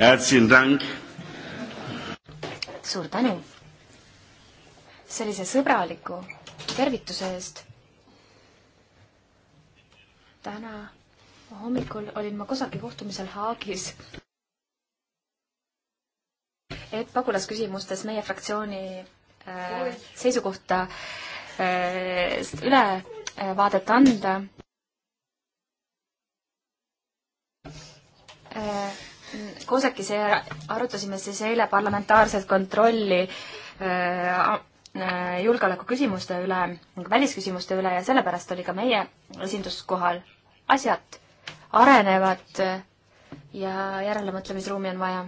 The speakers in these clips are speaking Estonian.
Herzlichen Dank. suur tänu sellise sõbraliku tervituse eest. täna hommikul olin ma COSAC-i kohtumisel Haagis et pagulasküsimustes meie fraktsiooni äh, seisukohta äh, ülevaadet äh, anda Äh, Kuusakis arutasime siis eile parlamentaarset kontrolli äh, äh, julgeolekuküsimuste üle, välisküsimuste üle ja sellepärast oli ka meie esindus kohal. asjad arenevad ja järelemõtlemisruumi on vaja.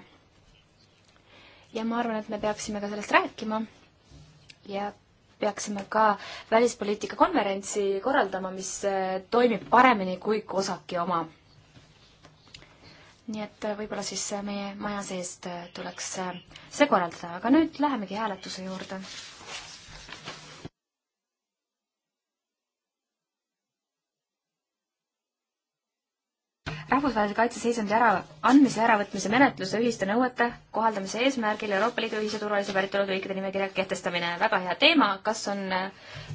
ja ma arvan, et me peaksime ka sellest rääkima ja peaksime ka välispoliitika konverentsi korraldama, mis toimib paremini kui COSAC-i oma nii et äh, võib-olla siis äh, meie maja seest äh, tuleks see korraldada, aga nüüd lähemegi hääletuse juurde. rahvusvahelise kaitse seisundi ära, andmise ja äravõtmise menetluse ühiste nõuete kohaldamise eesmärgil Euroopa Liidu ühise turvalise päritolu riikide nimekirja kehtestamine. väga hea teema, kas on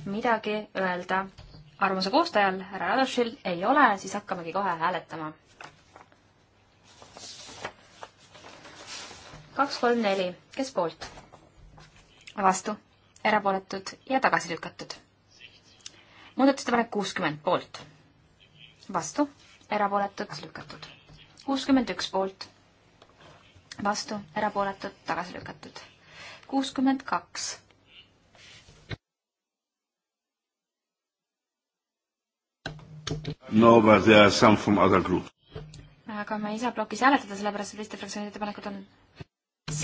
midagi öelda arvamuse koostajal, härra Radošil? ei ole, siis hakkamegi kohe hääletama kaks, kolm, neli, kes poolt? vastu, erapooletud ja tagasi lükatud. muudatusettepanek kuuskümmend poolt, vastu, erapooletud, lükatud. kuuskümmend üks poolt, vastu, erapooletud, tagasi lükatud. kuuskümmend kaks No but there are some from other groups. aga me ei saa plokis hääletada, sellepärast et teiste fraktsioonide ettepanekud on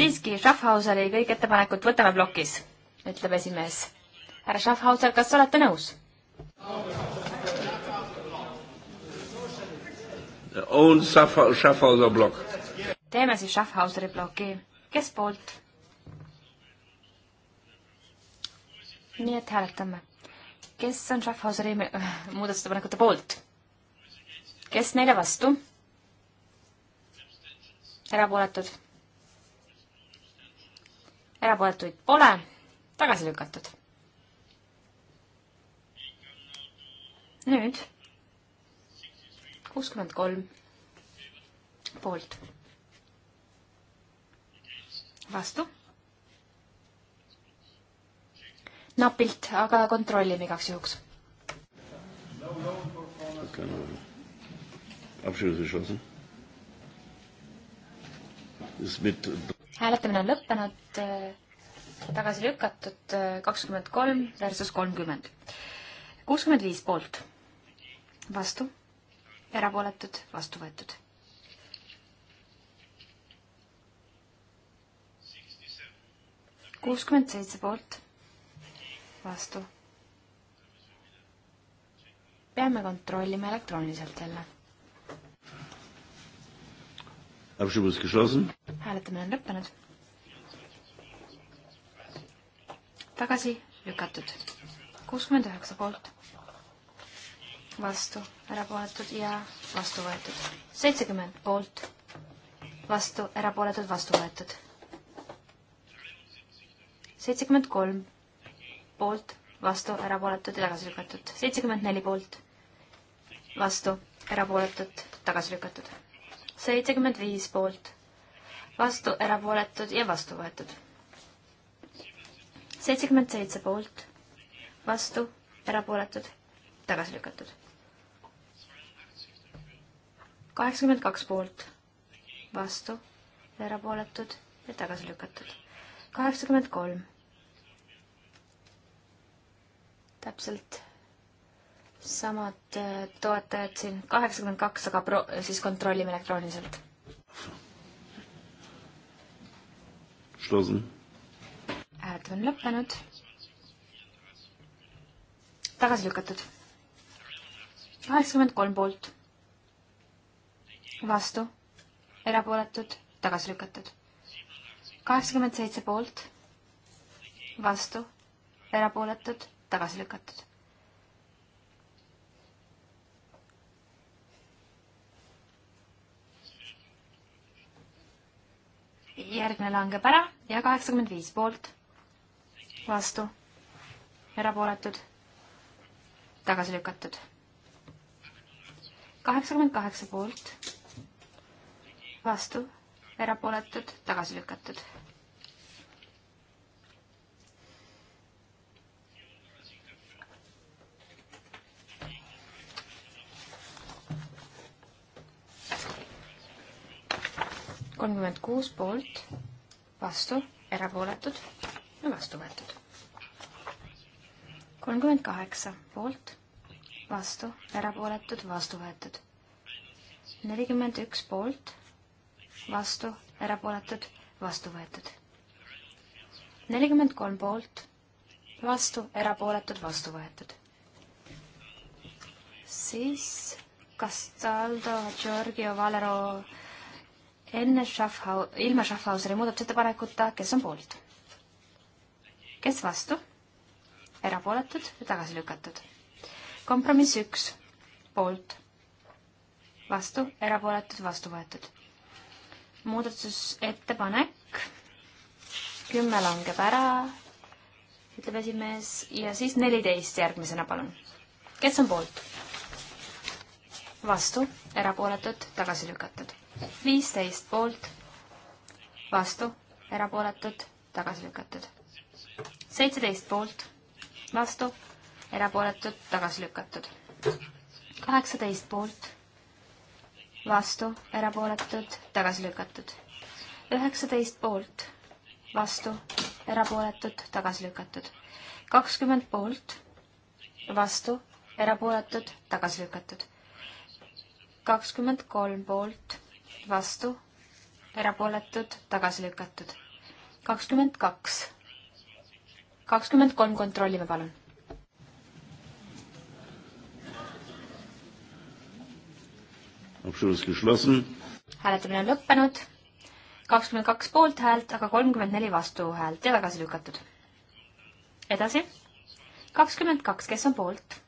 siiski, Schaffhauseri kõik ettepanekud võtame plokis, ütleb esimees. härra Schaffhauser, kas olete nõus? on Schaffhauser plokk. teeme siis Schaffhauseri ploki, kes poolt? nii et hääletame. kes on Schaffhauseri muudatusettepanekute poolt? kes neile vastu? erapooletud erapooletuid pole, tagasi lükatud. nüüd kuuskümmend kolm poolt. vastu. napilt, aga kontrollime igaks juhuks. Abschluss geschlossen. Ist mit hääletamine on lõppenud, äh, tagasi lükatud äh, kakskümmend kolm versus kolmkümmend. kuuskümmend viis poolt, vastu, erapooletud, vastu võetud. kuuskümmend seitse poolt, vastu. peame kontrollima elektrooniliselt jälle hääletamine on lõppenud. tagasi lükatud. kuuskümmend üheksa poolt, vastu, erapooletud ja vastu võetud. seitsekümmend poolt, vastu, erapooletud, vastu võetud. seitsekümmend kolm poolt, vastu, erapooletud ja tagasi lükatud. seitsekümmend neli poolt, vastu, erapooletud, tagasi lükatud seitsekümmend viis poolt, vastu erapooletud ja vastu võetud. seitsekümmend seitse poolt, vastu erapooletud, tagasi lükatud. kaheksakümmend kaks poolt, vastu erapooletud ja tagasi lükatud. kaheksakümmend kolm. täpselt samad äh, toetajad siin, kaheksakümmend kaks, aga pro-, siis kontrollime elektrooniliselt. hääletamine on lõppenud. tagasi lükatud. kaheksakümmend kolm poolt. vastu. erapooletud, tagasi lükatud. kaheksakümmend seitse poolt. vastu. erapooletud, tagasi lükatud järgmine langeb ära ja kaheksakümmend viis poolt, vastu, erapooletud, tagasi lükatud. kaheksakümmend kaheksa poolt, vastu, erapooletud, tagasi lükatud kolmkümmend kuus poolt, vastu, erapooletud ja vastu võetud. kolmkümmend kaheksa poolt, vastu, erapooletud, vastu võetud. nelikümmend üks poolt, vastu, erapooletud, vastu võetud. nelikümmend kolm poolt, vastu, erapooletud, vastu võetud. siis Castaldo, Giorgio, Valero enne Schaffhau-, ilma Schaffhauseri muudatusettepanekuta, kes on poolt? kes vastu? erapooletud ja tagasi lükatud. kompromiss üks, poolt, vastu, erapooletud, vastu võetud. muudatusettepanek kümme langeb ära, ütleb esimees, ja siis neliteist järgmisena, palun. kes on poolt? vastu, erapooletud, tagasi lükatud viisteist poolt, vastu, erapooletud, tagasi lükatud. seitseteist poolt, vastu, erapooletud, tagasi lükatud. kaheksateist poolt, vastu, erapooletud, tagasi lükatud. üheksateist poolt, vastu, erapooletud, tagasi lükatud. kakskümmend poolt, vastu, erapooletud, tagasi lükatud. kakskümmend kolm poolt vastu, erapooletud, tagasi lükatud. kakskümmend kaks. kakskümmend kolm, kontrollime palun. hääletamine on lõppenud. kakskümmend kaks poolthäält, aga kolmkümmend neli vastuhäält ja tagasi lükatud. edasi. kakskümmend kaks, kes on poolt?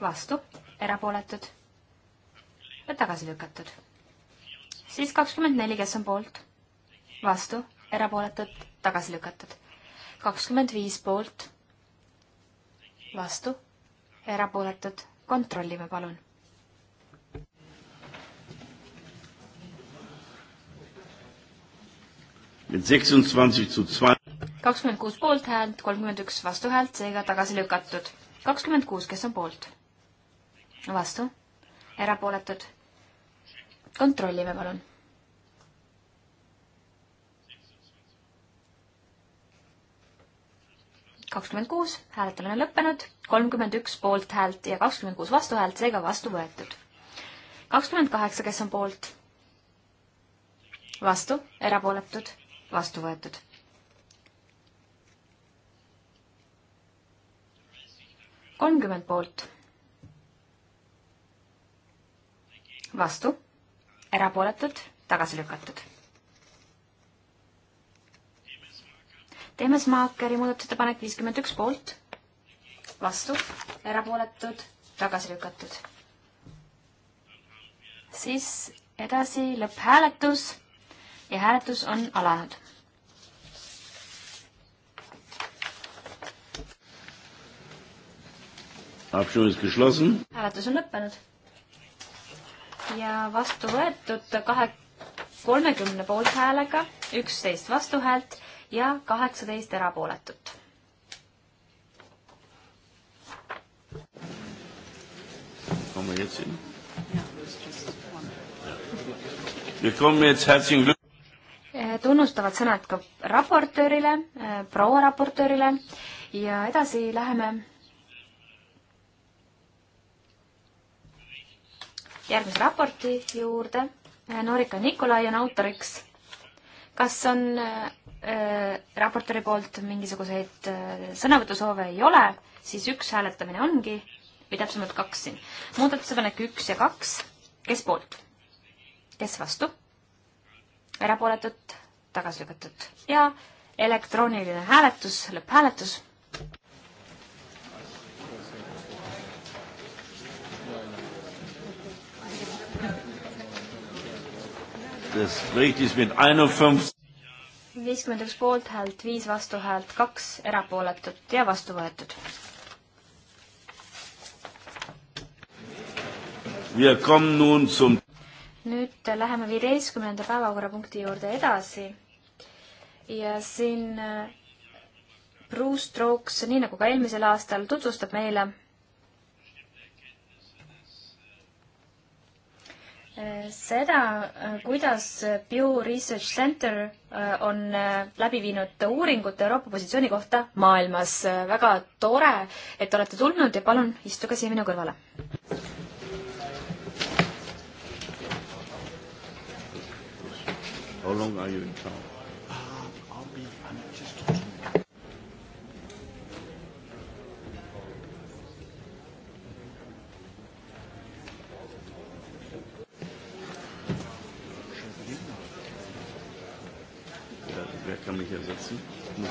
vastu, erapooletud ja tagasi lükatud. siis kakskümmend neli, kes on poolt, vastu, erapooletud, tagasi lükatud. kakskümmend viis poolt, vastu, erapooletud, kontrollime palun. kakskümmend kuus poolthäält, kolmkümmend üks vastuhäält, seega tagasi lükatud. kakskümmend kuus, kes on poolt? vastu? erapooletud? kontrollime, palun. kakskümmend kuus, hääletamine on lõppenud, kolmkümmend üks poolthäält ja kakskümmend kuus vastuhäält, seega vastu võetud. kakskümmend kaheksa, kes on poolt? vastu, erapooletud, vastu võetud. kolmkümmend poolt. vastu erapooletud, tagasi lükatud. Teemesmaakeri muudatusettepanek viiskümmend üks poolt, vastu, erapooletud, tagasi lükatud. siis edasi lõpphääletus ja hääletus on alanud Abstimmung ist geschlossen. Hääletus on lõppenud ja vastu võetud kahe, kolmekümne poolthäälega, üksteist vastuhäält ja kaheksateist erapooletut. Äh, tunnustavad sõnad ka raportöörile, äh, proua raportöörile ja edasi läheme järgmise raporti juurde. Norika Nikolai on autoriks. kas on äh, raportööri poolt mingisuguseid äh, sõnavõtusoove ei ole, siis üks hääletamine ongi, või täpsemalt kaks siin. muudatusepanek üks ja kaks, kes poolt? kes vastu? erapooletud, tagasi lükatud ja elektrooniline hääletus, lõpphääletus Das leidis mit 51 viiskümmend üks poolthäält, viis vastuhäält, kaks erapooletut ja vastu võetud. nüüd läheme viieteistkümnenda päevakorrapunkti juurde edasi. ja siin äh, Bruce Strokes, nii nagu ka eelmisel aastal, tutvustab meile seda, kuidas Pew Research Center äh, on äh, läbi viinud uuringut Euroopa positsiooni kohta maailmas. väga tore, et olete tulnud ja palun istuge siia minu kõrvale. How long are you in town?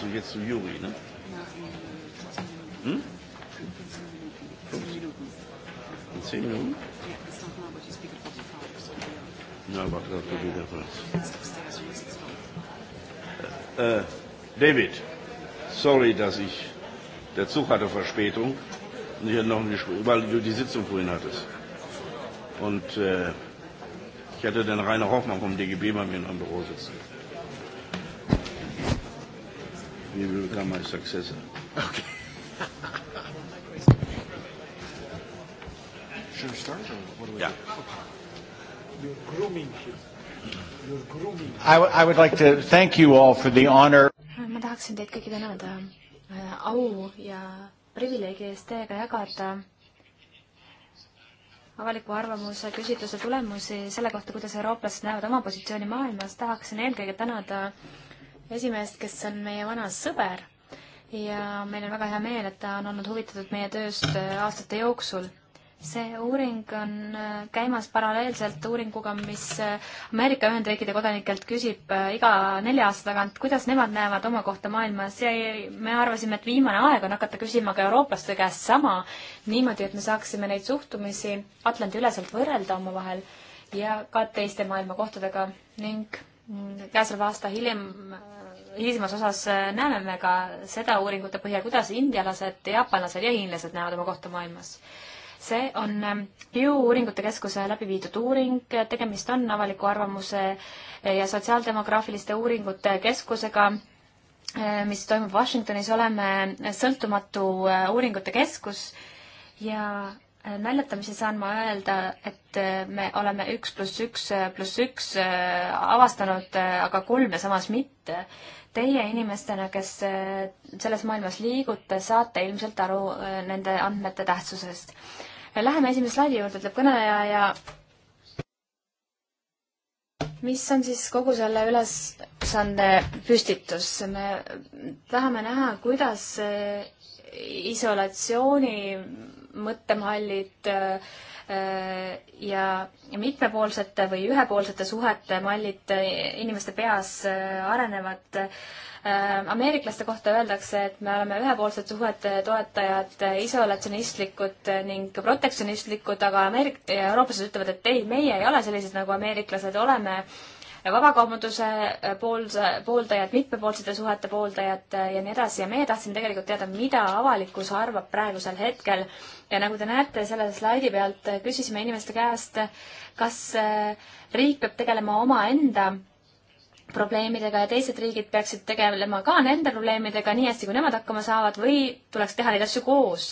müssen wir zu Juri, ne? Hm? In zehn Minuten? No, but that will be different. Äh, David, sorry, dass ich, der Zug hatte Verspätung und ich hatte noch ein Gespräch, weil du die Sitzung vorhin hattest. Und äh, ich hatte den Rainer Hoffmann vom DGB bei mir in einem Büro sitzen. You will become my successor. Okay. Should we start or what do we yeah. do? Okay. You're grooming him. You're grooming him. I, I would like to thank you all for the honor. ma tahaksin teid kõiki tänada äh, au ja privileegi eest teiega jagada avaliku arvamuse küsitluse tulemusi selle kohta, kuidas eurooplased näevad oma positsiooni maailmas, tahaksin eelkõige tänada äh, esimeest, kes on meie vana sõber ja meil on väga hea meel, et ta on olnud huvitatud meie tööst äh, aastate jooksul. see uuring on äh, käimas paralleelselt uuringuga, mis äh, Ameerika Ühendriikide kodanikelt küsib iga nelja aasta tagant, kuidas nemad näevad oma kohta maailmas ja me arvasime, et viimane aeg on hakata küsima ka eurooplaste käest sama, niimoodi, et me saaksime neid suhtumisi Atlandi-üleselt võrrelda omavahel ja ka teiste maailmakohtadega ning Mm, käesoleva aasta hiljem, äh, hilisemas osas äh, näeme me ka seda uuringute põhjal, kuidas indialased, jaapanlased ja hiinlased näevad oma kohta maailmas. see on ähm, Pew uuringute keskuse läbi viidud uuring, tegemist on avaliku arvamuse äh, ja sotsiaaldemograafiliste uuringute keskusega, mis toimub Washingtonis, oleme sõltumatu uuringute keskus ja Äh, naljatamisi saan ma öelda, et äh, me oleme üks pluss üks äh, pluss üks avastanud, aga kolme samas mitte. Teie inimestena, kes selles maailmas liigute, saate ilmselt aru nende andmete tähtsusest. Läheme esimese slaidi juurde, ütleb kõneleja ja mis on siis kogu selle ülesande püstitus? me tahame näha, kuidas isolatsiooni mõttemallid äh, ja mitmepoolsete või ühepoolsete suhete mallid inimeste peas äh, arenevad. Äh, ameeriklaste kohta öeldakse, et me oleme ühepoolsete suhete toetajad, isolatsionistlikud ning protektsionistlikud, aga Ameerik- ja eurooplased ütlevad, et ei, meie ei ole sellised, nagu ameeriklased oleme vabakaubanduse äh, poolse, pooldajad, mitmepoolsete suhete pooldajad äh, ja nii edasi ja meie tahtsime tegelikult teada, mida avalikkus arvab praegusel hetkel. ja nagu te näete selle slaidi pealt, äh, küsisime inimeste käest, kas riik peab tegelema omaenda probleemidega ja teised riigid peaksid tegelema ka nende probleemidega nii hästi, kui nemad hakkama saavad või tuleks teha neid asju koos.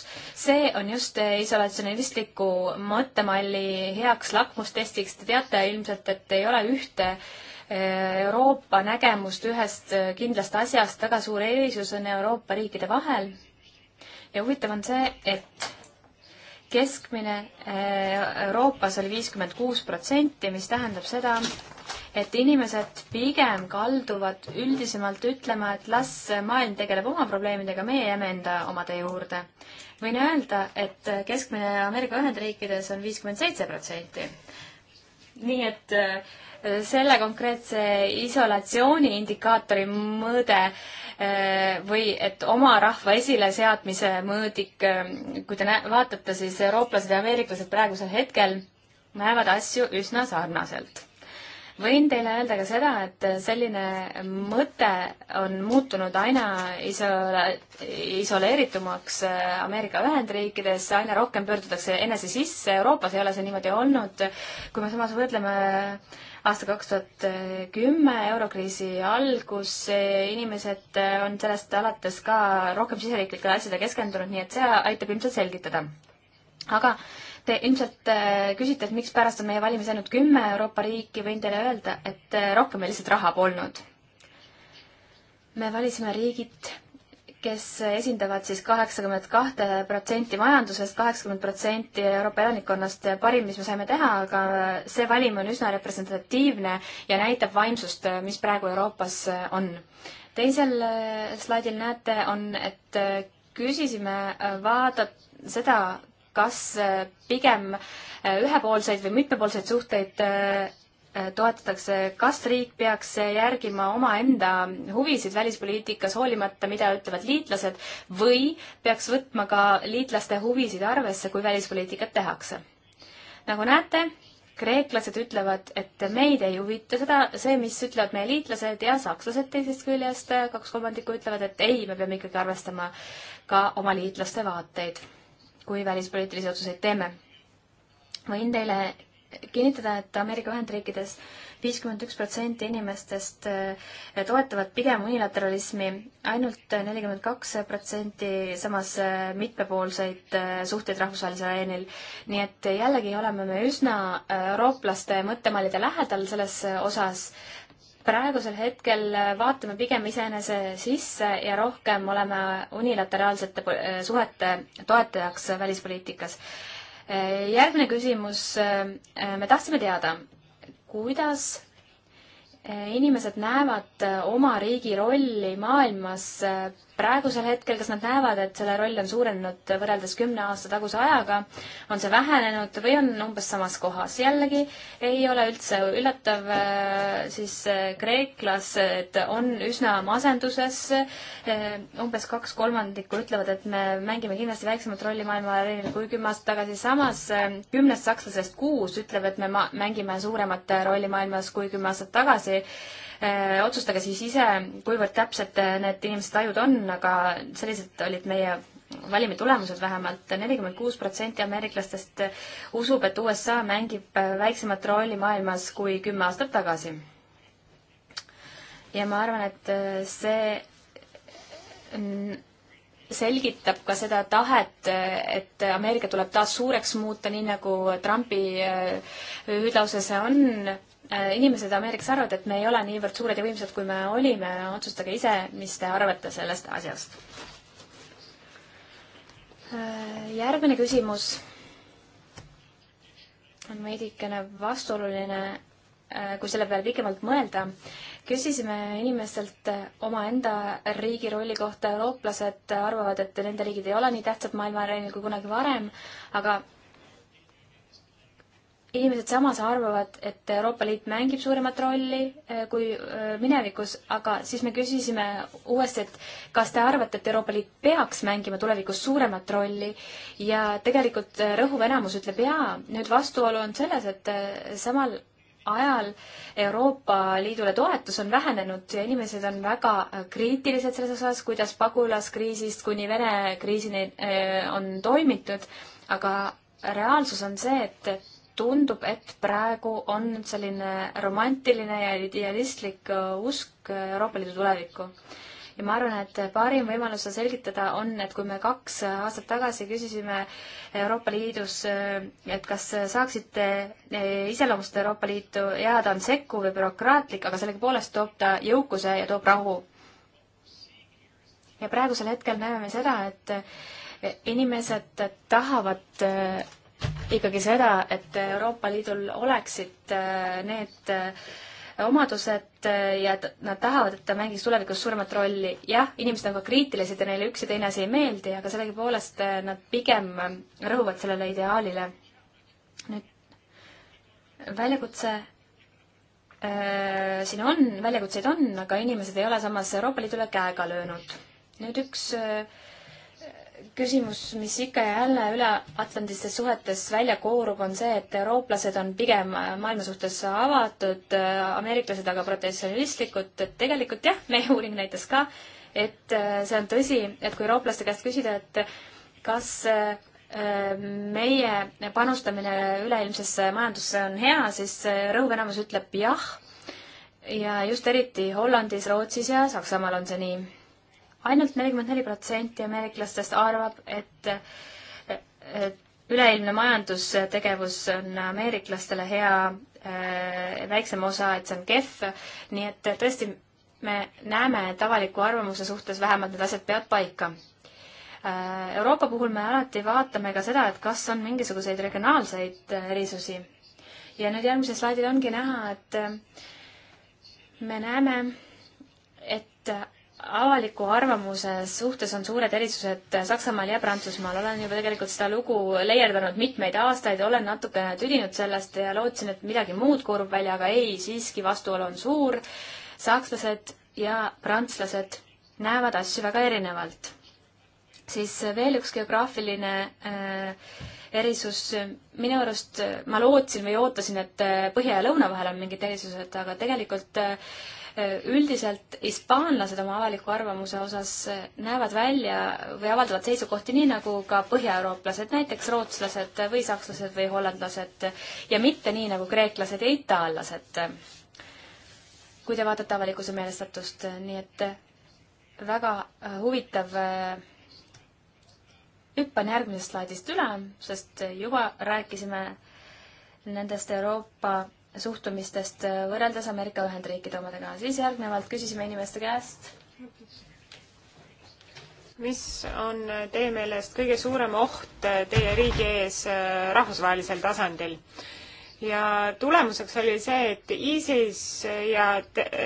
see on just isolatsionalistliku mõttemalli heaks lakmustestiks. Te teate ilmselt, et ei ole ühte eh, Euroopa nägemust ühest eh, kindlast asjast, väga suur erisus on Euroopa riikide vahel. ja huvitav on see, et keskmine eh, Euroopas oli viiskümmend kuus protsenti, mis tähendab seda, et inimesed pigem kalduvad üldisemalt ütlema, et las maailm tegeleb oma probleemidega, meie jääme enda omade juurde. võin öelda, et keskmine Ameerika Ühendriikides on viiskümmend seitse protsenti. nii et äh, selle konkreetse isolatsiooni indikaatori mõõde äh, või et oma rahva esileseadmise mõõdik, äh, kui te vaatate, siis eurooplased ja ameeriklased praegusel hetkel näevad asju üsna sarnaselt võin teile öelda ka seda, et selline mõte on muutunud aina isola-, isoleeritumaks äh, Ameerika Ühendriikides, aina rohkem pöördutakse enese sisse, Euroopas ei ole see niimoodi olnud. kui me samas võrdleme aasta kaks tuhat kümme, eurokriisi algus, inimesed äh, on sellest alates ka rohkem siseriiklikele asjadele keskendunud, nii et see aitab ilmselt selgitada. aga Te ilmselt äh, küsite, et mikspärast on meie valimis ainult kümme Euroopa riiki, võin teile öelda, et äh, rohkem meil lihtsalt raha polnud. me valisime riigid, kes esindavad siis kaheksakümmend kahte protsenti majandusest, kaheksakümmend protsenti Euroopa elanikkonnast, parim, mis me saime teha, aga äh, see valim on üsna representatiivne ja näitab vaimsust, mis praegu Euroopas on. teisel slaidil näete, on, et küsisime vaada-, seda, kas äh, pigem äh, ühepoolseid või mitmepoolseid suhteid äh, toetatakse, kas riik peaks järgima omaenda huvisid välispoliitikas, hoolimata, mida ütlevad liitlased, või peaks võtma ka liitlaste huvisid arvesse, kui välispoliitikat tehakse? nagu näete, kreeklased ütlevad, et meid ei huvita seda, see, mis ütlevad meie liitlased ja sakslased teisest küljest, kaks kolmandikku ütlevad, et ei, me peame ikkagi arvestama ka oma liitlaste vaateid kui välispoliitilisi otsuseid teeme. võin teile kinnitada, et Ameerika Ühendriikides viiskümmend üks protsenti inimestest äh, toetavad pigem unilateralismi ainult, ainult nelikümmend kaks protsenti samas äh, mitmepoolseid äh, suhteid rahvusvahelisel areenil. nii et jällegi oleme me üsna eurooplaste mõttemallide lähedal selles osas, praegusel hetkel vaatame pigem iseenese sisse ja rohkem oleme unilateraalsete suhete toetajaks välispoliitikas. järgmine küsimus, me tahtsime teada, kuidas inimesed näevad oma riigi rolli maailmas praegusel hetkel, kas nad näevad, et selle roll on suurenenud võrreldes kümne aasta taguse ajaga, on see vähenenud või on umbes samas kohas? jällegi ei ole üldse üllatav, äh, siis äh, kreeklased on üsna masenduses, äh, umbes kaks kolmandikku ütlevad, et me mängime kindlasti väiksemat rolli maailma areenil kui kümme aastat tagasi, samas kümnest sakslasest kuus ütleb, et me mängime suuremat rolli maailmas kui kümme aastat tagasi Äh, otsustage siis ise, kuivõrd täpsed äh, need inimeste tajud on, aga sellised olid meie valimi tulemused vähemalt, nelikümmend kuus protsenti ameeriklastest äh, usub, et USA mängib väiksemat rolli maailmas kui kümme aastat tagasi. ja ma arvan, et see selgitab ka seda tahet, et Ameerika tuleb taas suureks muuta, nii nagu Trumpi hüüdlauses on Äh, inimesed Ameerikas arvavad, et me ei ole niivõrd suured ja võimsad, kui me olime, otsustage ise, mis te arvate sellest asjast. Äh, järgmine küsimus on veidikene vastuoluline, äh, kui selle peale pikemalt mõelda. küsisime inimestelt omaenda riigi rolli kohta, eurooplased arvavad, et nende riigid ei ole nii tähtsad maailma areenil kui kunagi varem, aga inimesed samas arvavad, et Euroopa Liit mängib suuremat rolli eh, kui eh, minevikus, aga siis me küsisime uuesti, et kas te arvate, et Euroopa Liit peaks mängima tulevikus suuremat rolli ja tegelikult eh, rõhuv enamus ütleb jaa. nüüd vastuolu on selles, et samal ajal Euroopa Liidule toetus on vähenenud ja inimesed on väga kriitilised selles osas, kuidas pagulaskriisist kuni Vene kriisini on toimitud, aga reaalsus on see, et tundub, et praegu on selline romantiline ja idealistlik äh, usk Euroopa Liidu tulevikku. ja ma arvan, et parim võimalus seda selgitada on, et kui me kaks aastat tagasi küsisime Euroopa Liidus, äh, et kas saaksite äh, iseloomustada Euroopa Liitu, jaa, ta on sekkuv ja bürokraatlik, aga sellegipoolest toob ta jõukuse ja toob rahu. ja praegusel hetkel näeme me seda, et inimesed tahavad ikkagi seda, et Euroopa Liidul oleksid äh, need äh, omadused äh, ja nad tahavad, et ta mängiks tulevikus suuremat rolli. jah, inimesed on ka kriitilised ja neile üks ja teine asi ei meeldi, aga sellegipoolest nad pigem rõhuvad sellele ideaalile. nüüd väljakutse siin on, väljakutseid on, aga inimesed ei ole samas Euroopa Liidule käega löönud. nüüd üks äh, küsimus, mis ikka ja jälle üleatlantistes suhetes välja koorub, on see, et eurooplased on pigem äh, maailma suhtes avatud, äh, ameeriklased aga protektsionistlikud, et tegelikult jah, meie uuring näitas ka, et äh, see on tõsi, et kui eurooplaste käest küsida, et kas meie panustamine üleilmsesse majandusse on hea, siis rõhuv enamus ütleb jah. ja just eriti Hollandis, Rootsis ja Saksamaal on see nii ainult nelikümmend neli protsenti ameeriklastest arvab, et üleilmne majandustegevus on ameeriklastele hea, eh, väiksem osa, et see on kehv, nii et tõesti, me näeme, et avaliku arvamuse suhtes vähemalt need asjad peavad paika. Eh, Euroopa puhul me alati vaatame ka seda, et kas on mingisuguseid regionaalseid eh, erisusi. ja nüüd järgmisel slaidil ongi näha, et me näeme, et avaliku arvamuse suhtes on suured erisused Saksamaal ja Prantsusmaal. olen juba tegelikult seda lugu leierdanud mitmeid aastaid, olen natukene tüdinud sellest ja lootsin, et midagi muud koorub välja, aga ei, siiski vastuolu on suur. sakslased ja prantslased näevad asju väga erinevalt. siis veel üks geograafiline äh, erisus, minu arust ma lootsin või ootasin, et äh, põhja ja lõuna vahel on mingid erisused, aga tegelikult äh, üldiselt hispaanlased oma avaliku arvamuse osas eh, näevad välja või avaldavad seisukohti nii, nagu ka põhjaeurooplased, näiteks rootslased või sakslased või hollandlased ja mitte nii, nagu kreeklased ja itaallased. kui te vaatate avalikkuse meelestatust, eh, nii et eh, väga huvitav hüppan järgmisest slaidist üle, sest juba rääkisime nendest Euroopa suhtumistest võrreldes Ameerika Ühendriikide omadega. siis järgnevalt küsisime inimeste käest. mis on teie meelest kõige suurem oht teie riigi ees äh, rahvusvahelisel tasandil? ja tulemuseks oli see, et ISIS ja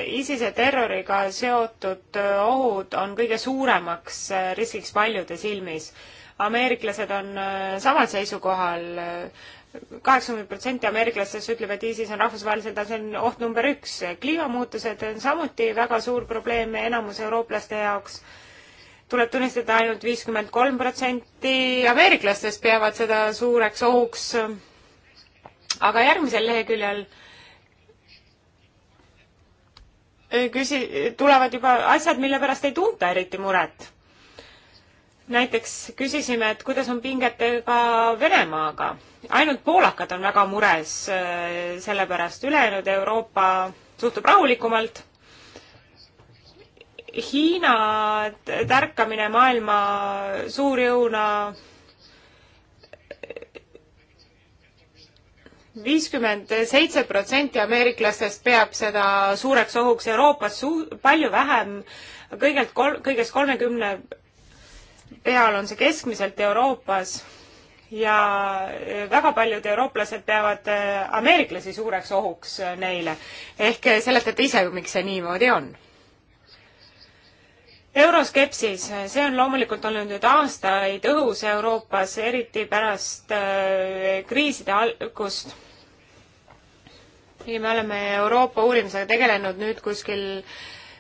ISISe terroriga seotud äh, ohud on kõige suuremaks äh, riskiks paljude silmis ameeriklased on samal seisukohal kaheksakümmend protsenti ameeriklastest ütleb, et ISIS on rahvusvahelisel tasemel oht number üks. kliimamuutused on samuti väga suur probleem enamus eurooplaste jaoks tuleb tunnistada ainult viiskümmend kolm protsenti ameeriklastest peavad seda suureks ohuks. aga järgmisel leheküljel äh, küsi-, tulevad juba asjad, mille pärast ei tunta eriti muret näiteks küsisime, et kuidas on pingetega Venemaaga. ainult poolakad on väga mures äh, selle pärast, ülejäänud Euroopa suhtub rahulikumalt. Hiina tärkamine maailma suurjõuna viiskümmend seitse protsenti ameeriklastest peab seda suureks ohuks Euroopas, palju vähem, kõigelt kol-, kõigest kolmekümne peal on see keskmiselt Euroopas ja väga paljud eurooplased peavad äh, ameeriklasi suureks ohuks äh, neile. ehk äh, seletate ise, miks see niimoodi on? euroskepsis, see on loomulikult olnud nüüd aastaid õhus Euroopas, eriti pärast kriiside algust. ja me oleme Euroopa uurimisega tegelenud nüüd kuskil äh,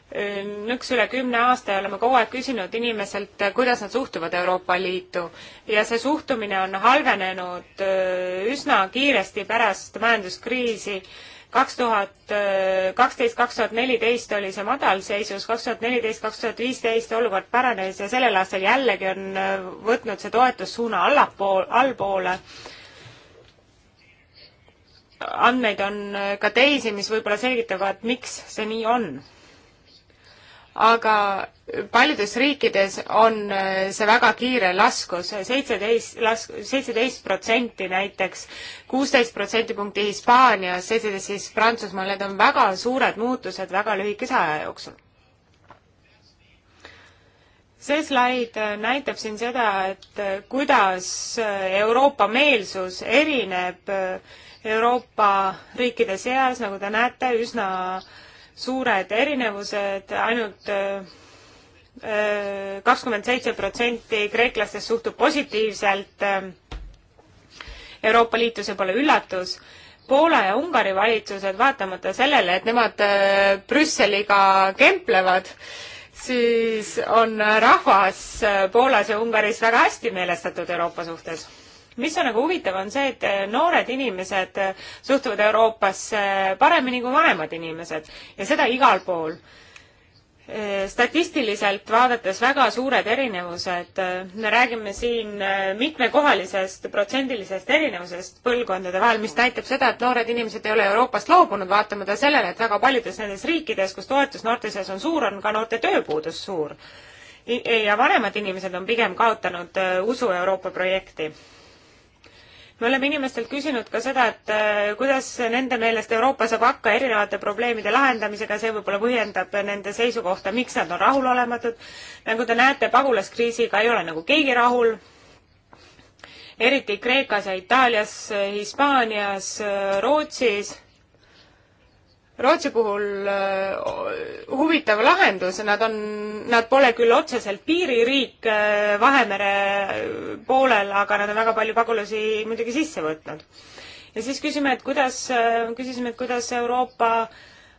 nõks üle kümne aasta ja oleme kogu aeg küsinud inimeselt, kuidas nad suhtuvad Euroopa Liitu. ja see suhtumine on halvenenud äh, üsna kiiresti pärast majanduskriisi. kaks tuhat kaksteist, kaks tuhat neliteist oli see madalseisus, kaks tuhat neliteist, kaks tuhat viisteist olukord paranes ja sellel aastal jällegi on äh, võtnud see toetus suuna allapool, allpoole andmeid on äh, ka teisi, mis võib-olla selgitavad, miks see nii on aga paljudes riikides on äh, see väga kiire laskus, seitseteist lask-, seitseteist protsenti näiteks, kuusteist protsendipunkti Hispaanias, seitseteist siis Prantsusmaal, need on väga suured muutused väga lühikese aja jooksul. see slaid äh, näitab siin seda, et äh, kuidas Euroopa meelsus erineb Euroopa riikide seas, nagu te näete, üsna äh, suured erinevused ainult, ainult äh, äh, kakskümmend seitse protsenti kreeklastest suhtub positiivselt äh, Euroopa Liitu, see pole üllatus. Poola ja Ungari valitsused, vaatamata sellele, et nemad Brüsseliga kemplevad, siis on rahvas Poolas ja Ungaris väga hästi meelestatud Euroopa suhtes mis on nagu huvitav, on see, et eh, noored inimesed eh, suhtuvad Euroopasse paremini kui vanemad inimesed ja seda igal pool eh, statistiliselt vaadates väga suured erinevused, me räägime siin mitmekohalisest protsendilisest erinevusest põlvkondade vahel, mis näitab seda, et noored inimesed ei ole Euroopast loobunud, vaatamata sellele, et väga paljudes nendes riikides, kus toetus noorte seas on suur, on ka noorte tööpuudus suur. ja vanemad inimesed on pigem kaotanud usu Euroopa projekti me oleme inimestelt küsinud ka seda, et äh, kuidas nende meelest Euroopa saab hakka erinevate probleemide lahendamisega, see võib-olla põhjendab nende seisukohta, miks nad on rahulolematud. nagu te näete, pagulaskriisiga ei ole nagu keegi rahul eriti Kreekas ja Itaalias, Hispaanias, Rootsis Rootsi puhul äh, huvitav lahendus, nad on, nad pole küll otseselt piiririik äh, Vahemere äh, poolel, aga nad on väga palju pagulasi muidugi sisse võtnud. ja siis küsime, et kuidas, küsisime, et kuidas Euroopa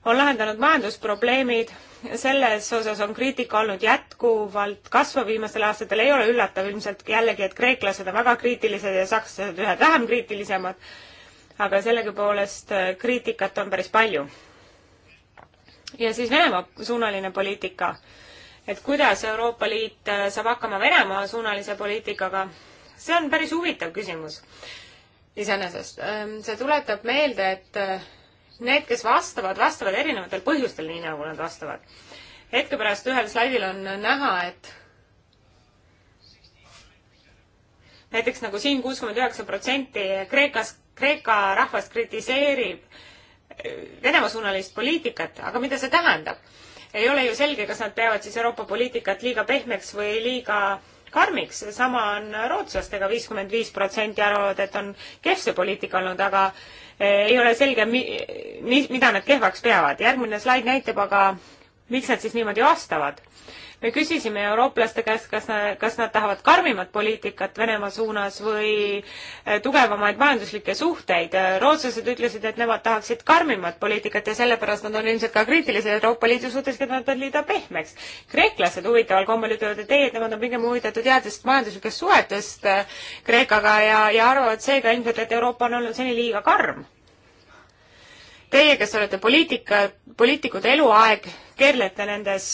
on lahendanud majandusprobleemid, selles osas on kriitika olnud jätkuvalt kasvav viimastel aastatel, ei ole üllatav ilmselt jällegi, et kreeklased on väga kriitilised ja sakslased ühed vähem kriitilisemad, aga sellegipoolest kriitikat on päris palju ja siis Venemaa suunaline poliitika, et kuidas Euroopa Liit äh, saab hakkama Venemaa suunalise poliitikaga, see on päris huvitav küsimus iseenesest. Ähm, see tuletab meelde, et äh, need, kes vastavad, vastavad erinevatel põhjustel, nii nagu nad vastavad. hetke pärast ühel slaidil on näha, et näiteks nagu siin kuuskümmend üheksa protsenti Kreekas, Kreeka rahvast kritiseerib äh, Venemaa-suunalist poliitikat, aga mida see tähendab? ei ole ju selge, kas nad peavad siis Euroopa poliitikat liiga pehmeks või liiga karmiks, sama on rootslastega, viiskümmend viis protsenti arvavad, et on kehv see poliitika olnud, aga eh, ei ole selge, mi-, mida nad kehvaks peavad. järgmine slaid näitab aga, miks nad siis niimoodi vastavad me küsisime eurooplaste käest, kas nad, kas nad tahavad karmimat poliitikat Venemaa suunas või eh, tugevamaid majanduslikke suhteid. rootslased ütlesid, et nemad tahaksid karmimat poliitikat ja sellepärast nad on ilmselt ka kriitilised Euroopa Liidu suhtes, keda nad on liiga pehmeks. kreeklased huvitaval kombel ütlevad, et ei, et nemad on pigem huvitatud headest majanduslikest suhetest eh, Kreekaga ja, ja arvavad seega ilmselt, et Euroopa on olnud seni liiga karm teie, kes olete poliitika, poliitikute eluaeg, keerlete nendes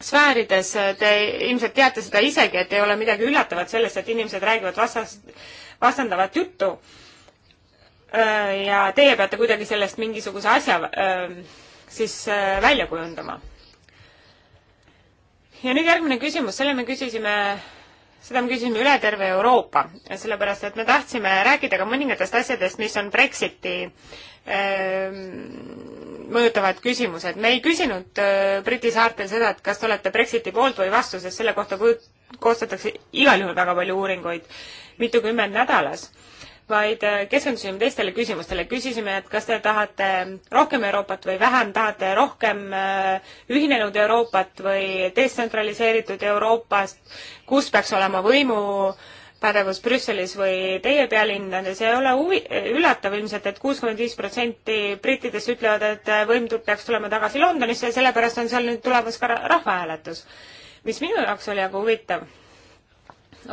sfäärides, äh, te ilmselt teate seda isegi, et ei ole midagi üllatavat selles, et inimesed räägivad vastas, vastandavat juttu. Äh, ja teie peate kuidagi sellest mingisuguse asja äh, siis välja kujundama. ja nüüd järgmine küsimus, selle me küsisime, seda me küsisime üle terve Euroopa, sellepärast et me tahtsime rääkida ka mõningatest asjadest, mis on Brexiti öö, ähm, mõjutavad küsimused. me ei küsinud äh, Briti saartel seda, et kas te olete Brexiti poolt või vastu, sest selle kohta koostatakse igal juhul väga palju uuringuid, mitukümmend nädalas vaid äh, keskendusime teistele küsimustele. küsisime, et kas te tahate rohkem Euroopat või vähem, tahate rohkem äh, ühinenud Euroopat või detsentraliseeritud Euroopast, kus peaks olema võimu äh, pädevus Brüsselis või teie pealinnades ja ei ole huvi, üllatav ilmselt et, et kuuskümmend viis protsenti brittidest ütlevad, et võim peaks tulema tagasi Londonisse ja sellepärast on seal nüüd tulemas ka rahvahääletus. mis minu jaoks oli aga huvitav,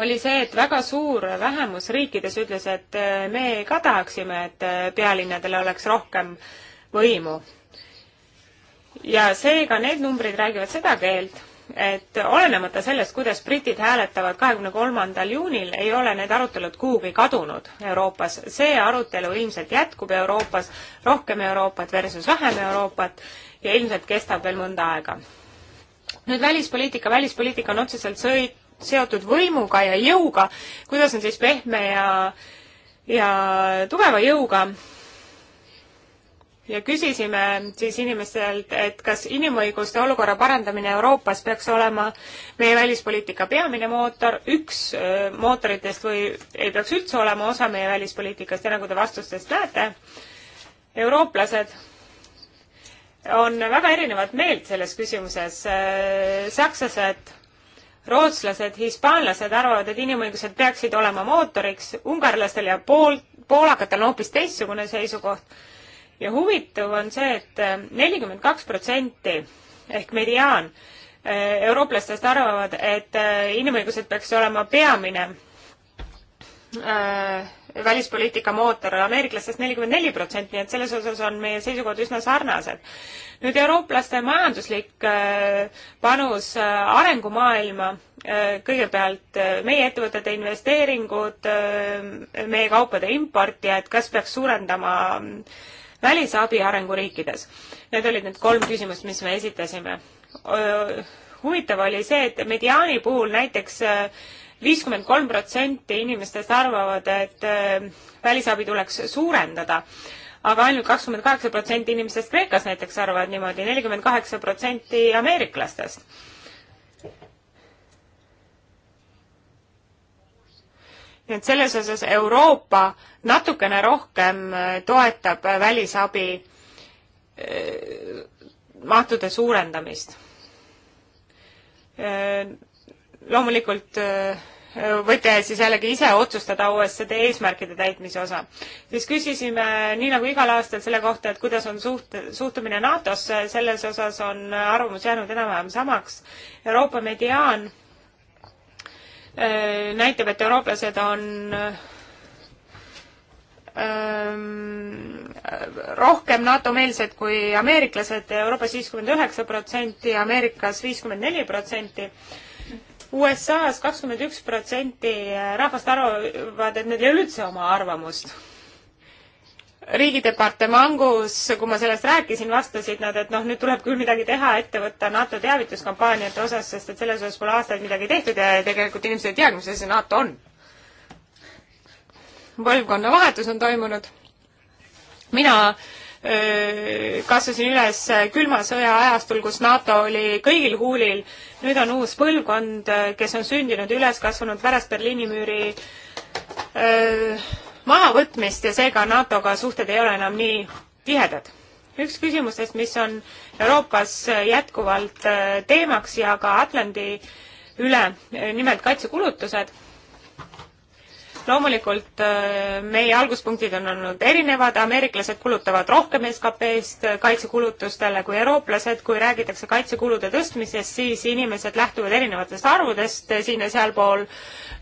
oli see, et väga suur vähemus riikides ütles, et me ka tahaksime, et pealinnadel oleks rohkem võimu. ja seega need numbrid räägivad seda keelt, et olenemata sellest, kuidas britid hääletavad kahekümne kolmandal juunil, ei ole need arutelud kuhugi kadunud Euroopas. see arutelu ilmselt jätkub Euroopas, rohkem Euroopat versus vähem Euroopat ja ilmselt kestab veel mõnda aega. nüüd välispoliitika, välispoliitika on otseselt sõi-, seotud võimuga ja jõuga, kuidas on siis pehme ja ja tugeva jõuga ja küsisime siis inimestelt, et kas inimõiguste olukorra parandamine Euroopas peaks olema meie välispoliitika peamine mootor, üks mootoritest või ei peaks üldse olema osa meie välispoliitikast ja nagu te vastustest näete, eurooplased on väga erinevat meelt selles küsimuses. sakslased, rootslased, hispaanlased arvavad, et inimõigused peaksid olema mootoriks, ungarlastel ja pool, poolakatel on hoopis teistsugune seisukoht ja huvitav on see et, et äh, nelikümmend kaks protsenti ehk mediaan äh, eurooplastest arvavad, et äh, inimõigused peaks olema peamine äh, välispoliitika mootor, ameeriklastest nelikümmend neli protsenti, nii et selles osas on meie seisukohad üsna sarnased. nüüd eurooplaste majanduslik äh, panus äh, arengumaailma, kõigepealt meie ettevõtete investeeringud, meie kaupade import ja et kas peaks suurendama äh, välisabi arenguriikides. Need olid need kolm küsimust, mis me esitasime. huvitav oli see, et mediaani puhul näiteks äh, viiskümmend kolm protsenti inimestest arvavad, et äh, välisabi tuleks suurendada aga ainult kakskümmend kaheksa protsenti inimestest Kreekas näiteks arvavad niimoodi, nelikümmend kaheksa protsenti ameeriklastest nii et selles osas Euroopa natukene rohkem äh, toetab äh, välisabi äh, mahtude suurendamist. loomulikult võite siis jällegi ise otsustada OSCD eesmärkide täitmise osa. siis küsisime, nii nagu igal aastal, selle kohta, et kuidas on suht-, suhtumine NATO-sse, selles osas on arvamus jäänud enam-vähem samaks. Euroopa mediaan Äh, näitab, et eurooplased on ähm, rohkem NATO-meelsed kui ameeriklased, Euroopas viiskümmend üheksa protsenti, Ameerikas viiskümmend neli protsenti. USA-s kakskümmend üks protsenti rahvast arvavad, et neil ei ole üldse oma arvamust riigidepartemangus, kui ma sellest rääkisin, vastasid nad, et noh, nüüd tuleb küll midagi teha, ette võtta NATO teavituskampaaniate osas, sest et selles osas pole aastaid midagi tehtud ja tegelikult inimesed ei teagi, mis asi NATO on. põlvkonnavahetus on toimunud. mina öö, kasvasin üles külma sõja ajastul, kus NATO oli kõigil huulil. nüüd on uus põlvkond, kes on sündinud, üles kasvanud pärast Berliini müüri öö, mahavõtmist ja seega NATO-ga suhted ei ole enam nii tihedad. üks küsimustest, mis on Euroopas jätkuvalt äh, teemaks ja ka Atlandi üle, äh, nimelt kaitsekulutused. loomulikult äh, meie alguspunktid on olnud erinevad, ameeriklased kulutavad rohkem SKP-st kaitsekulutustele kui eurooplased, kui räägitakse kaitsekulude tõstmisest, siis inimesed lähtuvad erinevatest arvudest siin ja sealpool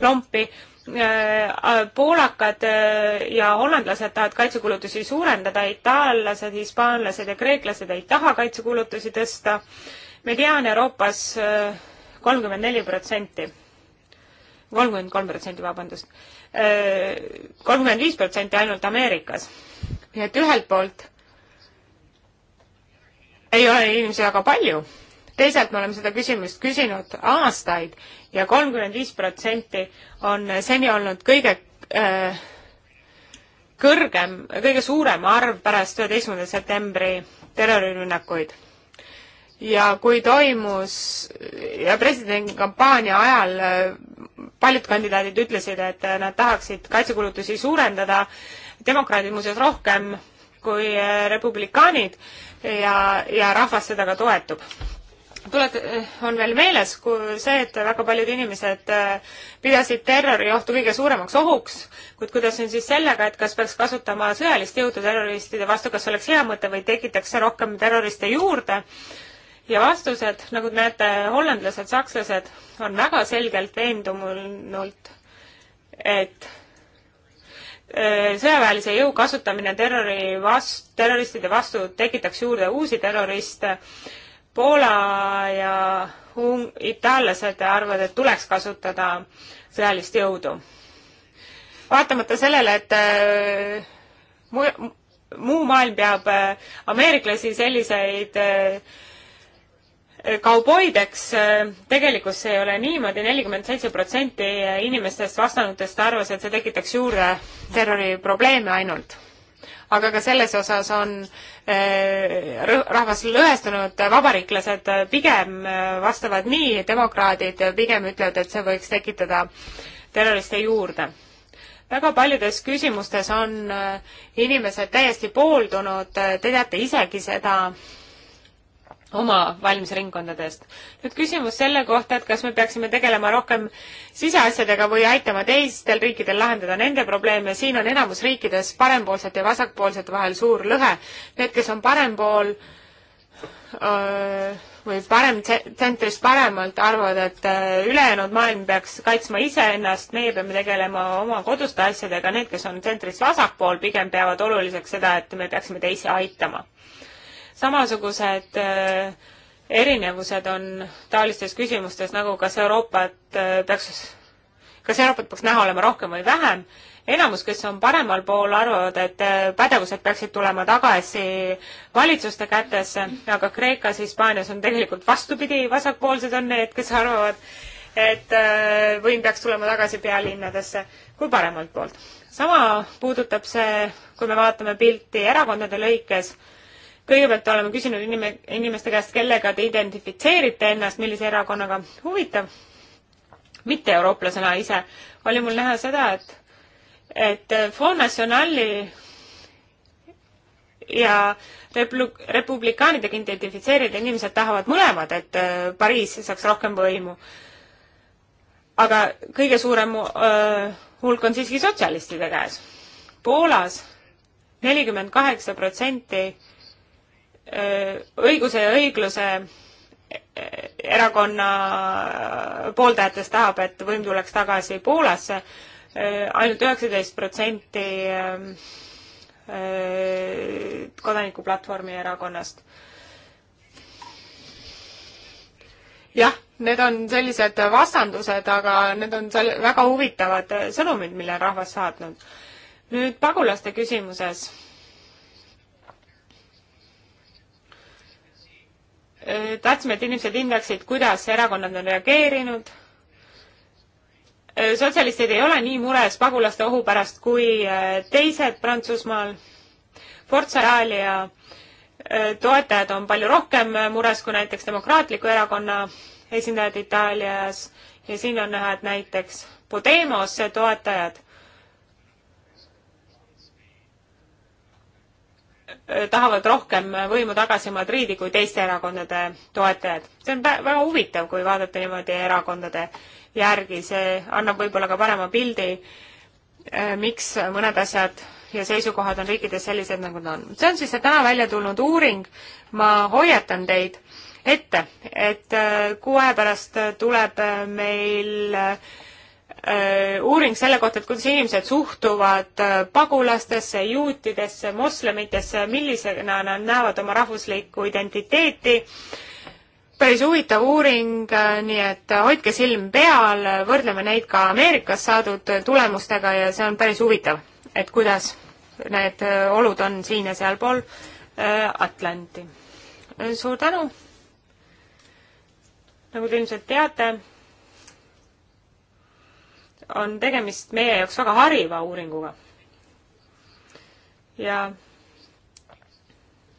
lompi Äh, äh, poolakad äh, ja hollandlased tahavad kaitsekulutusi suurendada, itaallased, hispaanlased ja kreeklased ei taha kaitsekulutusi tõsta. mediaan Euroopas kolmkümmend neli protsenti, kolmkümmend kolm protsenti, vabandust, kolmkümmend viis protsenti ainult Ameerikas. nii et ühelt poolt ei ole inimesi väga palju teisalt me oleme seda küsimust küsinud aastaid ja kolmkümmend viis protsenti on seni olnud kõige äh, kõrgem, kõige suurem arv pärast üheteistkümnenda septembri terrorirünnakuid. ja kui toimus ja presidendikampaania ajal äh, paljud kandidaadid ütlesid, et äh, nad tahaksid kaitsekulutusi suurendada, demokraadid muuseas rohkem kui äh, republikaanid ja, ja rahvas seda ka toetub tulet-, on veel meeles kui see, et väga paljud inimesed äh, pidasid terroriohtu kõige suuremaks ohuks, kuid kuidas on siis sellega, et kas peaks kasutama sõjalist jõudu terroristide vastu, kas oleks hea mõte või tekitaks rohkem terroriste juurde? ja vastused, nagu te näete, hollandlased, sakslased on väga selgelt veendunult, et äh, sõjaväelise jõu kasutamine terrori vastu, terroristide vastu tekitaks juurde uusi terroriste Poola ja hung-, itaallased arvavad, et tuleks kasutada sõjalist jõudu. vaatamata sellele, et äh, mu-, muu maailm peab äh, ameeriklasi selliseid äh, kauboideks, äh, tegelikult see ei ole niimoodi, nelikümmend seitse protsenti inimestest, vastanutest arvas, et see tekitaks juurde terroriprobleeme ainult aga ka selles osas on eh, rahvas lõhestunud, vabariiklased pigem eh, vastavad nii, demokraadid pigem ütlevad, et see võiks tekitada terroriste juurde. väga paljudes küsimustes on eh, inimesed täiesti pooldunud, te teate isegi seda, oma valmisringkondadest. nüüd küsimus selle kohta, et kas me peaksime tegelema rohkem siseasjadega või aitama teistel riikidel lahendada nende probleeme, siin on enamus riikides parempoolsete ja vasakpoolsete vahel suur lõhe. Need, kes on parempool öö, või parem, tsentrist paremalt, arvavad, et ülejäänud maailm peaks kaitsma iseennast, meie peame tegelema oma koduste asjadega, need, kes on tsentrist vasakpool, pigem peavad oluliseks seda, et me peaksime teisi aitama samasugused äh, erinevused on taolistes küsimustes, nagu kas Euroopat äh, peaks, kas Euroopat peaks näha olema rohkem või vähem, enamus, kes on paremal pool, arvavad, et äh, pädevused peaksid tulema tagasi valitsuste kätesse, aga Kreekas, Hispaanias on tegelikult vastupidi, vasakpoolsed on need, kes arvavad, et võim peaks tulema tagasi pealinnadesse kui paremalt poolt. sama puudutab see, kui me vaatame pilti erakondade lõikes kõigepealt oleme küsinud inime-, inimeste käest, kellega te identifitseerite ennast, millise erakonnaga. huvitav, mitte-eurooplasena ise oli mul näha seda, et, et Fond Nationali ja replu-, republikaanidega identifitseerida inimesed tahavad mõlemad, et äh, Pariis saaks rohkem võimu. aga kõige suurem öö, äh, hulk on siiski sotsialistide käes. Poolas nelikümmend kaheksa protsenti õiguse ja õigluse erakonna pooldajatest tahab, et võim tuleks tagasi Poolasse ainult. ainult üheksateist protsenti kodanikuplatvormi erakonnast. jah, need on sellised vastandused, aga need on seal väga huvitavad sõnumid, mille rahvas saatnud. nüüd pagulaste küsimuses Äh, tahtsime, et inimesed hindaksid, kuidas erakonnad on reageerinud. Äh, sotsialistid ei ole nii mures pagulaste ohu pärast kui äh, teised Prantsusmaal. Forza Itaalia toetajad on palju rohkem mures kui näiteks Demokraatliku Erakonna esindajad Itaalias ja siin on näha, et näiteks Podemos toetajad tahavad rohkem võimu tagasi Madriidi kui teiste erakondade toetajad. see on väga huvitav, kui vaadata niimoodi erakondade järgi, see annab võib-olla ka parema pildi, äh, miks mõned asjad ja seisukohad on riikides sellised, nagu nad on. see on siis see täna välja tulnud uuring, ma hoiatan teid ette, et äh, kuu aja pärast tuleb meil äh, Äh, uuring selle kohta, et kuidas inimesed suhtuvad äh, pagulastesse, juutidesse, moslemitesse, millisena nad näevad oma rahvuslikku identiteeti. päris huvitav uuring, äh, nii et hoidke silm peal, võrdleme neid ka Ameerikas saadud tulemustega ja see on päris huvitav, et kuidas need olud on siin ja sealpool Atlanti. suur tänu! nagu te ilmselt teate on tegemist meie jaoks väga hariva uuringuga. ja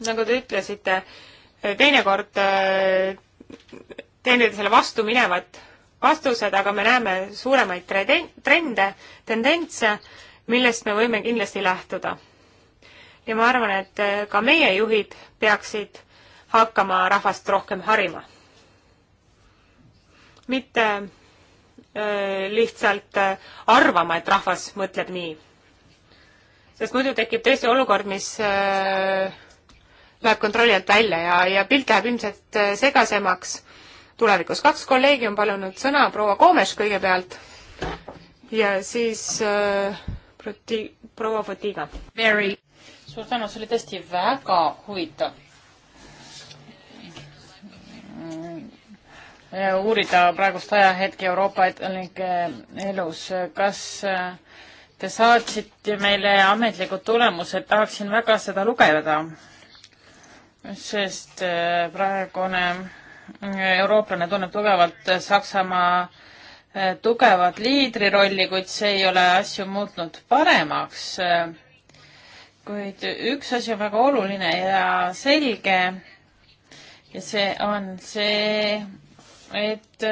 nagu te ütlesite, teinekord äh, teineteisele vastu minevad vastused, aga me näeme suuremaid trende, tendentse, millest me võime kindlasti lähtuda. ja ma arvan, et äh, ka meie juhid peaksid hakkama rahvast rohkem harima. mitte Äh, lihtsalt äh, arvama, et rahvas mõtleb nii. sest muidu tekib tõesti olukord, mis äh, läheb kontrolli alt välja ja, ja pilt läheb ilmselt segasemaks tulevikus. kaks kolleegi on palunud sõna, proua Koomes kõigepealt ja siis äh, proti-, proua Fotiga. suur tänu, see oli tõesti väga huvitav Äh, uurida praegust ajahetke Euroopa elanike äh, elus. kas äh, te saatsite meile ametlikud tulemused, tahaksin väga seda lugeda, sest praegune eurooplane tunneb tugevalt Saksamaa tugevat liidrirolli, kuid see ei ole asju muutnud paremaks. kuid üks asi on väga oluline ja selge ja see on see, et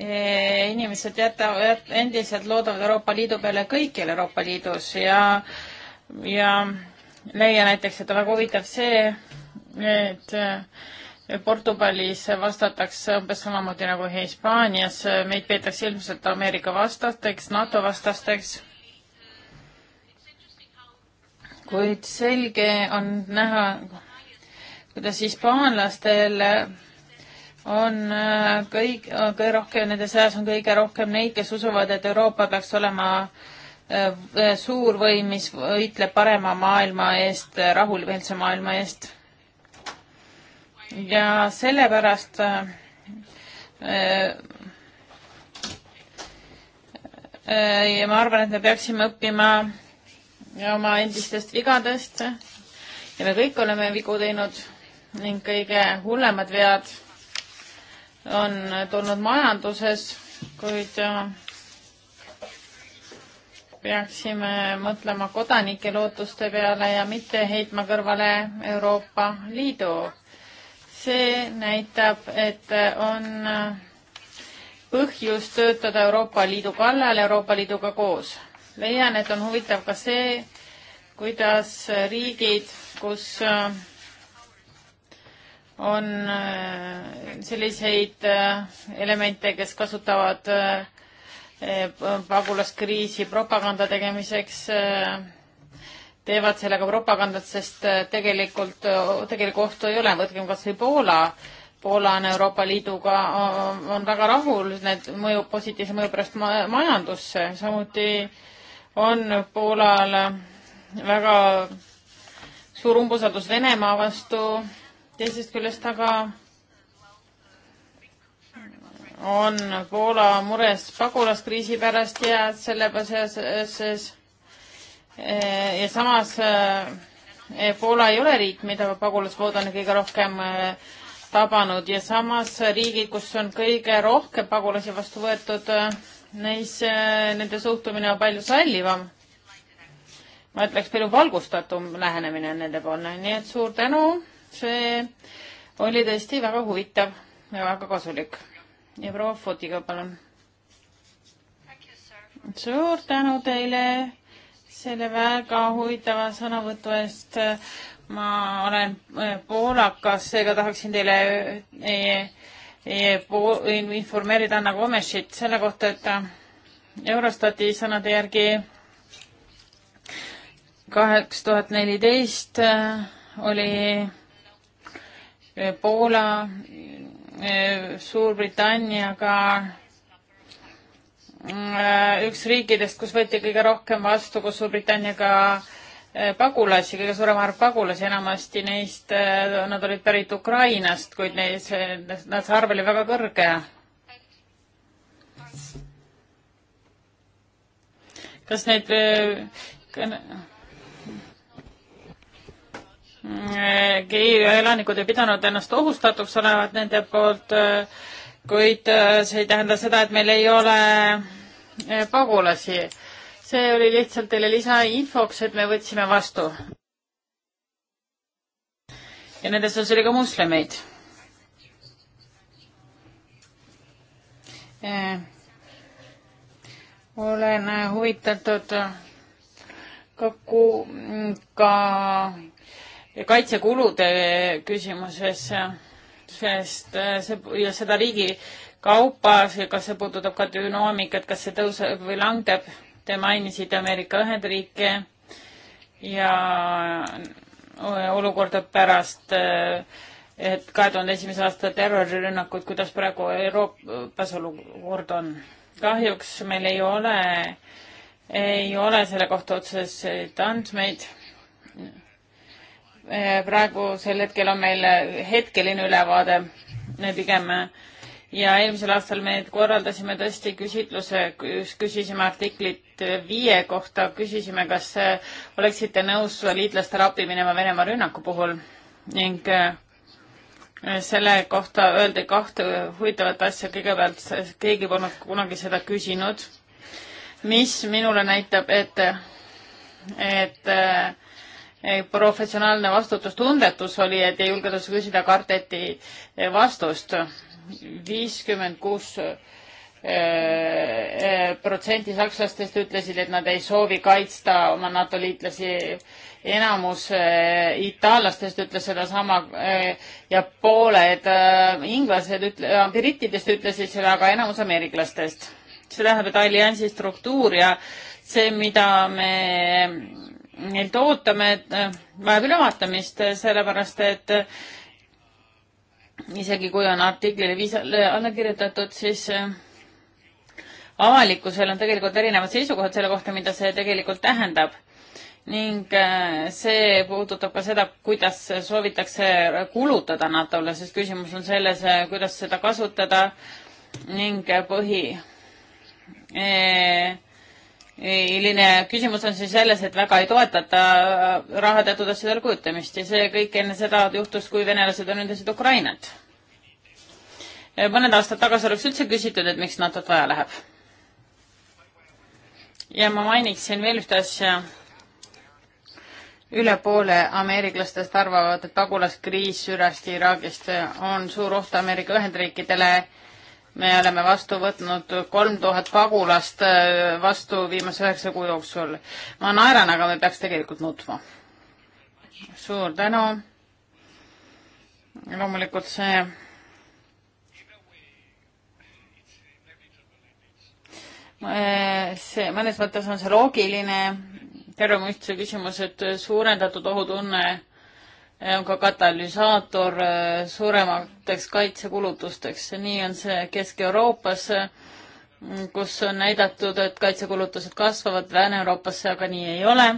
eh, inimesed jätavad, endiselt loodavad Euroopa Liidu peale kõikjal Euroopa Liidus ja, ja leian näiteks, et on väga huvitav see, et eh, Portugalis vastatakse umbes samamoodi nagu Hispaanias, meid peetakse ilmselt Ameerika vastasteks, NATO vastasteks. kuid selge on näha, kuidas hispaanlastel on äh, kõik, kõige rohkem, nende seas on kõige rohkem neid, kes usuvad, et Euroopa peaks olema äh, äh, suur võim, mis võitleb parema maailma eest, rahulimeelse maailma eest. ja sellepärast äh, äh, ja ma arvan, et me peaksime õppima oma endistest vigadest ja me kõik oleme vigu teinud ning kõige hullemad vead on tulnud majanduses, kuid peaksime mõtlema kodanike lootuste peale ja mitte heitma kõrvale Euroopa Liidu. see näitab, et on põhjust töötada Euroopa Liidu kallal Euroopa Liiduga koos. leian, et on huvitav ka see, kuidas riigid, kus on äh, selliseid äh, elemente, kes kasutavad äh, pagulaskriisi propaganda tegemiseks, teevad sellega propagandat, sest tegelikult, tegelikku ohtu ei ole, võtkem kas või Poola. Poola on Euroopa Liiduga, on väga rahul, need mõju, positiivse mõju pärast majandusse, samuti on Poolal väga suur umbusaldus Venemaa vastu teisest küljest aga on Poola mures pagulaskriisi pärast ja sellepärast eh, ja samas eh, Poola ei ole riik, mida pagulasvood on kõige rohkem eh, tabanud ja samas riigid, kus on kõige rohkem pagulasi vastu võetud, neis, nende suhtumine on palju sallivam. ma ütleks, palju valgustatum lähenemine on nende poolne, nii et suur tänu see oli tõesti väga huvitav ja väga kasulik. ja proua Fotiga, palun. suur tänu teile selle väga huvitava sõnavõtu eest. ma olen äh, poolakas, seega tahaksin teile e e po informeerida Anna Komešit selle kohta, et Eurostati sõnade järgi kaheks tuhat neliteist oli Eh, Poola, eh, Suurbritanniaga, eh, üks riikidest, kus võeti kõige rohkem vastu koos Suurbritanniaga pagulasi, kõige suurem arv pagulasi, enamasti neist, nad olid pärit Ukrainast, kuid neis, nad, see arv oli väga kõrge. kas need elanikud ei pidanud ennast ohustatuks olevat nende poolt, kuid äh, see ei tähenda seda, et meil ei ole äh, pagulasi. see oli lihtsalt teile lisainfoks, et me võtsime vastu. ja nende seas oli ka moslemeid. Äh, olen huvitatud kokku ka kaitsekulude küsimuses, sest äh, see ja seda riigi kaupa, kas see puudutab ka dünaamikat, kas see tõuseb või langeb. Te mainisite Ameerika Ühendriike ja äh, olukorda pärast äh, et kahe tuhande esimese aasta terrorirünnakud, kuidas praegu Euroopas olukord on. kahjuks meil ei ole, ei ole selle kohta otseseid andmeid Eh, praegusel hetkel on meil eh, hetkeline ülevaade pigem eh, ja eelmisel aastal me korraldasime tõesti küsitluse, küsisime artiklit viie kohta, küsisime, kas oleksite nõus liitlastele appi minema Venemaa rünnaku puhul ning selle kohta öeldi kahte huvitavat asja, kõigepealt keegi polnud kunagi seda küsinud, mis minule näitab, et, et professionaalne vastutustundetus oli, et ei julgenud küsida karteti eh, vastust. viiskümmend kuus eh, eh, protsenti sakslastest ütlesid, et nad ei soovi kaitsta oma NATO liitlasi. enamus itaallastest ütles sedasama ja pooled inglased ütle-, brittidest ütlesid seda, aga enamus ameeriklastest. see tähendab, et alliansi struktuur ja see, mida me neilt ootame, äh, vajab ülevaatamist, äh, sellepärast et äh, isegi kui on artiklile viisale alla kirjutatud, siis avalikkusel on tegelikult erinevad seisukohad selle kohta, mida see tegelikult tähendab. ning see puudutab ka seda, kuidas soovitakse kulutada NATO-le, sest küsimus on selles, kuidas seda kasutada ning põhi eh, hiline küsimus on siis selles, et väga ei toetata äh, raha teatud asjadel kujutamist ja see kõik enne seda juhtus, kui venelased ründasid Ukrainat. Äh, mõned aastad tagasi oleks üldse küsitud, et miks NATO-t vaja läheb. ja ma mainiksin veel ühte asja. üle poole ameeriklastest arvavad, et pagulaskriis Süüriast ja Iraagist on suur oht Ameerika Ühendriikidele me oleme vastu võtnud kolm tuhat pagulast äh, vastu viimase üheksa kuu jooksul. ma naeran, aga me peaks tegelikult nutma. suur tänu. loomulikult see äh, see mõnes mõttes on see loogiline terve mõistuse küsimus, et suurendatud ohutunne on ka katalüsaator äh, suuremateks kaitsekulutusteks. nii on see Kesk-Euroopas, mm, kus on näidatud, et kaitsekulutused kasvavad, Lääne-Euroopas see aga nii ei ole,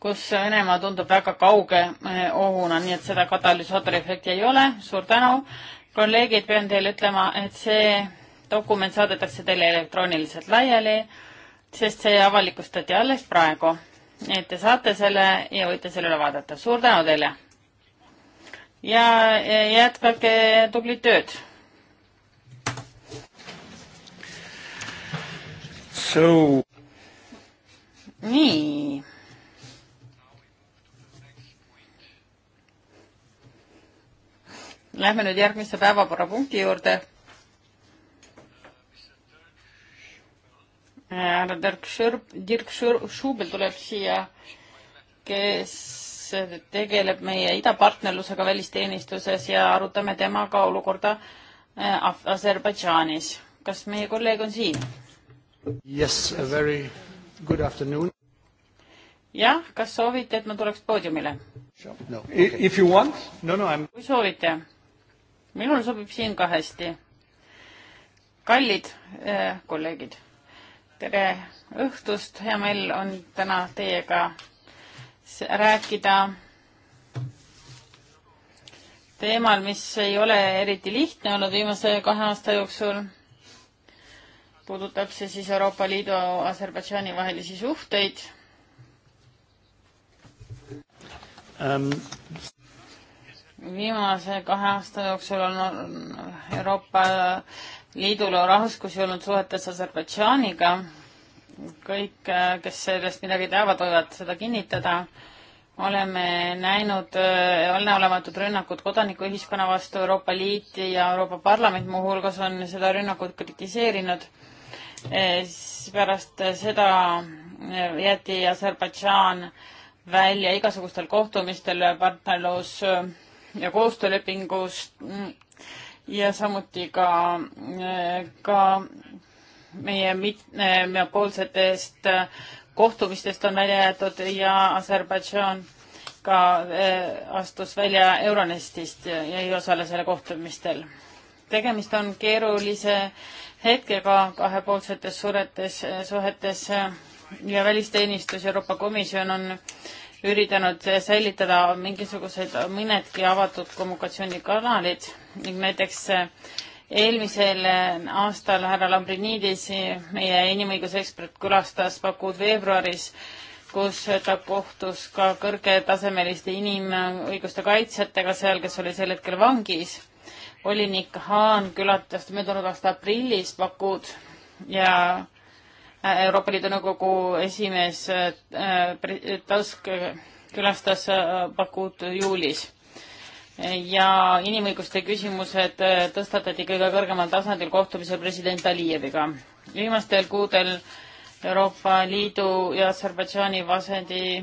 kus Venemaa tundub väga kauge äh, ohuna, nii et seda katalüsaatori efekti ei ole. suur tänu, kolleegid, pean teile ütlema, et see dokument saadetakse teile elektrooniliselt laiali, sest see avalikustati alles praegu et te saate selle ja võite selle üle vaadata. suur tänu teile! ja jätkake tublit tööd! So... nii. Lähme nüüd järgmise päevakorrapunkti juurde härra Dirk Schürb, Dirk Schubel tuleb siia, kes tegeleb meie idapartnerlusega välisteenistuses ja arutame temaga olukorda äh, Aserbaidžaanis. kas meie kolleeg on siin? Yes, a very good afternoon. jah, kas soovite, et ma tuleks poodiumile? No. If you want. no, no I am. kui soovite. minul sobib siin ka hästi. kallid eh, kolleegid tere õhtust, hea meel on täna teiega rääkida teemal, mis ei ole eriti lihtne olnud viimase kahe aasta jooksul. puudutab see siis Euroopa Liidu Aserbaidžaani vahelisi suhteid um.. viimase kahe aasta jooksul on Euroopa liidul on raskusi olnud suhetes Aserbaidžaaniga. kõik, äh, kes sellest midagi teavad, võivad seda kinnitada. oleme näinud enneolematud äh, rünnakud kodanikuühiskonna vastu, Euroopa Liit ja Euroopa Parlament muuhulgas on seda rünnakut kritiseerinud. Äh, pärast seda jäeti Aserbaidžaan välja igasugustel kohtumistel partnerlus ja koostöölepingust mm, ja samuti ka, ka meie mitmepoolsetest kohtumistest on välja jäetud ja Aserbaidžaan ka eh, astus välja Euronestist ja ei osale selle kohtumistel. tegemist on keerulise hetkega kahepoolsetes suretes, suhetes ja välisteenistus Euroopa Komisjon on üritanud säilitada mingisuguseid mõnedki avatud kommunikatsioonikanalid ning näiteks eh, eelmisel eh, aastal härra Lambrinidis, eh, meie inimõiguse ekspert, külastas Bakud veebruaris, kus ta kohtus ka kõrgetasemeliste inimõiguste kaitsjatega seal, kes oli sel hetkel vangis. volinik Haan külatas möödunud aasta aprillis Bakud ja Euroopa Liidu Nõukogu esimees Tusk külastas Bakut juulis ja inimõiguste küsimused äh, tõstatati kõige kõrgemal tasandil kohtumisel president Alijeviga. viimastel kuudel Euroopa Liidu ja Aserbaidžaani vasendi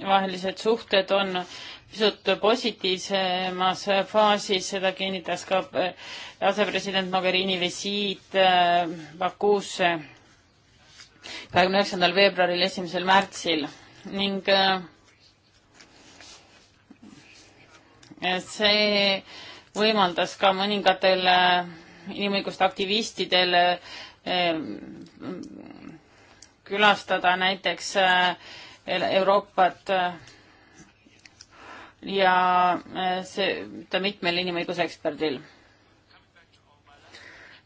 vahelised suhted on pisut positiivsemas faasis, seda kinnitas ka äh, asepresident Mogherini visiit äh, Bakuusse kahekümne üheksandal veebruaril, esimesel märtsil ning see võimaldas ka mõningatel äh, inimõiguste aktivistidel äh, külastada näiteks äh, Euroopat ja see, ta mitmel inimõiguseksperdil.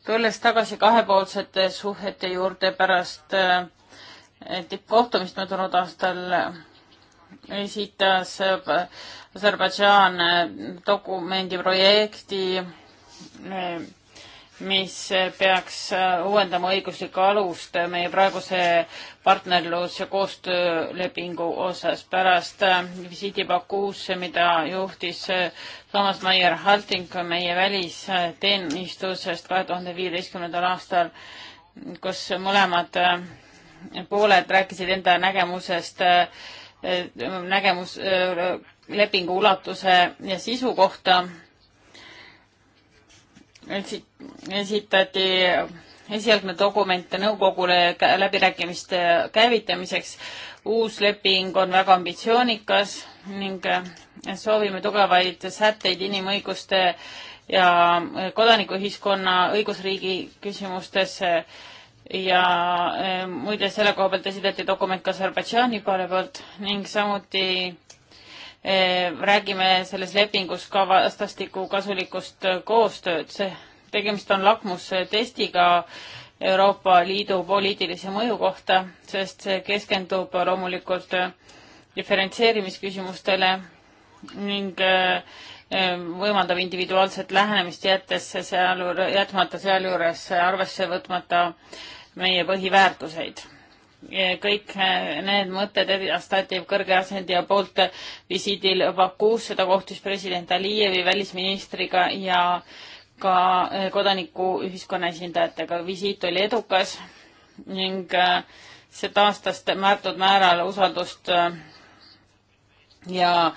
tulles tagasi kahepoolsete suhete juurde pärast tippkohtumist möödunud aastal esitas Aserbaidžaan eh, dokumendi projekti, eh, mis eh, peaks uuendama õiguslikku alust meie praeguse partnerlus- ja koostöölepingu osas. pärast visiidi Bakuusse, mida juhtis Toomas Maier Halting meie välisteenistusest kahe tuhande viieteistkümnendal aastal, kus mõlemad pooled rääkisid enda nägemusest nägemus lepingu ulatuse ja sisu kohta esitati esialgne dokument nõukogule läbirääkimiste käivitamiseks. uus leping on väga ambitsioonikas ning äh, soovime tugevaid sätteid inimõiguste ja äh, kodanikuühiskonna õigusriigi küsimustes ja äh, muide, selle koha pealt esitati dokument ka Aserbaidžaani poole poolt ning samuti Eh, räägime selles lepingus ka vastastikku kasulikust eh, koostööd, see, tegemist on lakmustestiga Euroopa Liidu poliitilise mõju kohta, sest see keskendub loomulikult eh, diferentseerimisküsimustele ning võimaldab individuaalset lähenemist, jättes seal, jätmata sealjuures arvesse võtmata meie põhiväärtuseid kõik äh, need mõtted edastati kõrge asendija poolt visiidil Bakuus, seda kohtus president Alijevi välisministriga ja ka äh, kodanikuühiskonna esindajatega. visiit oli edukas ning äh, see taastas määratud määral usaldust ja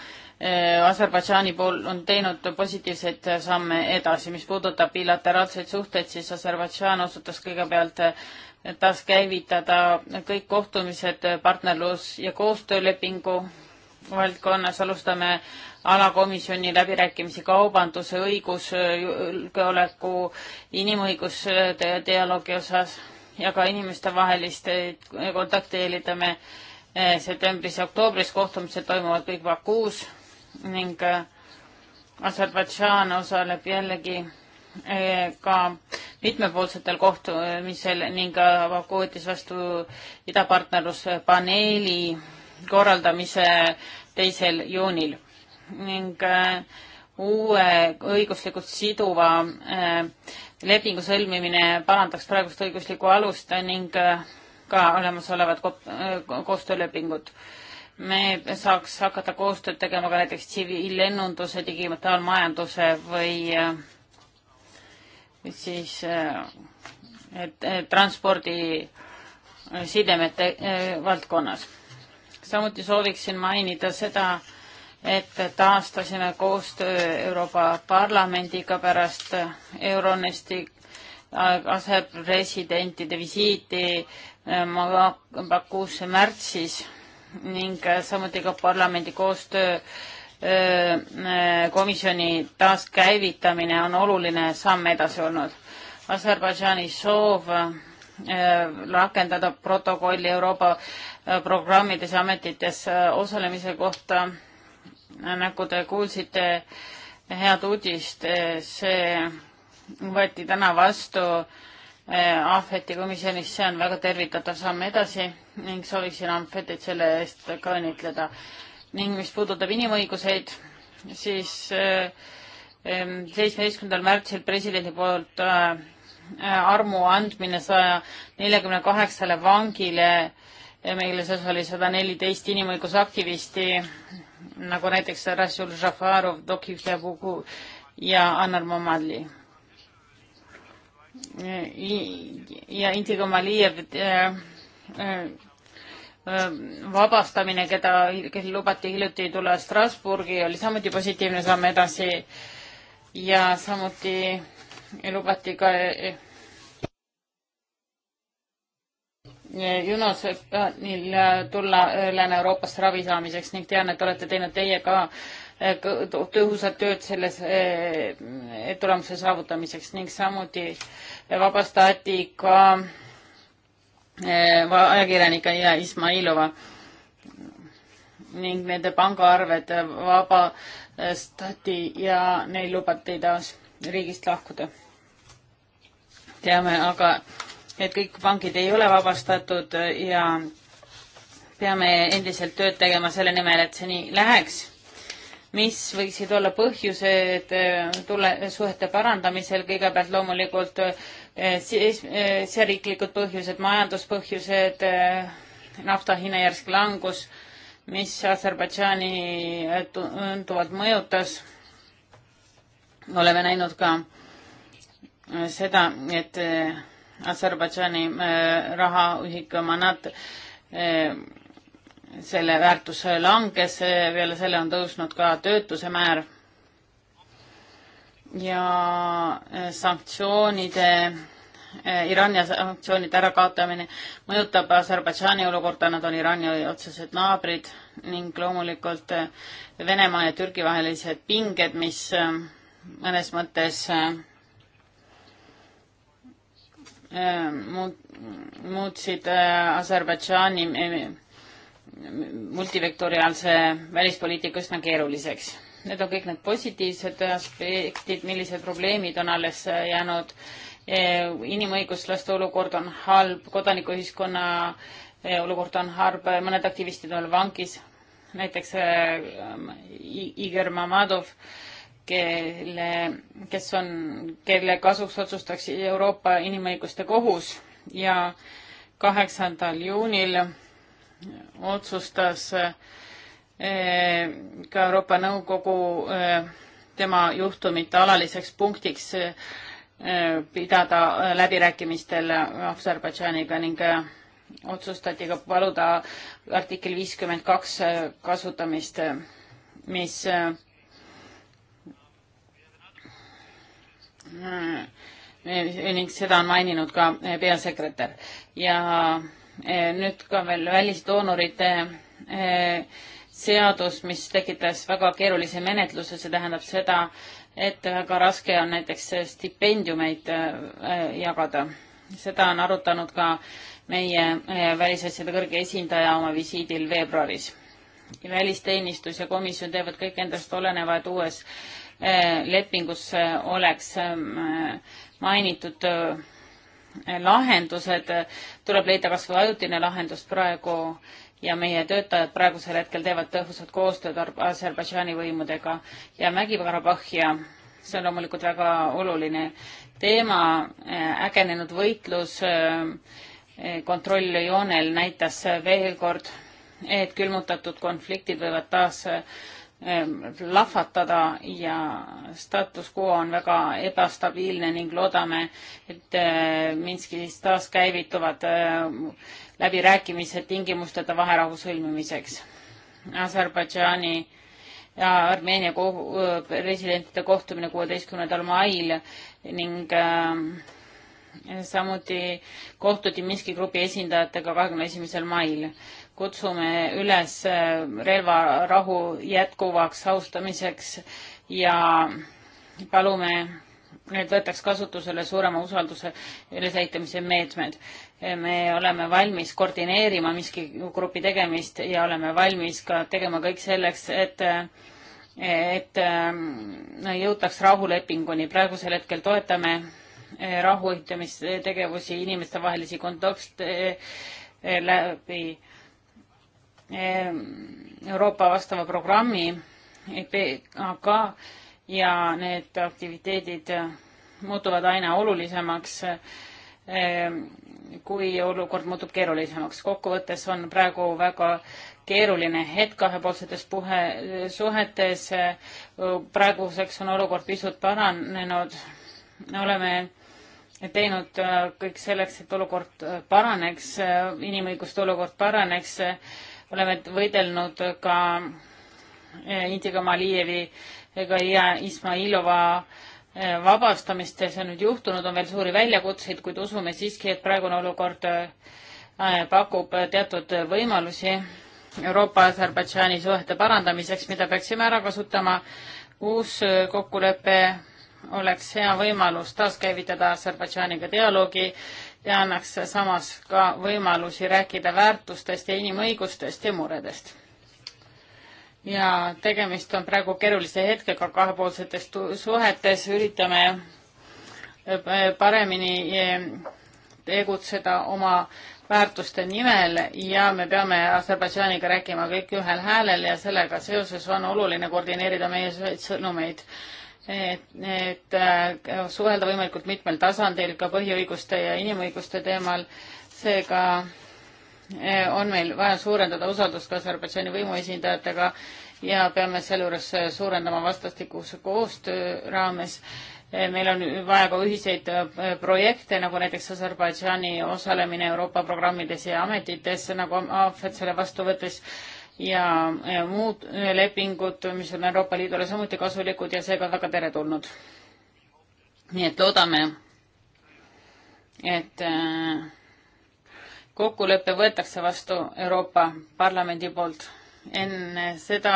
Aserbaidžaani pool on teinud positiivseid samme edasi. mis puudutab bilateraalseid suhteid, siis Aserbaidžaan osutas kõigepealt taaskäivitada kõik kohtumised partnerlus- ja koostöölepingu valdkonnas, alustame alakomisjoni läbirääkimisi kaubanduse, õigusjulgeoleku, inimõiguste dialoogi osas ja ka inimestevaheliste kontakte eelitame eh, septembris ja oktoobris, kohtumised toimuvad kõik Bakuus ning eh, Aserbaidžaan osaleb jällegi Eh, ka mitmepoolsetel kohtumisel ning kvoodis vastu idapartnerluspaneeli korraldamise teisel juunil ning eh, uue õiguslikult siduva eh, lepingu sõlmimine parandaks praegust õiguslikku alust ning ka olemasolevad koostöölepingud me saaks hakata koostööd tegema ka näiteks tsiviillennunduse, digitaalmajanduse või siis eh, et, eh, transpordi eh, sidemete valdkonnas. samuti sooviksin mainida seda, et taastasime koostöö Euroopa Parlamendiga pärast Euronesti asepresidentide visiiti Bakuusse märtsis ning samuti ka parlamendi koostöö komisjoni taaskäivitamine on oluline samm edasi olnud. Aserbaidžaani soov rakendada protokolli Euroopa programmides ja ametites osalemise kohta, nagu te kuulsite, head uudist, see võeti täna vastu Ahveti komisjonis, see on väga tervitatav samm edasi ning sooviksin Ahvetit selle eest ka õnnitleda ning mis puudutab inimõiguseid, siis äh, seitsmeteistkümnendal märtsil presidendi poolt äh, äh, armu andmine saja neljakümne kaheksale vangile, meile seas oli sada neliteist inimõigusaktivisti, nagu näiteks Rasul Žafarov, Dokiv Jabugu ja Annar Mamadli. ja Indigo Malijev vabastamine, keda, kes lubati hiljuti tulla Strasburgi, oli samuti positiivne samm edasi ja samuti lubati ka eh, Junos eh, Neil eh, tulla Lääne-Euroopast ravi saamiseks ning tean, et olete teinud teie ka tõhusat tööd selles tulemuse saavutamiseks ning samuti vabastati ka Äh, ajakirjanik Aja Izmailova ning nende pangaarved vabastati ja neil lubati taas riigist lahkuda. teame aga, et kõik vangid ei ole vabastatud ja peame endiselt tööd tegema selle nimel, et see nii läheks. mis võiksid olla põhjused äh, tule, suhete parandamisel, kõigepealt loomulikult äh, siis eh, siseriiklikud eh, põhjused, majanduspõhjused, eh, nafta hinna järsk langus, mis Aserbaidžaani tunduvalt mõjutas. oleme näinud ka seda, et Aserbaidžaani rahaühik Manat selle väärtus langes, peale selle on tõusnud ka töötuse määr ja äh, sanktsioonide, äh, Iraani sanktsioonide ärakaotamine mõjutab Aserbaidžaani olukorda, nad on Iraani otsesed naabrid ning loomulikult äh, Venemaa ja Türgi vahelised pinged, mis mõnes mõttes muud, muutsid Aserbaidžaani multivektoriaalse välispoliitika üsna keeruliseks need on kõik need positiivsed aspektid, millised probleemid on alles jäänud. E, inimõiguslaste olukord on halb, kodanikuühiskonna e, olukord on halb, mõned aktivistid on vangis, näiteks e, Igor Mamadov, kelle, kes on, kelle kasuks otsustaks Euroopa Inimõiguste Kohus ja kaheksandal juunil otsustas äh, Eh, ka Euroopa Nõukogu eh, tema juhtumit alaliseks punktiks eh, pidada läbirääkimistel Aserbaidžaaniga ning otsustati ka paluda artikkel viiskümmend kaks kasutamist, mis ning seda on maininud ka peasekretär ja nüüd ka veel välisdoonorite seadus, mis tekitas väga keerulise menetluse, see tähendab seda, et väga raske on näiteks stipendiumeid äh, jagada. seda on arutanud ka meie äh, välisasjade kõrge esindaja oma visiidil veebruaris. välisteenistus ja komisjon teevad kõik endast oleneva, et uues äh, lepingus oleks ähm, mainitud lahendused, tuleb leida kas või ajutine lahendus praegu ja meie töötajad praegusel hetkel teevad tõhusat koostööd Aserbaidžaani võimudega ja Mägi-Karabahhia, see on loomulikult väga oluline teema, äh, ägenenud võitlus äh, äh, kontrolljoonel näitas veel kord, et külmutatud konfliktid võivad taas lahvatada ja status quo on väga ebastabiilne ning loodame, et Minskis taaskäivituvad läbirääkimised tingimusteta vaherahu sõlmimiseks. Aserbaidžaani ja Armeenia koh presidentide äh, kohtumine kuueteistkümnendal mail ning äh, samuti kohtuti Minski grupi esindajatega kahekümne esimesel mail. kutsume üles äh, relvarahu jätkuvaks austamiseks ja palume et võtaks kasutusele suurema usalduse ülesehitamise meetmed me oleme valmis koordineerima miski grupi tegemist ja oleme valmis ka tegema kõik selleks, et et ähm, jõutaks rahulepinguni. praegusel hetkel toetame äh, rahu ehitamistegevusi, inimestevahelisi kontakte äh, äh, läbi Euroopa vastava programmi EPAK ja need aktiviteedid muutuvad aina olulisemaks kui olukord muutub keerulisemaks. kokkuvõttes on praegu väga keeruline hetk kahepoolsetes puhe, suhetes. praeguseks on olukord pisut paranenud. oleme teinud äh, kõik selleks, et olukord äh, paraneks, äh, inimõiguste olukord paraneks. oleme võidelnud ka Indiga Malijeviga ja Ismailova Eh, vabastamistes on nüüd juhtunud, on veel suuri väljakutseid, kuid usume siiski, et praegune olukord eh, pakub teatud võimalusi Euroopa-Aserbaidžaani suhete parandamiseks, mida peaksime ära kasutama. uus eh, kokkulepe oleks hea võimalus taaskäivitada Aserbaidžaaniga dialoogi ja annaks samas ka võimalusi rääkida väärtustest ja inimõigustest ja muredest ja tegemist on praegu keerulise hetkega kahepoolsetes suhetes, üritame e, e, paremini e, tegutseda oma väärtuste nimel ja me peame Aserbaidžaaniga rääkima kõik ühel häälel ja sellega seoses on oluline koordineerida meie sõnumeid. et, et suhelda võimalikult mitmel tasandil ka põhiõiguste ja inimõiguste teemal, seega Eh, on meil vaja suurendada usaldust ka Aserbaidžaani võimuesindajatega ja peame sealjuures eh, suurendama vastastikuse koostöö raames. Eh, meil on vaja ka ühiseid projekte, nagu näiteks Aserbaidžaani osalemine Euroopa programmides ja ametites, nagu AFET selle vastu võttis, ja muud lepingud, mis on Euroopa Liidule samuti kasulikud ja seega väga teretulnud. nii et loodame, et äh, kokkulepe võetakse vastu Euroopa Parlamendi poolt. enne seda,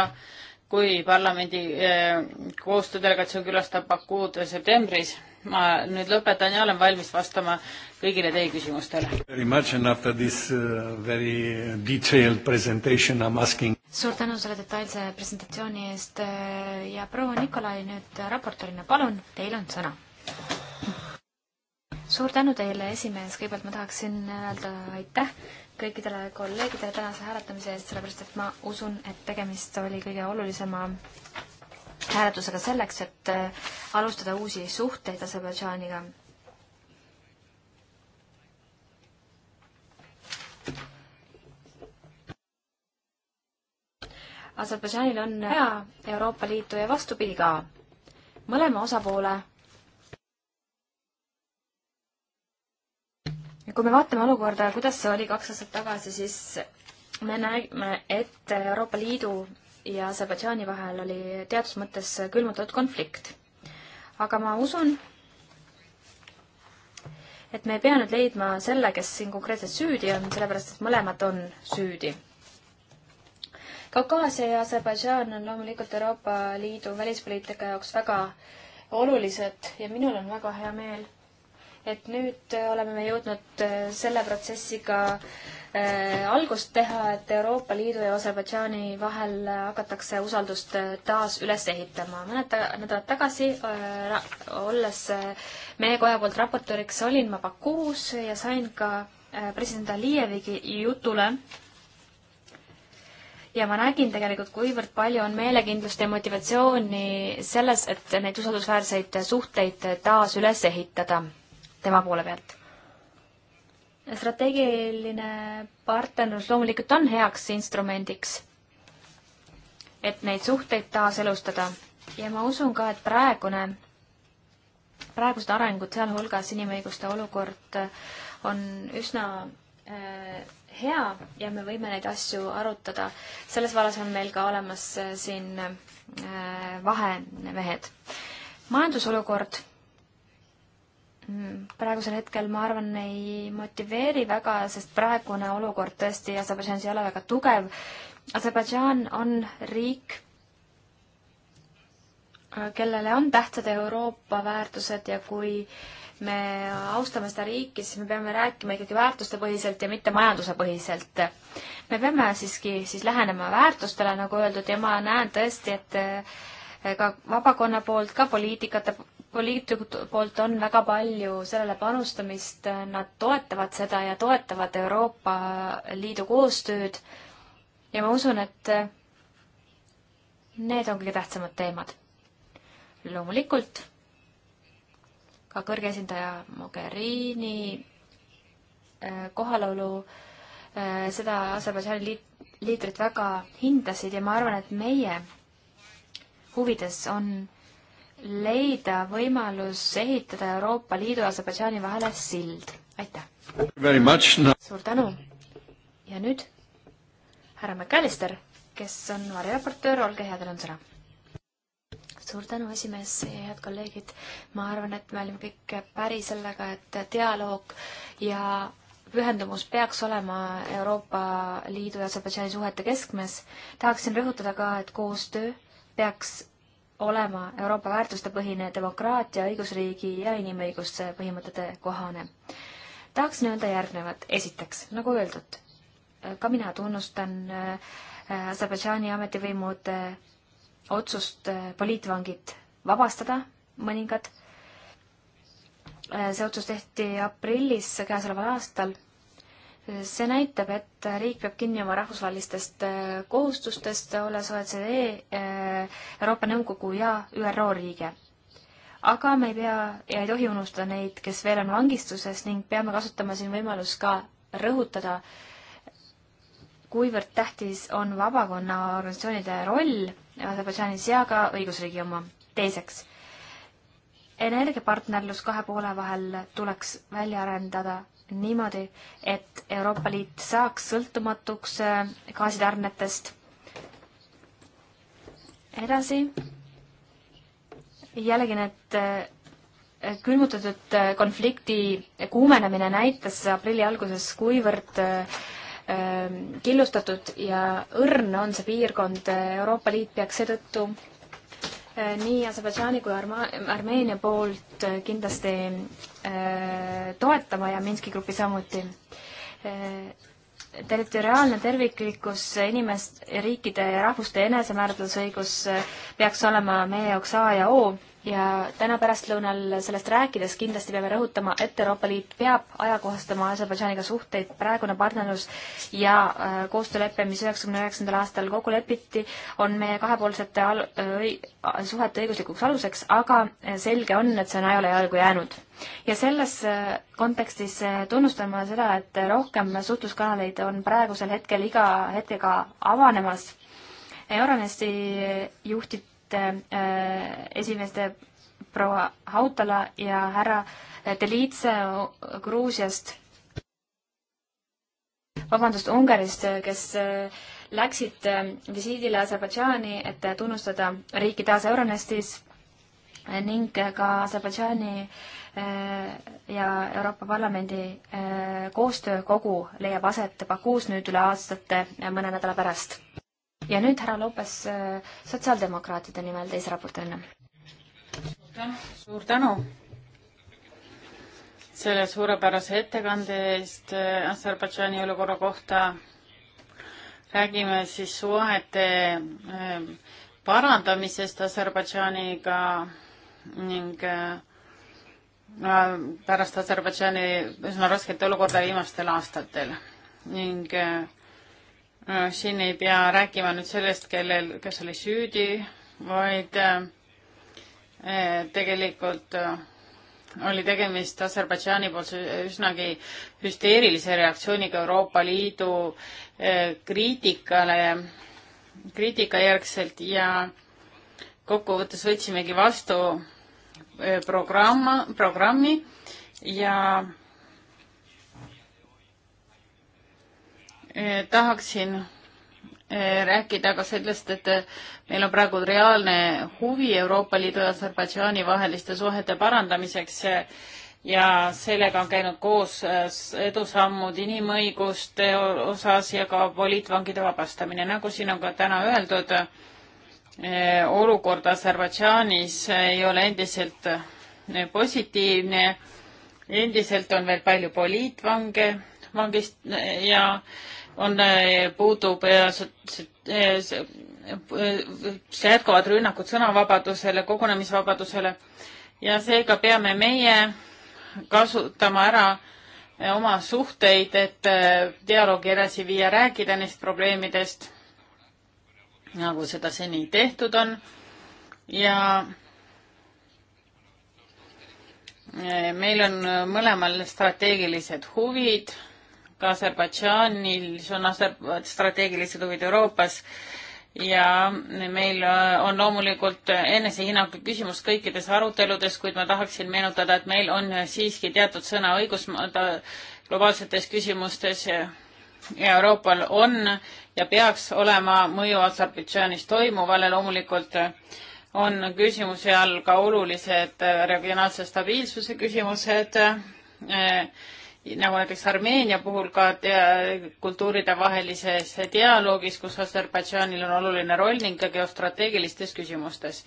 kui parlamendi eh, koostöödelegatsioon külastab Bakuud septembris, ma nüüd lõpetan ja olen valmis vastama kõigile teie küsimustele. Uh, suur tänu selle detailse presentatsiooni eest eh, ja proua Nikolai nüüd raportorina, palun, teil on sõna suur tänu teile, esimees, kõigepealt ma tahaksin öelda aitäh kõikidele kolleegidele tänase hääletamise eest, sellepärast et ma usun, et tegemist oli kõige olulisema hääletusega selleks, et äh, alustada uusi suhteid Aserbaidžaaniga. Aserbaidžaanil on vaja Euroopa Liitu ja vastupidi ka. mõlema osapoole kui me vaatame olukorda, kuidas see oli kaks aastat tagasi, siis me nägime, et Euroopa Liidu ja Aserbaidžaani vahel oli teatud mõttes külmutatud konflikt. aga ma usun, et me ei pea nüüd leidma selle, kes siin konkreetselt süüdi on, sellepärast et mõlemad on süüdi. Kaukaasia ja Aserbaidžaan on loomulikult Euroopa Liidu välispoliitika jaoks väga olulised ja minul on väga hea meel et nüüd äh, oleme me jõudnud äh, selle protsessiga äh, algust teha, et Euroopa Liidu ja Aserbaidžaani vahel hakatakse usaldust äh, taas üles ehitama. mõned ta nädalad tagasi äh,, olles äh, meie koja poolt raportööriks, olin ma Bakuus ja sain ka president Alijeviga jutule ja ma nägin tegelikult, kuivõrd palju on meelekindlust ja motivatsiooni selles, et neid usaldusväärseid suhteid taas üles ehitada tema poole pealt. strateegiline partnerlus loomulikult on heaks instrumendiks, et neid suhteid taaselustada ja ma usun ka, et praegune, praegused arengud, sealhulgas inimõiguste olukord, on üsna äh, hea ja me võime neid asju arutada. selles vallas on meil ka olemas äh, siin äh, vahemehed. majandusolukord praegusel hetkel, ma arvan, ei motiveeri väga, sest praegune olukord tõesti Aserbaidžaanis ei ole väga tugev. Aserbaidžaan on riik, kellele on tähtsad Euroopa väärtused ja kui me austame seda riiki, siis me peame rääkima ikkagi väärtustepõhiselt ja mitte majandusepõhiselt. me peame siiski siis lähenema väärtustele, nagu öeldud, ja ma näen tõesti, et eh, ka vabakonna poolt, ka poliitikate poliitikute poolt on väga palju sellele panustamist, nad toetavad seda ja toetavad Euroopa Liidu koostööd. ja ma usun, et need on kõige tähtsamad teemad. loomulikult ka kõrge esindaja Mogherini äh, kohalolu, äh, seda Aserbaidžaani liit-, liidrid väga hindasid ja ma arvan, et meie huvides on leida võimalus ehitada Euroopa Liidu ja Aserbaidžaani vahele sild. aitäh! No. suur tänu! ja nüüd härra McAllister, kes on variraportöör, olge hea, teil on sõna. suur tänu, esimees ja head kolleegid. ma arvan, et me olime kõik päri sellega, et dialoog ja pühendumus peaks olema Euroopa Liidu ja Aserbaidžaani suhete keskmes. tahaksin rõhutada ka, et koostöö peaks olema Euroopa väärtustepõhine demokraatia, õigusriigi ja inimõiguste põhimõtete kohane. tahaksin öelda järgnevat. esiteks, nagu öeldud, ka mina tunnustan äh, Aserbaidžaani ametivõimude äh, otsust äh, poliitvangid vabastada, mõningad. see otsus tehti aprillis käesoleval aastal see näitab, et riik peab kinni oma rahvusvahelistest äh, kohustustest, olles OECD, äh, Euroopa Nõukogu ja ÜRO riige. aga me ei pea ja ei tohi unustada neid, kes veel on vangistuses ning peame kasutama siin võimalust ka rõhutada, kuivõrd tähtis on vabakonna organisatsioonide roll Aserbaidžaanis ja ka õigusriigi oma. teiseks, energiapartnerlus kahe poole vahel tuleks välja arendada niimoodi, et Euroopa Liit saaks sõltumatuks eh, gaasitarnetest. edasi, jällegi need eh, külmutatud eh, konflikti kuumenemine näitas aprilli alguses, kuivõrd killustatud ja õrn on see piirkond, Euroopa Liit peaks seetõttu Äh, nii Aserbaidžaani kui Arma-, Armeenia poolt äh, kindlasti äh, toetama ja Minski grupi samuti. territoriaalne terviklikkus, inimest, riikide ja rahvuste enesemääratlusõigus peaks olema meie jaoks A ja O ja täna pärastlõunal sellest rääkides kindlasti peame rõhutama, et Euroopa Liit peab ajakohastama Aserbaidžaaniga suhteid, praegune partnerlus ja äh, koostöölepe, mis üheksakümne üheksandal aastal kokku lepiti, on meie kahepoolsete al-, suhete õiguslikuks aluseks, aga äh, selge on, et see on ajale jalgu jäänud. ja selles äh, kontekstis tunnustan ma seda, et rohkem suhtluskanaleid on praegusel hetkel iga hetkega avanemas Euronesti juhtib liikmete äh, esimeeste proua Hautala ja härra Delitse Gruusiast, vabandust, Ungarist, kes äh, läksid äh, visiidile Aserbaidžaani, et tunnustada riiki taas Euronestis ning ka Aserbaidžaani ja Euroopa Parlamendi koostöökogu leiab aset Bakuus nüüd üle aastate mõne nädala pärast ja nüüd härra Lopes äh, sotsiaaldemokraatide nimel teise raportööna. suur tänu selle suurepärase ettekande eest äh, Aserbaidžaani olukorra kohta. räägime siis suhete äh, parandamisest Aserbaidžaaniga ning pärast Aserbaidžaani üsna rasket olukorda viimastel aastatel ning äh, Äh, siin ei pea rääkima nüüd sellest, kellel, kes oli süüdi, vaid äh, äh, tegelikult oli tegemist Aserbaidžaani poolt üsnagi hüsteerilise reaktsiooniga Euroopa Liidu kriitikale, kriitika järgselt ja kokkuvõttes võtsimegi vastu programma, programmi ja Eh, tahaksin eh, rääkida ka sellest, et eh, meil on praegu reaalne huvi Euroopa Liidu ja Aserbaidžaani vaheliste suhete parandamiseks ja sellega on käinud koos edusammud inimõiguste osas ja ka poliitvangide vabastamine, nagu siin on ka täna öeldud, olukord Aserbaidžaanis ei ole endiselt positiivne, endiselt on veel palju poliitvange vangist ja äh, on, eh, puudub eh, eh, see jätkuvad rünnakud sõnavabadusele, kogunemisvabadusele ja seega peame meie kasutama ära oma suhteid, et dialoogi edasi viia, rääkida neist probleemidest, nagu seda seni tehtud on ja meil on mõlemal strateegilised huvid ka Aserbaidžaanis on Aser-, strateegilised huvid Euroopas ja meil äh, on loomulikult enesehinnangu küsimus kõikides aruteludes, kuid ma tahaksin meenutada, et meil on siiski teatud sõnaõigus globaalsetes küsimustes ja Euroopal on ja peaks olema mõju Aserbaidžaanis toimuvale loomulikult on küsimuse all ka olulised regionaalse stabiilsuse küsimused äh, nagu näiteks Armeenia puhul ka kultuuridevahelises dialoogis, kus Aserbaidžaanil on oluline roll ning ka geostrateegilistes küsimustes.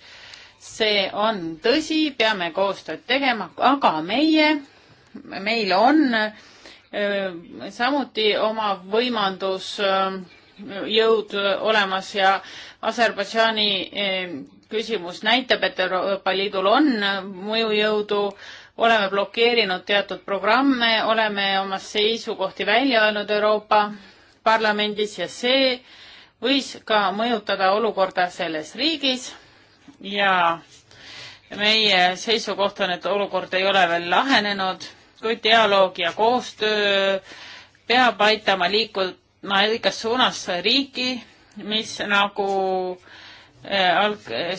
see on tõsi, peame koostööd tegema, aga meie, meil on öö, samuti oma võimandus öö, jõud olemas ja Aserbaidžaani küsimus näitab, et Euroopa Liidul on mõjujõudu oleme blokeerinud teatud programme, oleme oma seisukohti välja öelnud Euroopa Parlamendis ja see võis ka mõjutada olukorda selles riigis ja meie seisukoht on, et olukord ei ole veel lahenenud, kuid dialoog ja koostöö peab aitama liikuma õiges suunas riiki, mis nagu äh, Eh, alg-, eh,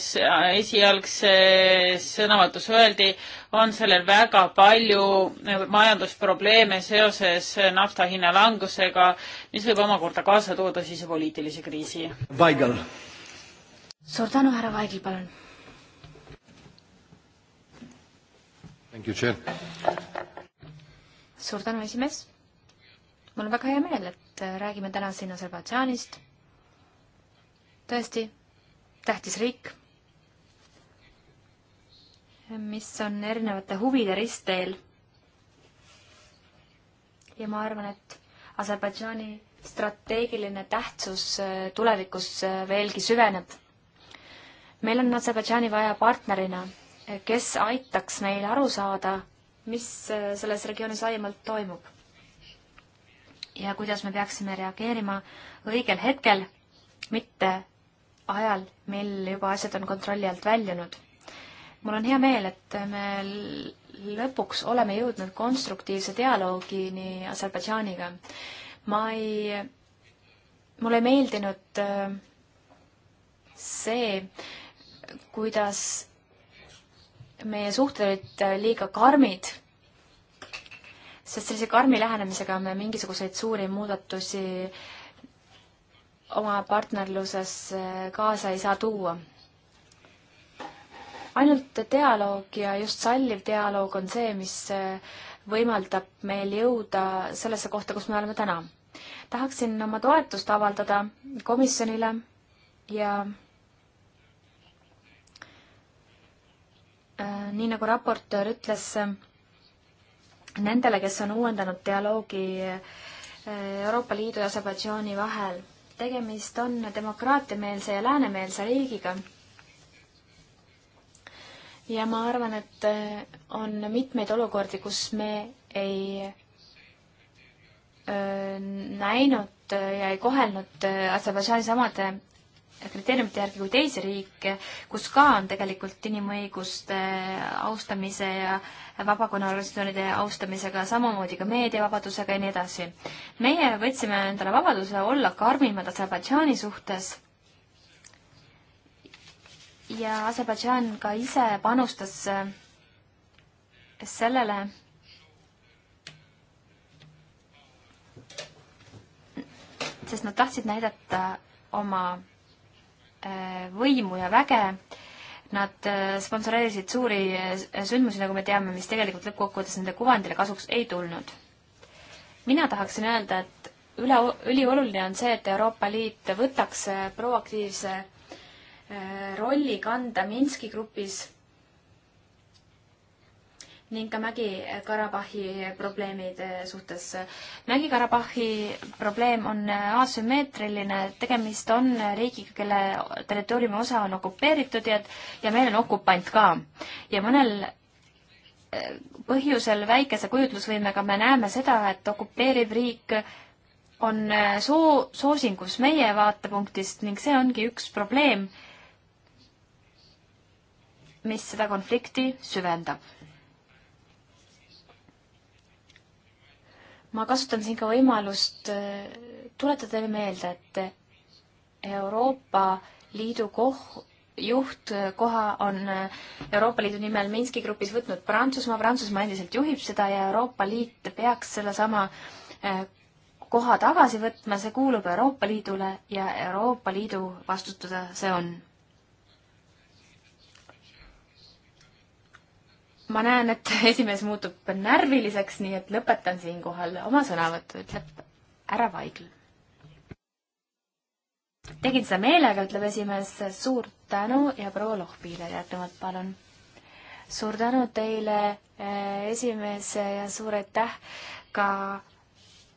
esialgses sõnavõtus öeldi, on sellel väga palju eh, majandusprobleeme seoses nafta hinna langusega, mis võib omakorda kaasa tuua sisepoliitilise kriisi. Vaigel. suur tänu, härra Vaigel, palun. suur tänu, esimees. mul on väga hea meel, et räägime täna siin Aserbaidžaanist. tõesti tähtis riik, mis on erinevate huvide ristteel. ja ma arvan, et Aserbaidžaani strateegiline tähtsus äh, tulevikus äh, veelgi süveneb. meil on Aserbaidžaani vaja partnerina, äh, kes aitaks meil aru saada, mis selles regioonis laiemalt toimub. ja kuidas me peaksime reageerima õigel hetkel, mitte ajal, mil juba asjad on kontrolli alt väljunud. mul on hea meel, et me lõpuks oleme jõudnud konstruktiivse dialoogini Aserbaidžaaniga. ma ei, mulle ei meeldinud äh, see, kuidas meie suhted olid äh, liiga karmid, sest sellise karmi lähenemisega me mingisuguseid suuri muudatusi äh, oma partnerluses äh, kaasa ei saa tuua. ainult dialoog ja just salliv dialoog on see, mis äh, võimaldab meil jõuda sellesse kohta, kus me oleme täna. tahaksin oma toetust avaldada komisjonile ja äh, nii nagu raportöör ütles, nendele, kes on uuendanud dialoogi Euroopa Liidu ja Aserbaidžaani vahel tegemist on demokraatiameelse ja läänemeelse riigiga. ja ma arvan, et äh, on mitmeid olukordi, kus me ei äh, näinud äh, ja ei kohelnud Aserbaidžaani samade kriteeriumite järgi kui teisi riike, kus ka on tegelikult inimõiguste austamise ja vabakonnaorganisatsioonide austamisega, samamoodi ka meediavabadusega ja nii edasi. meie võtsime endale vabaduse olla karmimad Aserbaidžaani suhtes ja Aserbaidžaan ka ise panustas sellele, sest nad tahtsid näidata oma Äh, võimu ja väge. Nad äh, sponsoreerisid suuri äh, sündmusi, nagu me teame, mis tegelikult lõppkokkuvõttes nende kuvandile kasuks ei tulnud. mina tahaksin öelda, et üle, ülioluline on see, et Euroopa Liit võtaks proaktiivse rolli kanda Minski grupis ning ka Mägi-Karabahhi probleemide eh, suhtes. Mägi-Karabahhi probleem on eh, asümmeetriline, tegemist on eh, riigiga, kelle territooriumi osa on okupeeritud ja, ja meil on okupant ka. ja mõnel põhjusel väikese kujutlusvõimega me näeme seda, et okupeeriv riik on soo-, soosingus meie vaatepunktist ning see ongi üks probleem, mis seda konflikti süvendab. ma kasutan siin ka võimalust äh, tuletada teile meelde, et äh, Euroopa Liidu koh-, juhtkoha äh, on Euroopa Liidu nimel Minski grupis võtnud Prantsusmaa, Prantsusmaa endiselt juhib seda ja Euroopa Liit peaks sellesama koha tagasi võtma, see kuulub Euroopa Liidule ja Euroopa Liidu vastutada see on ma näen, et esimees muutub närviliseks, nii et lõpetan siinkohal oma sõnavõttu, ütleb härra Vaigl. tegin seda meelega, ütleb esimees, suur tänu ja proua Lohbile järgnevalt palun. suur tänu teile, eh, esimees ja suur aitäh ka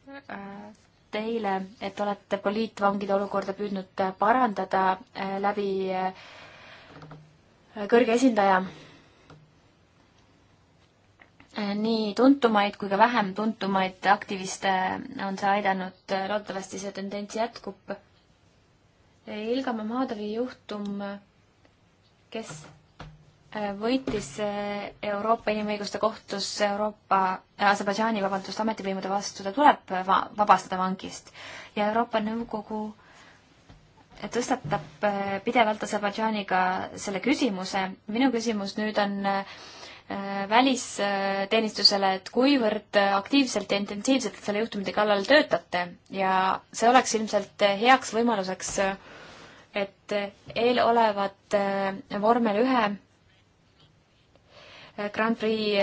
eh, teile, et olete poliitvangide olukorda püüdnud parandada eh, läbi kõrge esindaja Äh, nii tuntumaid kui ka vähem tuntumaid aktiviste on see aidanud, äh, loodetavasti see tendents jätkub. Äh, Ilga Mamadovi juhtum, kes võitis Euroopa Inimõiguste Kohtus Euroopa, Aserbaidžaani, vabandust, ametivõimude vastu, ta tuleb va vabastada vangist ja Euroopa Nõukogu tõstatab pidevalt Aserbaidžaaniga selle küsimuse. minu küsimus nüüd on äh, Äh, välisteenistusele, et kuivõrd aktiivselt ja intensiivselt selle juhtumite kallal töötate ja see oleks ilmselt heaks võimaluseks, et eelolevat äh, vormel ühe äh, Grand Prix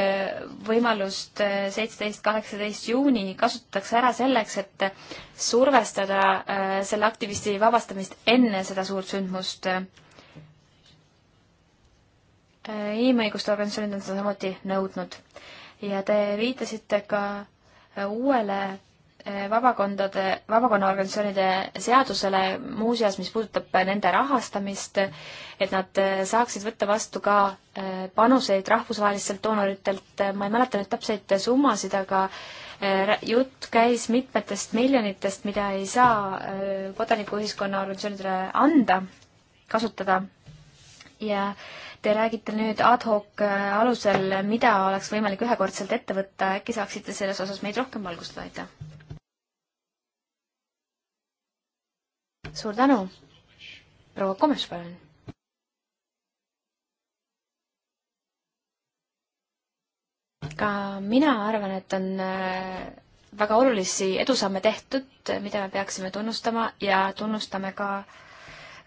võimalust seitseteist, kaheksateist juuni kasutatakse ära selleks, et survestada selle aktivisti vabastamist enne seda suurt sündmust Äh, inimõiguste organisatsioonid on seda samuti nõudnud. ja te viitasite ka äh, uuele äh, vabakondade, vabakonnaorganisatsioonide seadusele, muuseas, mis puudutab nende rahastamist, et nad saaksid võtta vastu ka panuseid rahvusvahelistelt doonoritelt, ma ei mäleta nüüd täpseid summasid, aga jutt käis mitmetest miljonitest, mida ei saa kodanikuühiskonna organisatsioonidele anda, kasutada ja äh, Te räägite nüüd ad hoc äh, alusel, mida oleks võimalik ühekordselt ette võtta, äkki saaksite selles osas meid rohkem valgustada, aitäh! suur tänu! proua Komes, palun! ka mina arvan, et on äh, väga olulisi edusamme tehtud, äh, mida me peaksime tunnustama ja tunnustame ka äh,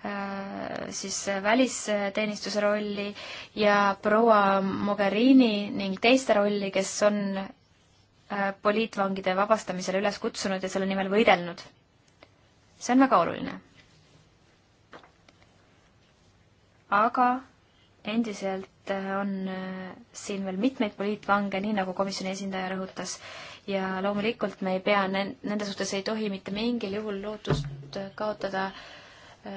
Äh, siis välisteenistuse rolli ja proua Mogherini ning teiste rolli, kes on äh, poliitvangide vabastamisele üles kutsunud ja selle nimel võidelnud. see on väga oluline. aga endiselt äh, on siin veel mitmeid poliitvange, nii nagu komisjoni esindaja rõhutas, ja loomulikult me ei pea, nende suhtes ei tohi mitte mingil juhul lootust kaotada äh, Äh,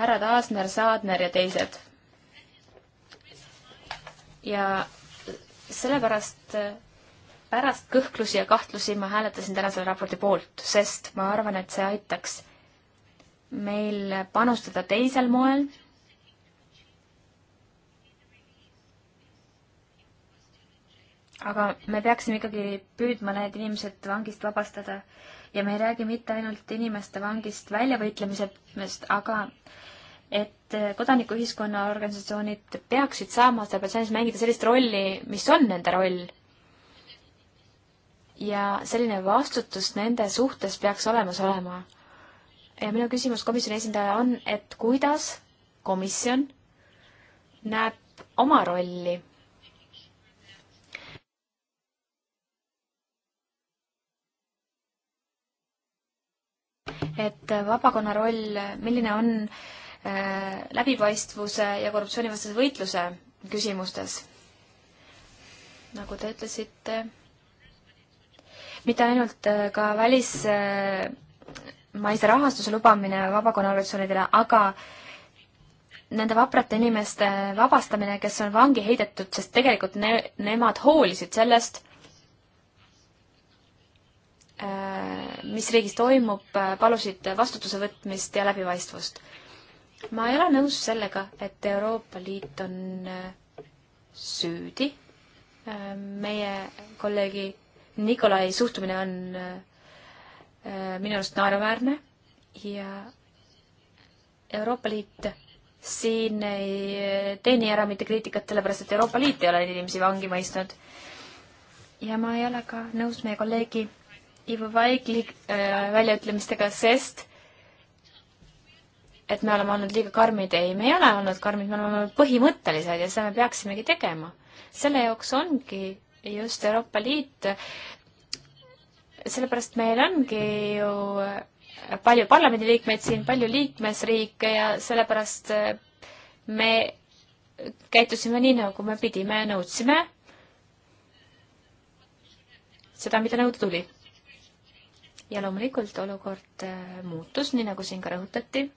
härrad Aasner, Saadner ja teised. ja sellepärast äh, pärast kõhklusi ja kahtlusi ma hääletasin täna selle raporti poolt, sest ma arvan, et see aitaks meil panustada teisel moel. aga me peaksime ikkagi püüdma need inimesed vangist vabastada äh, ja me ei räägi mitte ainult inimeste vangist väljavõitlemisest, aga et kodanikuühiskonna organisatsioonid peaksid saama Aserbaidžaanis mängida sellist rolli, mis on nende roll. ja selline vastutus nende suhtes peaks olemas olema. ja minu küsimus komisjoni esindaja on, et kuidas komisjon näeb oma rolli et vabakonna roll, milline on äh, läbipaistvuse ja korruptsioonivastase võitluse küsimustes. nagu te ütlesite, mitte ainult äh, ka välismaise äh, rahastuse lubamine vabakonna organisatsioonidele, aga nende vaprate inimeste vabastamine, kes on vangi heidetud, sest tegelikult ne-, nemad hoolisid sellest äh,, mis riigis toimub, palusid vastutuse võtmist ja läbipaistvust. ma ei ole nõus sellega, et Euroopa Liit on äh, süüdi. Äh, meie kolleegi Nikolai suhtumine on äh, minu arust naeruväärne ja Euroopa Liit siin ei teeni ära mitte kriitikat, sellepärast et Euroopa Liit ei ole inimesi vangi mõistnud. ja ma ei ole ka nõus meie kolleegi Ivo Vaigli äh, väljaütlemistega, sest et me oleme olnud liiga karmid. ei, me ei ole olnud karmid, me oleme põhimõttelised ja seda me peaksimegi tegema. selle jaoks ongi just Euroopa Liit. sellepärast meil ongi ju palju parlamendiliikmeid siin, palju liikmesriike ja sellepärast äh, me käitusime nii, nagu me pidime ja nõudsime seda, mida nõuda tuli ja loomulikult olukord äh, muutus, nii nagu siin ka rõhutati.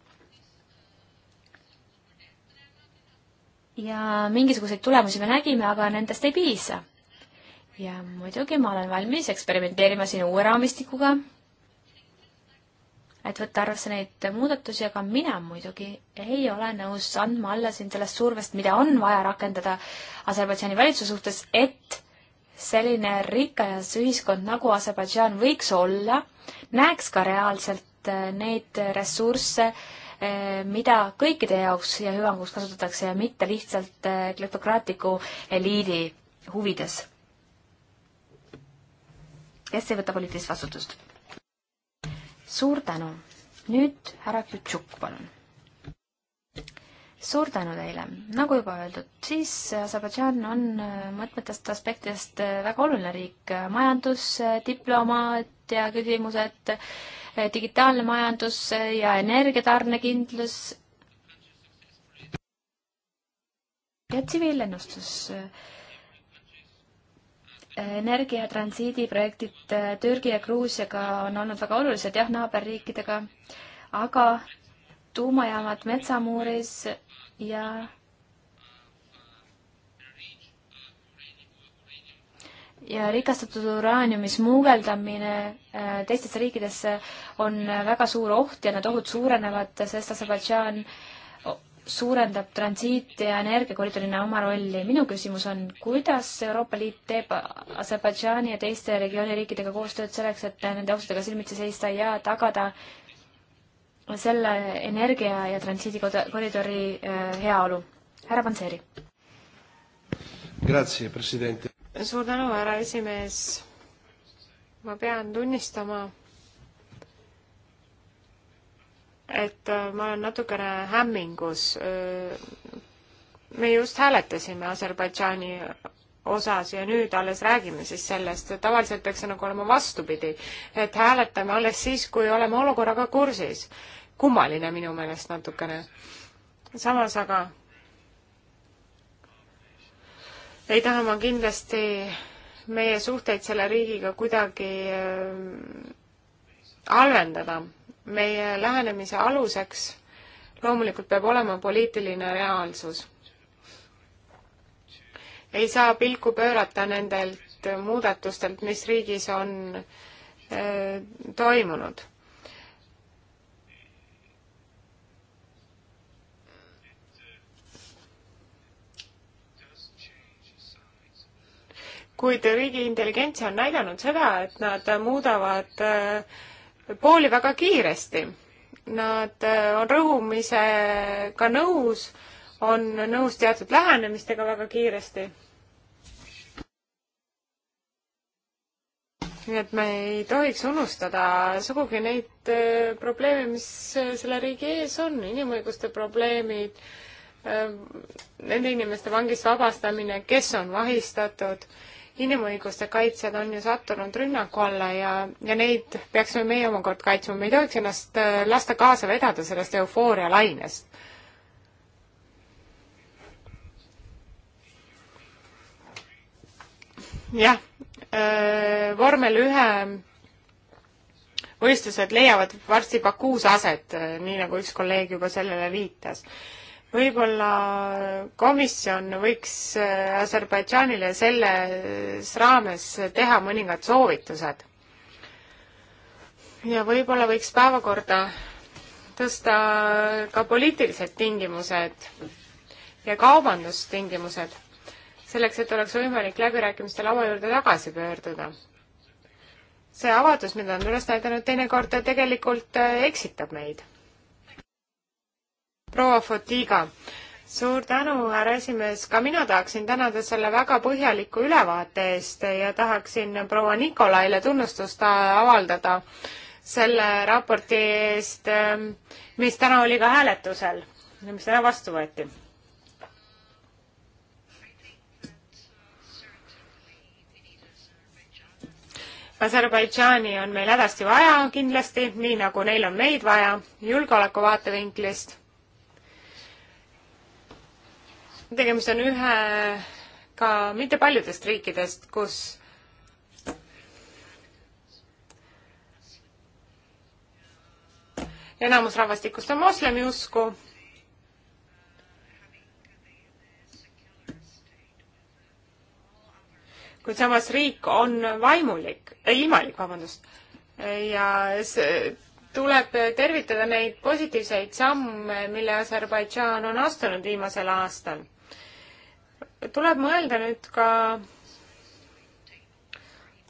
ja mingisuguseid tulemusi me nägime, aga nendest ei piisa. ja muidugi ma olen valmis eksperimenteerima siin uue raamistikuga, et võtta arvesse neid muudatusi, aga mina muidugi ei ole nõus andma alla siin sellest survest, mida on vaja rakendada Aserbaidžaani valitsuse suhtes, et selline rikas ühiskond, nagu Aserbaidžaan võiks olla, näeks ka reaalselt äh, neid ressursse, äh, mida kõikide jaoks ja hüvanguks kasutatakse ja mitte lihtsalt äh, kleptokraatliku eliidi huvides. kes ei võta poliitilist vastutust? suur tänu. nüüd härra Kjutšuk, palun suur tänu teile. nagu juba öeldud, siis Aserbaidžaan on äh, mõtmetest aspektidest äh, väga oluline riik. majandus, äh, diplomaatia küsimused, digitaalne majandus ja energiatarnekindlus ja tsiviillennustus energia transiidiprojektid Türgi ja Gruusiaga on olnud väga olulised jah, naaberriikidega, aga tuumajaamad metsamuuris ja ja rikastatud uraaniumi smuugeldamine äh, teistesse riikidesse on väga suur oht ja need ohud suurenevad, sest Aserbaidžaan suurendab transiit- ja energiakoridorina oma rolli. minu küsimus on, kuidas Euroopa Liit teeb Aserbaidžaani ja teiste regiooni riikidega koostööd selleks, et nende ohtudega silmitsi seista ja tagada äh, selle energia ja transiidikoridori äh, heaolu. härra Panseri. suur tänu, härra esimees. ma pean tunnistama, et äh, ma olen natukene hämmingus. Äh, me just hääletasime Aserbaidžaani osas ja nüüd alles räägime siis sellest, tavaliselt peaks see nagu olema vastupidi, et hääletame alles siis, kui oleme olukorraga kursis. kummaline minu meelest natukene. samas aga ei taha ma kindlasti meie suhteid selle riigiga kuidagi ähm, halvendada. meie lähenemise aluseks loomulikult peab olema poliitiline reaalsus ei saa pilku pöörata nendelt muudatustelt, mis riigis on toimunud. kuid riigi intelligents on näidanud seda, et nad muudavad pooli väga kiiresti. Nad on rõhumisega nõus äh, on nõus teatud lähenemistega väga kiiresti. nii et me ei tohiks unustada sugugi neid äh, probleeme, mis äh, selle riigi ees on, inimõiguste probleemid, äh, nende inimeste vangist vabastamine, kes on vahistatud inimõiguste kaitsjad on ju sattunud rünnaku alla ja, ja neid peaksime meie omakord kaitsma, me ei tohiks ennast lasta kaasa vedada sellest eufoorialainest. jah, äh, vormel ühe võistlused leiavad varsti Bakuus aset, äh, nii nagu üks kolleeg juba sellele viitas. võib-olla komisjon võiks äh, Aserbaidžaanile selles raames teha mõningad soovitused. ja võib-olla võiks päevakorda tõsta ka poliitilised tingimused ja kaubandustingimused selleks, et oleks võimalik läbirääkimiste laua juurde tagasi pöörduda. see avatus, mida on üles näidanud, teinekord tegelikult äh, eksitab meid. proua Fotiga, suur tänu, härra esimees, ka mina tahaksin tänada selle väga põhjaliku ülevaate eest ja tahaksin proua Nikolaile tunnustust äh, avaldada selle raporti eest, äh, mis täna oli ka hääletusel, mis täna vastu võeti Aserbaidžaani on meil hädasti vaja kindlasti, nii nagu neil on meid vaja julgeoleku vaatevinklist. tegemist on ühe ka mitte paljudest riikidest, kus enamus rahvastikust on moslemi usku kuid samas riik on vaimulik äh,, ilmalik, vabandust. ja see, tuleb tervitada neid positiivseid samme, mille Aserbaidžaan on astunud viimasel aastal. tuleb mõelda nüüd ka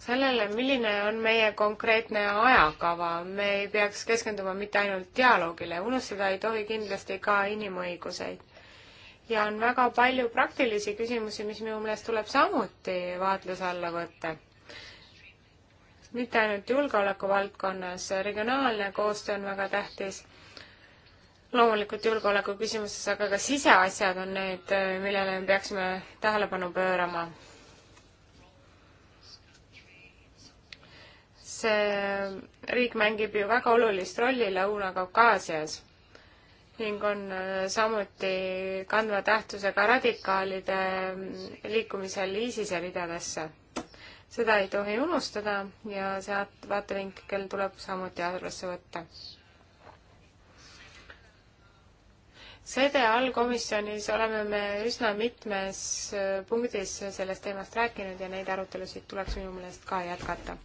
sellele, milline on meie konkreetne ajakava, me ei peaks keskenduma mitte ainult dialoogile, unustada ei tohi kindlasti ka inimõiguseid ja on väga palju praktilisi küsimusi, mis minu meelest tuleb samuti vaatluse alla võtta. mitte ainult julgeoleku valdkonnas, regionaalne koostöö on väga tähtis, loomulikult julgeoleku küsimuses, aga ka siseasjad on need, millele me peaksime tähelepanu pöörama. see riik mängib ju väga olulist rolli Lõuna-Kaukaasias ning on äh, samuti kandva tähtsusega radikaalide mm, liikumisel ISISe ridadesse. seda ei tohi unustada ja sealt vaatevinkel tuleb samuti arvesse võtta. sede allkomisjonis oleme me üsna mitmes äh, punktis sellest teemast rääkinud ja neid arutelusid tuleks minu meelest ka jätkata.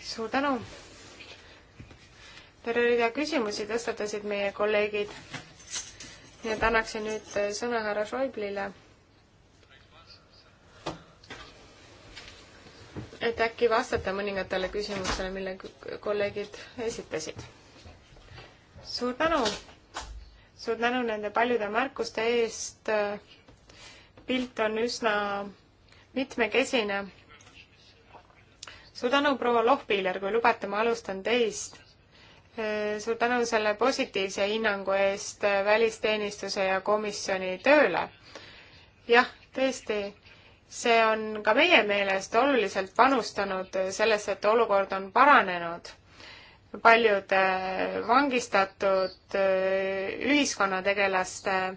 suur tänu! terve rida küsimusi tõstatasid meie kolleegid. nii et annaksin nüüd äh, sõna härra Schäublile. et äkki vastata mõningatele küsimustele, mille kolleegid esitasid. suur tänu! suur tänu nende paljude märkuste eest. pilt on üsna mitmekesine. suur tänu, proua Lohpiiler, kui lubate, ma alustan teist Eh, suur tänu selle positiivse hinnangu eest eh, välisteenistuse ja komisjoni tööle. jah, tõesti, see on ka meie meelest oluliselt panustanud eh, sellesse, et olukord on paranenud. paljud vangistatud ühiskonnategelaste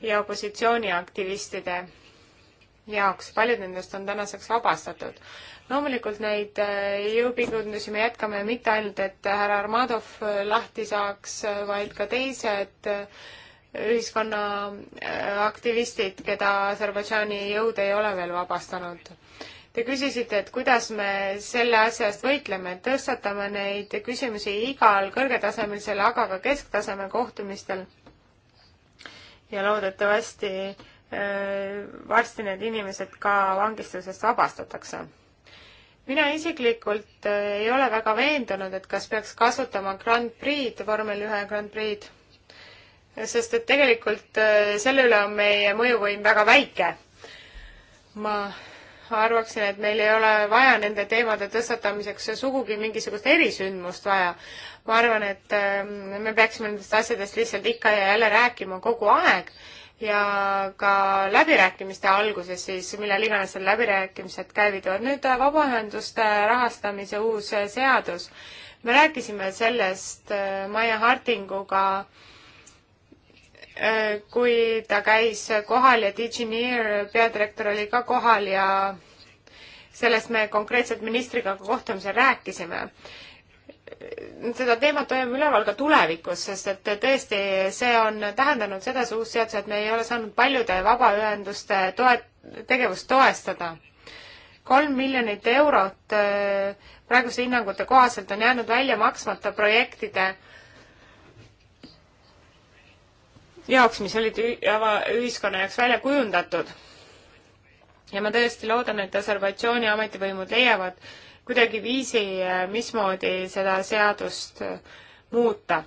ja opositsiooniaktivistide jaoks, paljud nendest on tänaseks vabastatud loomulikult neid äh, jõupingutusi me jätkame mitte ainult, et härra Armadov äh, lahti saaks, äh, vaid ka teised ühiskonna aktivistid, keda Aserbaidžaani jõud ei ole veel vabastanud. Te küsisite, et kuidas me selle asja eest võitleme, tõstatame neid küsimusi igal kõrgetasemelisel, aga ka kesktaseme kohtumistel. ja loodetavasti varsti need inimesed ka vangistusest vabastatakse mina isiklikult äh, ei ole väga veendunud, et kas peaks kasutama Grand Prix'd, vormel ühe Grand Prix'd, sest et tegelikult äh, selle üle on meie mõjuvõim väga väike. ma arvaksin, et meil ei ole vaja nende teemade tõstatamiseks sugugi mingisugust erisündmust vaja. ma arvan, et ähm, me peaksime nendest asjadest lihtsalt ikka ja jälle rääkima kogu aeg ja ka läbirääkimiste alguses siis, millal iganes seal läbirääkimised käivituvad. nüüd äh, vabaühenduste rahastamise uus äh, seadus. me rääkisime sellest äh, Maia Hartinguga, kui ta käis kohal ja Digineer peadirektor oli ka kohal ja sellest me konkreetselt ministriga kohtumisel rääkisime seda teemat hoiame üleval ka tulevikus, sest et tõesti, see on tähendanud seda, see uus seadus, et me ei ole saanud paljude vabaühenduste toet-, tegevust toestada. kolm miljonit eurot äh, praeguste hinnangute kohaselt on jäänud välja maksmata projektide jaoks, mis olid ühiskonna jaoks välja kujundatud. ja ma tõesti loodan, et Aserbaidžaani ametivõimud leiavad, kuidagi viisi, mismoodi seda seadust muuta.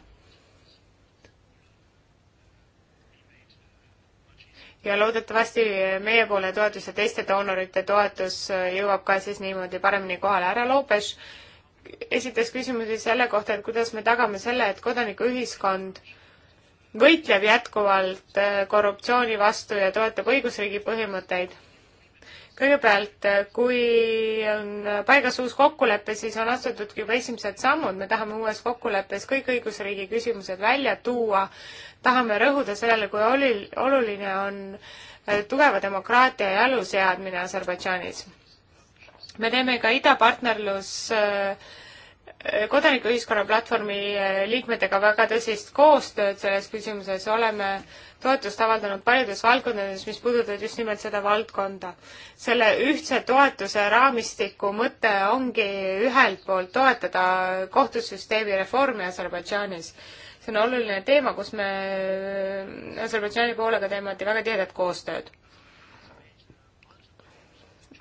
ja loodetavasti meie poole toetus ja teiste doonorite toetus jõuab ka siis niimoodi paremini kohale. härra Loopes esitas küsimusi selle kohta, et kuidas me tagame selle, et kodanikuühiskond võitleb jätkuvalt korruptsiooni vastu ja toetab õigusriigi põhimõtteid kõigepealt, äh, kui on paigas uus kokkulepe, siis on astutudki juba esimesed sammud, me tahame uues kokkuleppes kõik õigusriigi küsimused välja tuua, tahame rõhuda sellele, kui oli, oluline on äh, tugeva demokraatia jaluseadmine Aserbaidžaanis. me teeme ka idapartnerlus äh, kodanikuühiskonna platvormi liikmetega väga tõsist koostööd selles küsimuses, oleme äh, toetust avaldanud paljudes valdkondades, mis puudutavad just nimelt seda valdkonda. selle ühtse toetuse raamistiku mõte ongi ühelt poolt toetada kohtusüsteemi reformi Aserbaidžaanis. see on oluline teema, kus me Aserbaidžaani poolega teeme väga tihedat koostööd.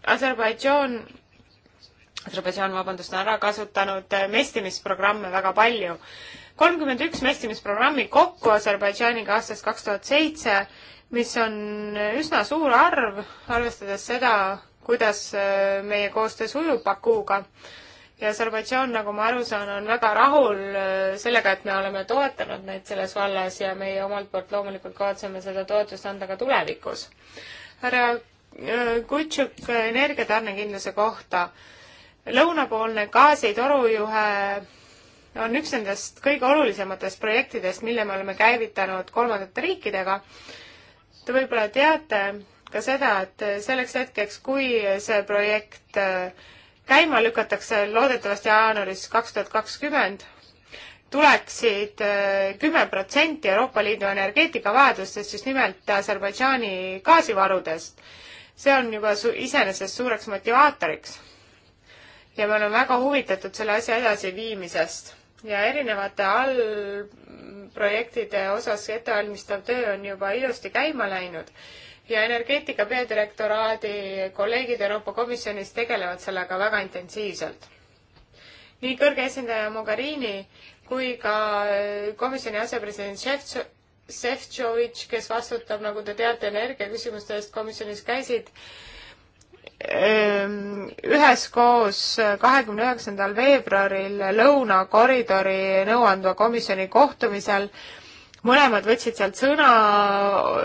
Aserbaidžaan Aserbaidžaan, vabandust, on ära kasutanud mestimisprogramme väga palju kolmkümmend üks mestimisprogrammi kokku Aserbaidžaaniga aastast kaks tuhat seitse, mis on üsna suur arv, arvestades seda, kuidas äh, meie koostöö sujub Bakuuga. ja Aserbaidžaan, nagu ma aru saan, on väga rahul äh, sellega, et me oleme toetanud neid selles vallas ja meie omalt poolt loomulikult kavatseme seda toetust anda ka tulevikus. härra äh, Kutšuk energiatarnekindluse kohta lõunapoolne gaasitorujuhe on üks nendest kõige olulisematest projektidest, mille me oleme käivitanud kolmandate riikidega. Te võib-olla teate ka seda, et selleks hetkeks, kui see projekt äh, käima lükatakse, loodetavasti jaanuaris kaks tuhat kakskümmend, tuleksid äh, kümme protsenti Euroopa Liidu energeetikavajadustest just nimelt Aserbaidžaani gaasivarudest. see on juba su-, iseenesest suureks motivaatoriks. ja me oleme väga huvitatud selle asja edasiviimisest ja erinevate allprojektide osas ettevalmistav töö on juba ilusti käima läinud ja energeetika peadirektoraadi kolleegid Euroopa Komisjonis tegelevad sellega väga intensiivselt. nii kõrge esindaja Mogherini kui ka komisjoni asepresident Šefčo-, Šefčovitš, kes vastutab, nagu te teate, energiaküsimuste eest komisjonis käisid, Ehm, üheskoos äh, kahekümne üheksandal veebruaril Lõunakoridori nõuandva komisjoni kohtumisel mõlemad võtsid sealt sõna,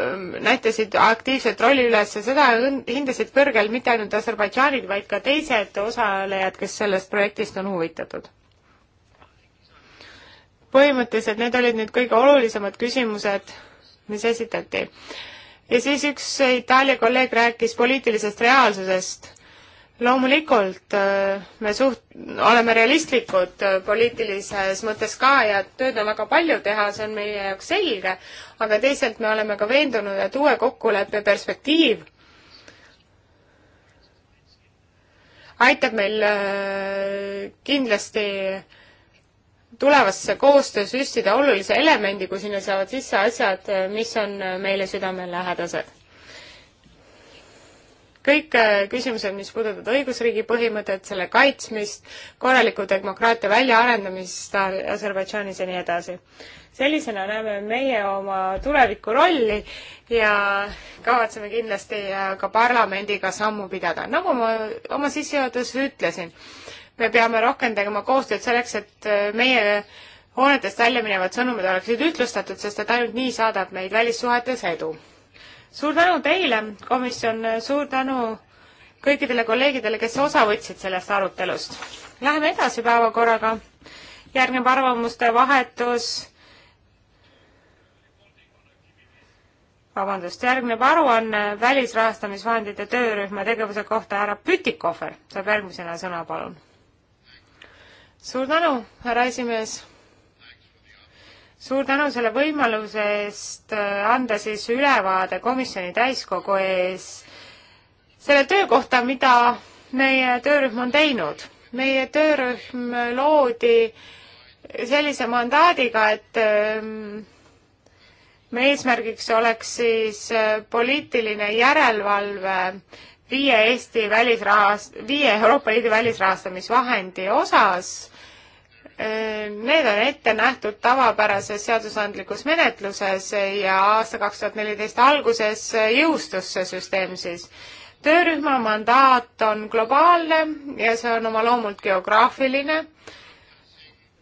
ehm, näitasid aktiivset rolli üles ja seda hindasid kõrgelt mitte ainult Aserbaidžaanid, vaid ka teised osalejad, kes sellest projektist on huvitatud. põhimõtteliselt need olid nüüd kõige olulisemad küsimused, mis esitati ja siis üks Itaalia kolleeg rääkis poliitilisest reaalsusest. loomulikult äh, me suht-, oleme realistlikud äh, poliitilises mõttes ka ja tööd on väga palju teha, see on meie jaoks selge, aga teisalt me oleme ka veendunud, et uue kokkuleppe perspektiiv aitab meil äh, kindlasti tulevasse koostöö süstida olulise elemendi, kui sinna saavad sisse asjad, mis on meile südamelähedased. kõik äh, küsimused, mis puudutavad õigusriigi põhimõtet, selle kaitsmist, korralikku demokraatia väljaarendamist Aserbaidžaanis ja nii edasi. sellisena näeme meie oma tuleviku rolli ja kavatseme kindlasti äh, ka parlamendiga sammu pidada, nagu ma oma sissejuhatuses ütlesin me peame rakendama koostööd selleks, et äh, meie hoonetest välja minevad sõnumid oleksid ühtlustatud, sest et ainult nii saadab meid välissuhetes edu. suur tänu teile, komisjon, suur tänu kõikidele kolleegidele, kes osa võtsid sellest arutelust. Läheme edasi päevakorraga. järgneb arvamuste vahetus. vabandust, järgneb aruanne välisrahastamisvahendite töörühma tegevuse kohta. härra Pütikohver saab järgmisena sõna, palun suur tänu, härra esimees! suur tänu selle võimaluse eest äh, anda siis ülevaade komisjoni täiskogu ees selle töö kohta, mida meie töörühm on teinud. meie töörühm loodi sellise mandaadiga, et ähm, me eesmärgiks oleks siis äh, poliitiline järelevalve viie Eesti välisrahast-, viie Euroopa Liidu välisrahastamisvahendi osas Äh, need on ette nähtud tavapärases seadusandlikus menetluses ja aasta kaks tuhat neliteist alguses jõustus see süsteem siis. töörühma mandaat on globaalne ja see on oma loomult geograafiline.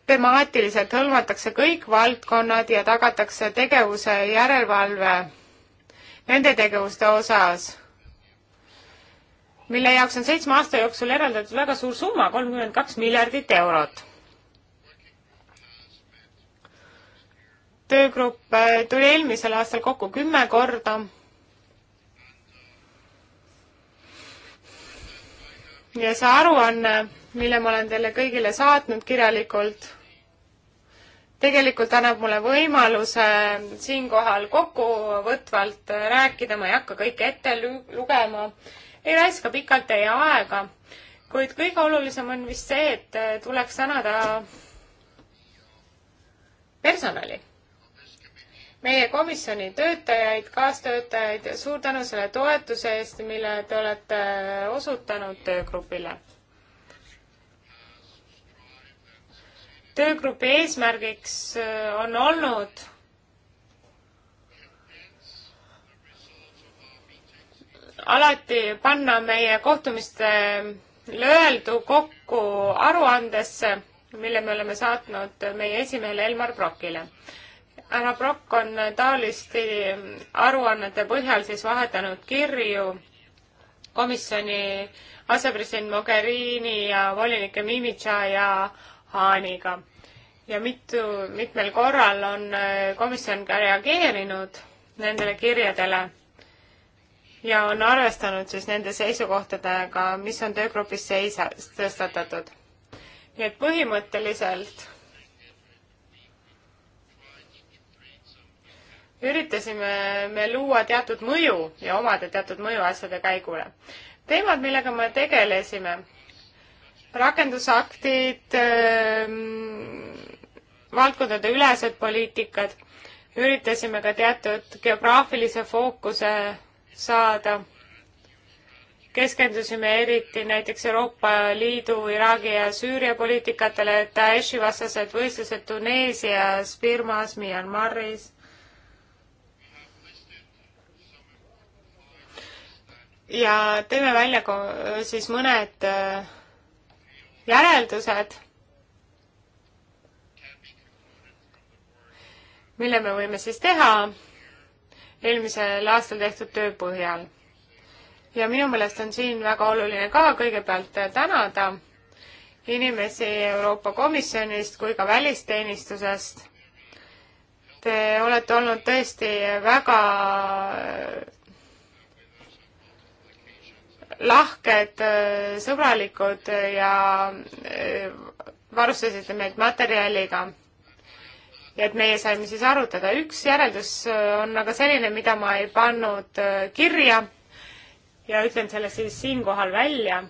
temaatiliselt hõlmatakse kõik valdkonnad ja tagatakse tegevuse järelevalve nende tegevuste osas mille jaoks on seitsme aasta jooksul eraldatud väga suur summa, kolmkümmend kaks miljardit eurot. töögrupp äh, tuli eelmisel aastal kokku kümme korda. ja see aruanne, mille ma olen teile kõigile saatnud kirjalikult, tegelikult annab mulle võimaluse siinkohal kokkuvõtvalt rääkida, ma ei hakka kõike ette lugema, ei raiska pikalt teie aega, kuid kõige olulisem on vist see, et tuleks tänada personali meie komisjoni töötajaid, kaastöötajaid, suur tänu selle toetuse eest, mille te olete osutanud töögrupile. töögrupi eesmärgiks äh, on olnud alati panna meie kohtumiste löeldu kokku aruandesse, mille me oleme saatnud meie esimehele Elmar Brokile härra Prokk on taolisti aruannete põhjal siis vahetanud kirju komisjoni asepresident Mogherini ja volinike Mimitša ja Haaniga. ja mitu, mitmel korral on äh, komisjon ka reageerinud nendele kirjadele ja on arvestanud siis nende seisukohtadega, mis on töögrupis seisa-, tõstatatud. nii et põhimõtteliselt üritasime me luua teatud mõju ja omada teatud mõju asjade käigule. teemad, millega me tegelesime, rakendusaktid, ähm, valdkondade ülesed poliitikad, üritasime ka teatud geograafilise fookuse saada, keskendusime eriti näiteks Euroopa Liidu, Iraagi ja Süüria poliitikatele, Daeshi vastased võistlused Tuneesias, Birmas, Myanmaris ja teeme välja siis mõned äh, järeldused, mille me võime siis teha eelmisel aastal tehtud töö põhjal. ja minu meelest on siin väga oluline ka kõigepealt tänada inimesi Euroopa Komisjonist kui ka välisteenistusest. Te olete olnud tõesti väga lahked, äh, sõbralikud ja äh, varustasite meid materjaliga. ja et meie saime siis arutada. üks järeldus äh, on aga selline, mida ma ei pannud kirja ja ütlen selle siis siinkohal välja.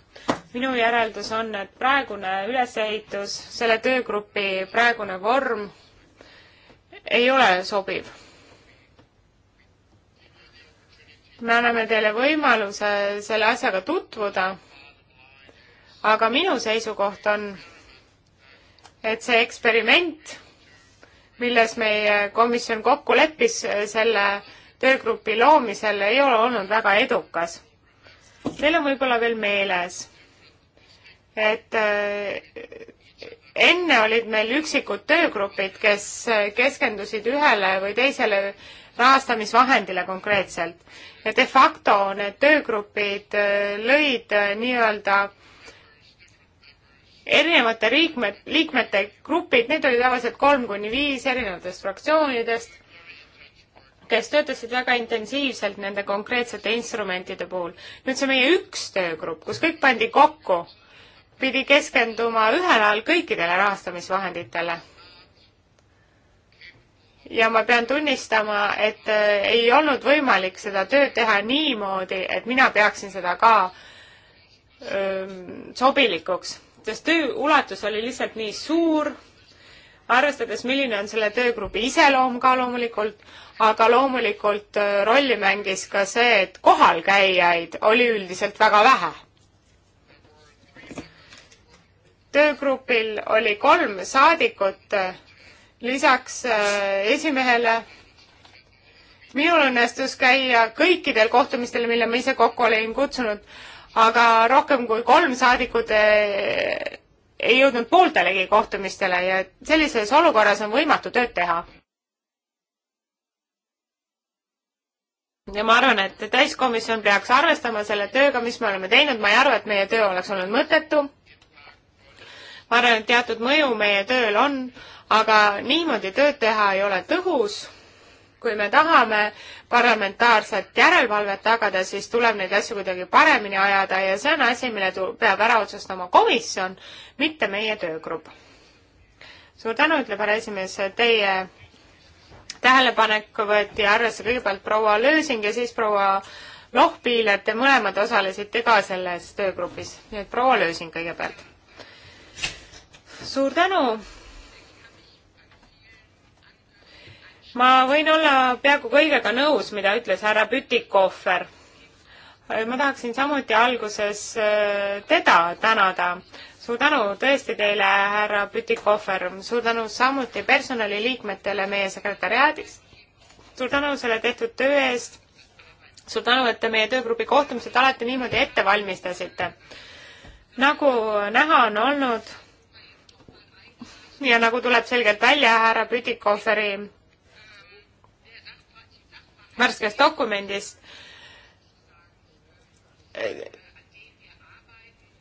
minu järeldus on, et praegune ülesehitus, selle töögrupi praegune vorm ei ole sobiv me anname teile võimaluse selle asjaga tutvuda, aga minu seisukoht on, et see eksperiment, milles meie komisjon kokku leppis selle töögrupi loomisel, ei ole olnud väga edukas. Teil on võib-olla veel meeles, et äh, enne olid meil üksikud töögrupid, kes keskendusid ühele või teisele rahastamisvahendile konkreetselt. ja de facto need töögrupid äh, lõid äh, nii-öelda erinevate liikmed, liikmete grupid, need olid tavaliselt kolm kuni viis erinevatest fraktsioonidest, kes töötasid väga intensiivselt nende konkreetsete instrumentide puhul. nüüd see meie üks töögrupp, kus kõik pandi kokku, pidi keskenduma ühel ajal kõikidele rahastamisvahenditele ja ma pean tunnistama, et äh, ei olnud võimalik seda tööd teha niimoodi, et mina peaksin seda ka öö, ähm, sobilikuks, sest töö ulatus oli lihtsalt nii suur, arvestades, milline on selle töögrupi iseloom ka loomulikult, aga loomulikult äh, rolli mängis ka see, et kohalkäijaid oli üldiselt väga vähe. töögrupil oli kolm saadikut lisaks äh, esimehele minul õnnestus käia kõikidel kohtumistel, mille ma ise kokku olin kutsunud, aga rohkem kui kolm saadikut äh, ei jõudnud pooltelegi kohtumistele ja sellises olukorras on võimatu tööd teha. ja ma arvan, et täiskomisjon peaks arvestama selle tööga, mis me oleme teinud, ma ei arva, et meie töö oleks olnud mõttetu. ma arvan, et teatud mõju meie tööl on, aga niimoodi tööd teha ei ole tõhus. kui me tahame parlamentaarset järelevalvet tagada, siis tuleb neid asju kuidagi paremini ajada ja see on asi, mille peab ära otsustama komisjon, mitte meie töögrupp. suur tänu, ütleb härra esimees, teie tähelepanek võeti arvesse kõigepealt proua Lösing ja siis proua Lohpiiler, te mõlemad osalesite ka selles töögrupis, nii et proua Lösing kõigepealt. suur tänu ma võin olla peaaegu kõigega nõus, mida ütles härra Pütikohver. Äh, ma tahaksin samuti alguses äh, teda tänada. suur tänu tõesti teile, härra Pütikohver, suur tänu samuti personaliliikmetele meie sekretäriaadis. suur tänu selle tehtud töö eest. suur tänu, et te meie töögrupi kohtumised alati niimoodi ette valmistasite. nagu näha on olnud ja nagu tuleb selgelt välja härra Pütikoferi värskest dokumendist.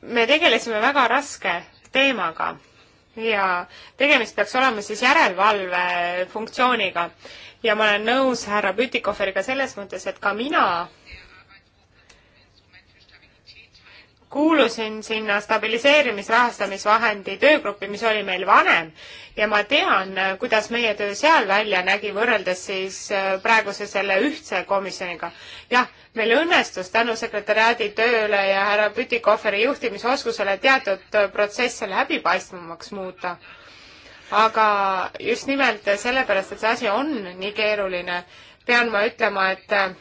me tegelesime väga raske teemaga ja tegemist peaks olema siis järelevalve funktsiooniga ja ma olen nõus härra Pütikoferiga selles mõttes, et ka mina kuulusin sinna stabiliseerimisrahastamisvahendi töögruppi, mis oli meil vanem ja ma tean, kuidas meie töö seal välja nägi, võrreldes siis äh, praeguse selle ühtse komisjoniga. jah, meil õnnestus tänu sekretäriaadi tööle ja härra Pütikoferi juhtimisoskusele teatud äh, protsesse läbipaistvamaks muuta. aga just nimelt sellepärast, et see asi on nii keeruline, pean ma ütlema, et äh,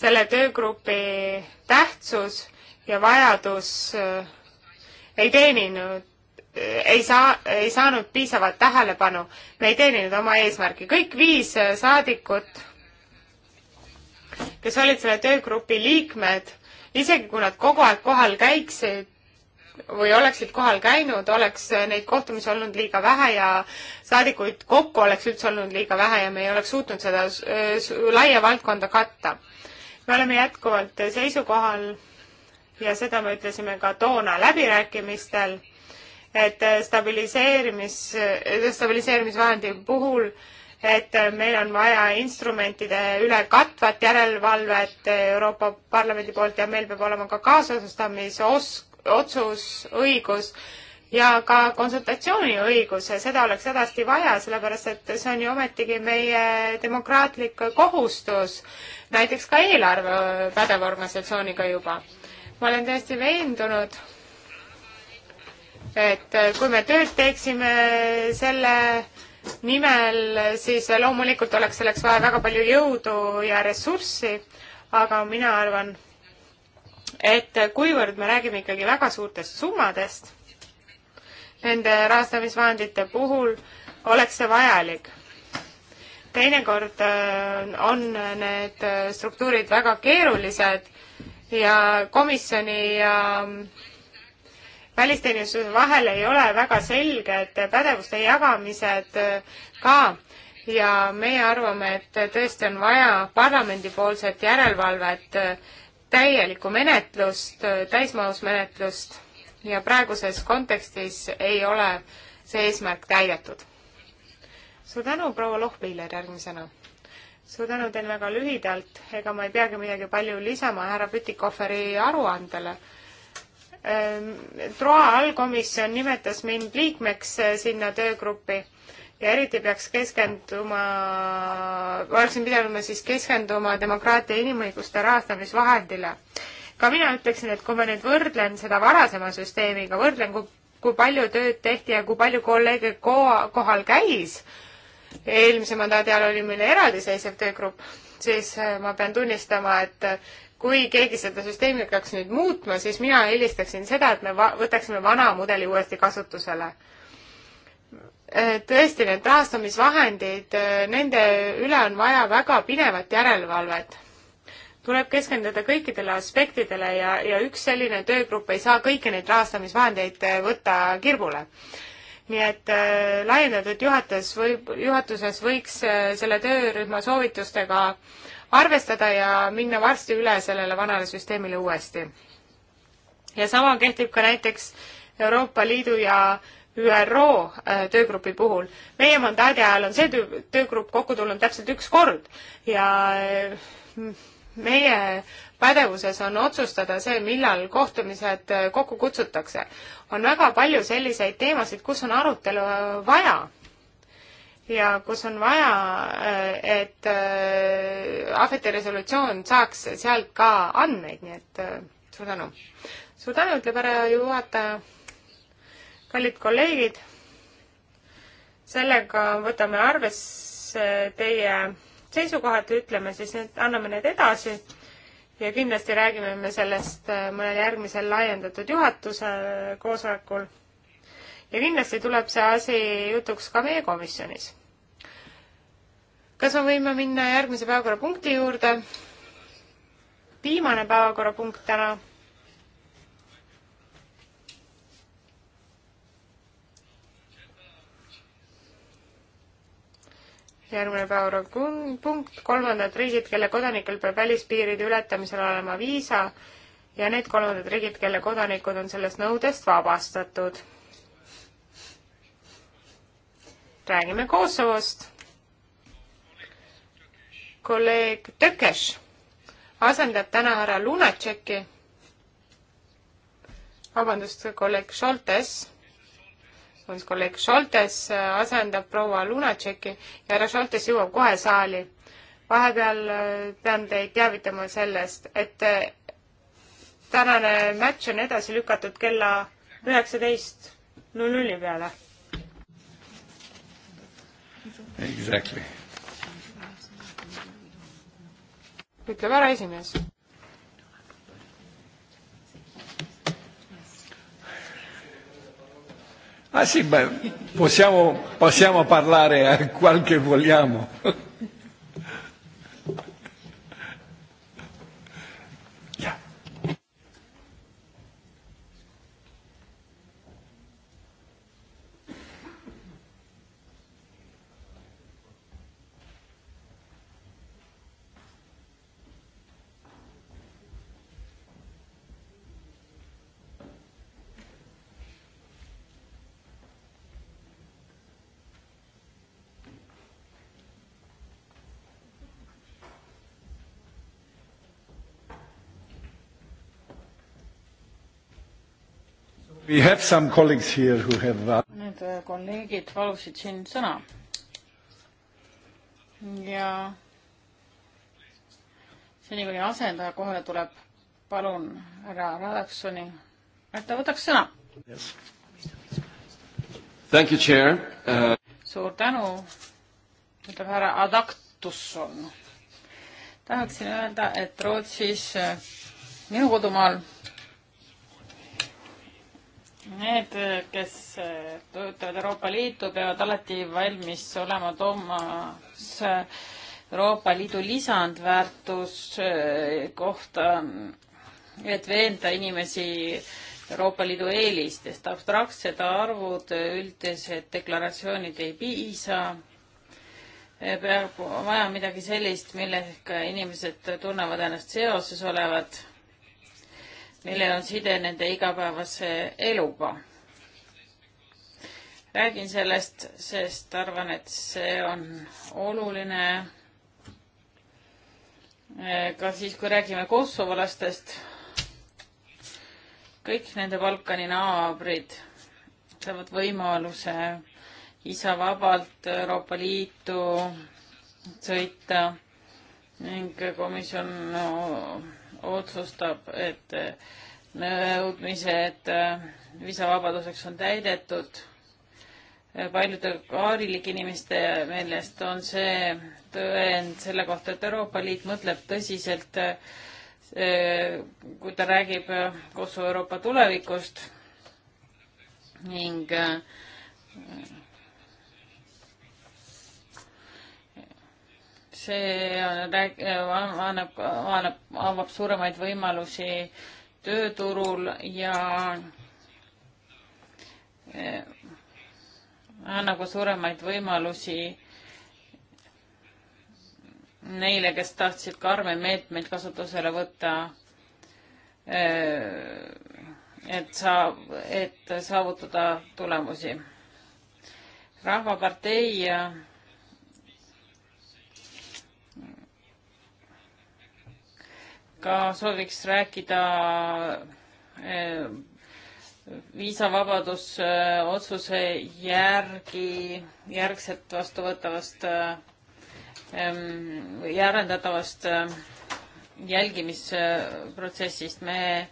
selle töögrupi tähtsus ja vajadus äh, ei teeninud äh, ei saa, ei saanud piisavat tähelepanu. me ei teeninud oma eesmärki. kõik viis äh, saadikut, kes olid selle töögrupi liikmed, isegi kui nad kogu aeg kohal käiksid või oleksid kohal käinud, oleks neid kohtumisi olnud liiga vähe ja saadikuid kokku oleks üldse olnud liiga vähe ja me ei oleks suutnud seda laia valdkonda katta me oleme jätkuvalt seisukohal ja seda me ütlesime ka toona läbirääkimistel, et stabiliseerimis, stabiliseerimisvahendi puhul et meil on vaja instrumentide üle katvat järelevalvet Euroopa Parlamendi poolt ja meil peab olema ka kaasosustamise os-, otsus, õigus ja ka konsultatsiooniõigus, seda oleks hädasti vaja, sellepärast et see on ju ometigi meie demokraatlik kohustus, näiteks ka eelarve pädeva organisatsiooniga juba. ma olen täiesti veendunud, et kui me tööd teeksime selle nimel, siis loomulikult oleks selleks vaja väga palju jõudu ja ressurssi, aga mina arvan, et kuivõrd me räägime ikkagi väga suurtest summadest nende rahastamisvahendite puhul oleks see vajalik. teinekord äh, on need äh, struktuurid väga keerulised ja komisjoni ja mm, välisteenistuse vahel ei ole väga selged pädevuste jagamised äh, ka ja meie arvame, et tõesti on vaja parlamendipoolset järelevalvet, täielikku menetlust, täismahus menetlust ja praeguses kontekstis ei ole see eesmärk täidetud. suur tänu, proua Lohviler järgmisena. suur tänu teile väga lühidalt, ega ma ei peagi midagi palju lisama härra Pütikoferi aruandele. Ehm, Troa allkomisjon nimetas mind liikmeks eh, sinna töögruppi ja eriti peaks keskenduma, oleksin pidanud ma siis keskenduma demokraatia ja inimõiguste rahastamisvahendile ka mina ütleksin, et kui ma nüüd võrdlen seda varasema süsteemiga, võrdlen, kui, kui palju tööd tehti ja kui palju kolleege ko-, kohal käis, eelmise mandaadi ajal oli meil eraldiseisev töögrupp, siis äh, ma pean tunnistama, et äh, kui keegi seda süsteemi peaks nüüd muutma, siis mina eelistaksin seda, et me va-, võtaksime vana mudeli uuesti kasutusele äh, tõesti, need rahastamisvahendid, nende üle on vaja väga pidevat järelevalvet tuleb keskenduda kõikidele aspektidele ja, ja üks selline töögrupp ei saa kõiki neid rahastamisvahendeid äh, võtta kirbule nii et äh, laiendatud juhatus võib, juhatuses võiks äh, selle töörühma soovitustega arvestada ja minna varsti üle sellele vanale süsteemile uuesti. ja sama kehtib ka näiteks Euroopa Liidu ja ÜRO äh, töögrupi puhul. meie mandaadi ajal on see töö, töögrupp kokku tulnud täpselt üks kord ja äh, meie pädevuses on otsustada see, millal kohtumised äh, kokku kutsutakse. on väga palju selliseid teemasid, kus on arutelu äh, vaja ja kus on vaja, äh, et ahveti resolutsioon saaks sealt ka andmeid, nii et suur tänu. suur tänu, ütleb härra juhataja. kallid kolleegid, sellega võtame arvesse teie seisukohad, ütleme siis need, anname need edasi ja kindlasti räägime me sellest äh, mõnel järgmisel laiendatud juhatuse äh, koosolekul. ja kindlasti tuleb see asi jutuks ka meie komisjonis. kas me võime minna järgmise päevakorrapunkti juurde? viimane päevakorrapunkt täna järgmine päevapunkt, kolmandad riigid, kelle kodanikel peab välispiiride ületamisel olema viisa ja need kolmandad riigid, kelle kodanikud on sellest nõudest vabastatud. räägime Kosovost. kolleeg Tökes asendab täna härra Lunatšeki. vabandust, kolleeg Šoltes siis kolleeg Šoltes äh, asendab proua Lunatšeki ja härra Šoltes jõuab kohe saali. vahepeal äh, pean teid teavitama sellest, et äh, tänane matš on edasi lükatud kella üheksateist null nulli peale. Exactly. ütleb ära esimees Ah sì, beh, possiamo, possiamo parlare a qualche vogliamo. Have... Uh, Need äh, kolleegid palusid siin sõna. ja seni, kuni asendaja kohale tuleb, palun härra Radaksoni, et ta võtaks sõna yes.. Thank you, chair uh.... suur tänu, ütleb härra Adaktusson. tahaksin öelda, et Rootsis, äh, minu kodumaal Need, kes töötavad Euroopa Liitu, peavad alati valmis olema toomas Euroopa Liidu lisandväärtus kohta, et veenda inimesi Euroopa Liidu eelistest. abstraktsed arvud, üldised deklaratsioonid ei piisa. peab vaja midagi sellist, millega inimesed tunnevad ennast seoses olevat millel on side nende igapäevase eluga. räägin sellest, sest arvan, et see on oluline eh, ka siis, kui räägime Kosovo lastest. kõik nende Balkani naabrid saavad võimaluse isa vabalt Euroopa Liitu sõita ning komisjon no, otsustab, et äh, nõudmised äh, viisavabaduseks on täidetud. Äh, paljude kaarilike inimeste meelest on see tõend selle kohta, et Euroopa Liit mõtleb tõsiselt, kui ta räägib Kosovo Euroopa tulevikust ning see äh, rääg-, äh, annab, annab, avab suuremaid võimalusi tööturul ja äh, annab ka suuremaid võimalusi neile, kes tahtsid karme meetmeid kasutusele võtta, et saa-, et saavutada tulemusi. rahvapartei ka sooviks rääkida eh, viisavabadus eh, otsuse järgi, järgset vastuvõtavast eh, ja arendatavast jälgimisprotsessist. me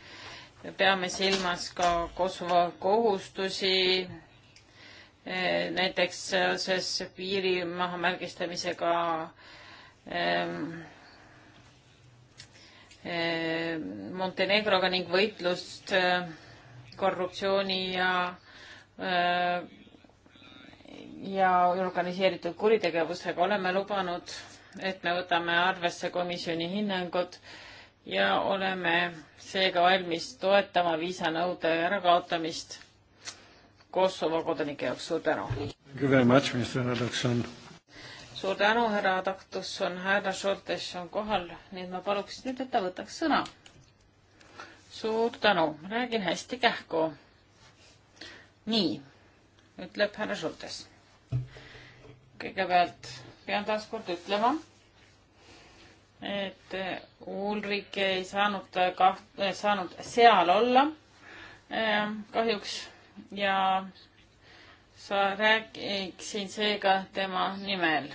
peame silmas ka Kosovo kohustusi, näiteks seoses piiri mahamärgistamisega Eh, Montenegroga ning võitlust eh, korruptsiooni ja eh, ja organiseeritud kuritegevusega oleme lubanud, et me võtame arvesse komisjoni hinnangud ja oleme seega valmis toetama viisanõude ärakaotamist Kosovo kodanike jaoks. suur tänu! suur tänu, härra Taktusson, härra Šoltes on kohal, nii et ma paluks nüüd, et ta võtaks sõna. suur tänu, räägin hästi kähku. nii, ütleb härra Šoltes. kõigepealt pean taas kord ütlema, et Ulrik ei saanud kaht-, eh, saanud seal olla eh, kahjuks ja sa räägiksin seega tema nimel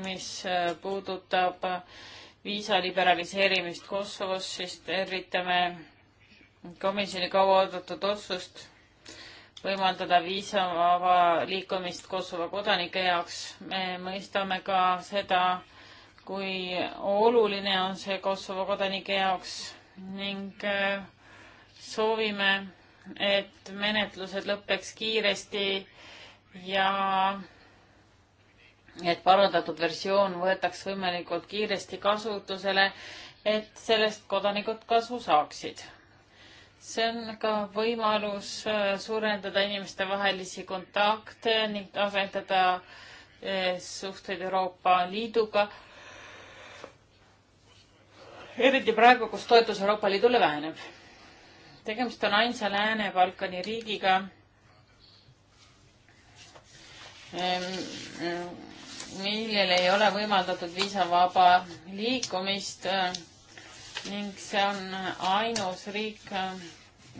mis äh, puudutab äh, viisa liberaliseerimist Kosovos, siis tervitame komisjoni kauaoodatud otsust võimaldada viisavaba liikumist Kosovo kodanike jaoks. me mõistame ka seda, kui oluline on see Kosovo kodanike jaoks ning äh, soovime, et menetlused lõpeks kiiresti ja et parandatud versioon võetaks võimalikult kiiresti kasutusele, et sellest kodanikud kasu saaksid. see on ka võimalus äh, suurendada inimestevahelisi kontakte ning asendada äh, suhteid Euroopa Liiduga. eriti praegu, kus toetus Euroopa Liidule väheneb. tegemist on ainsa Lääne-Balkani riigiga millel ei ole võimaldatud viisavaba liikumist äh, ning see on ainus riik, äh,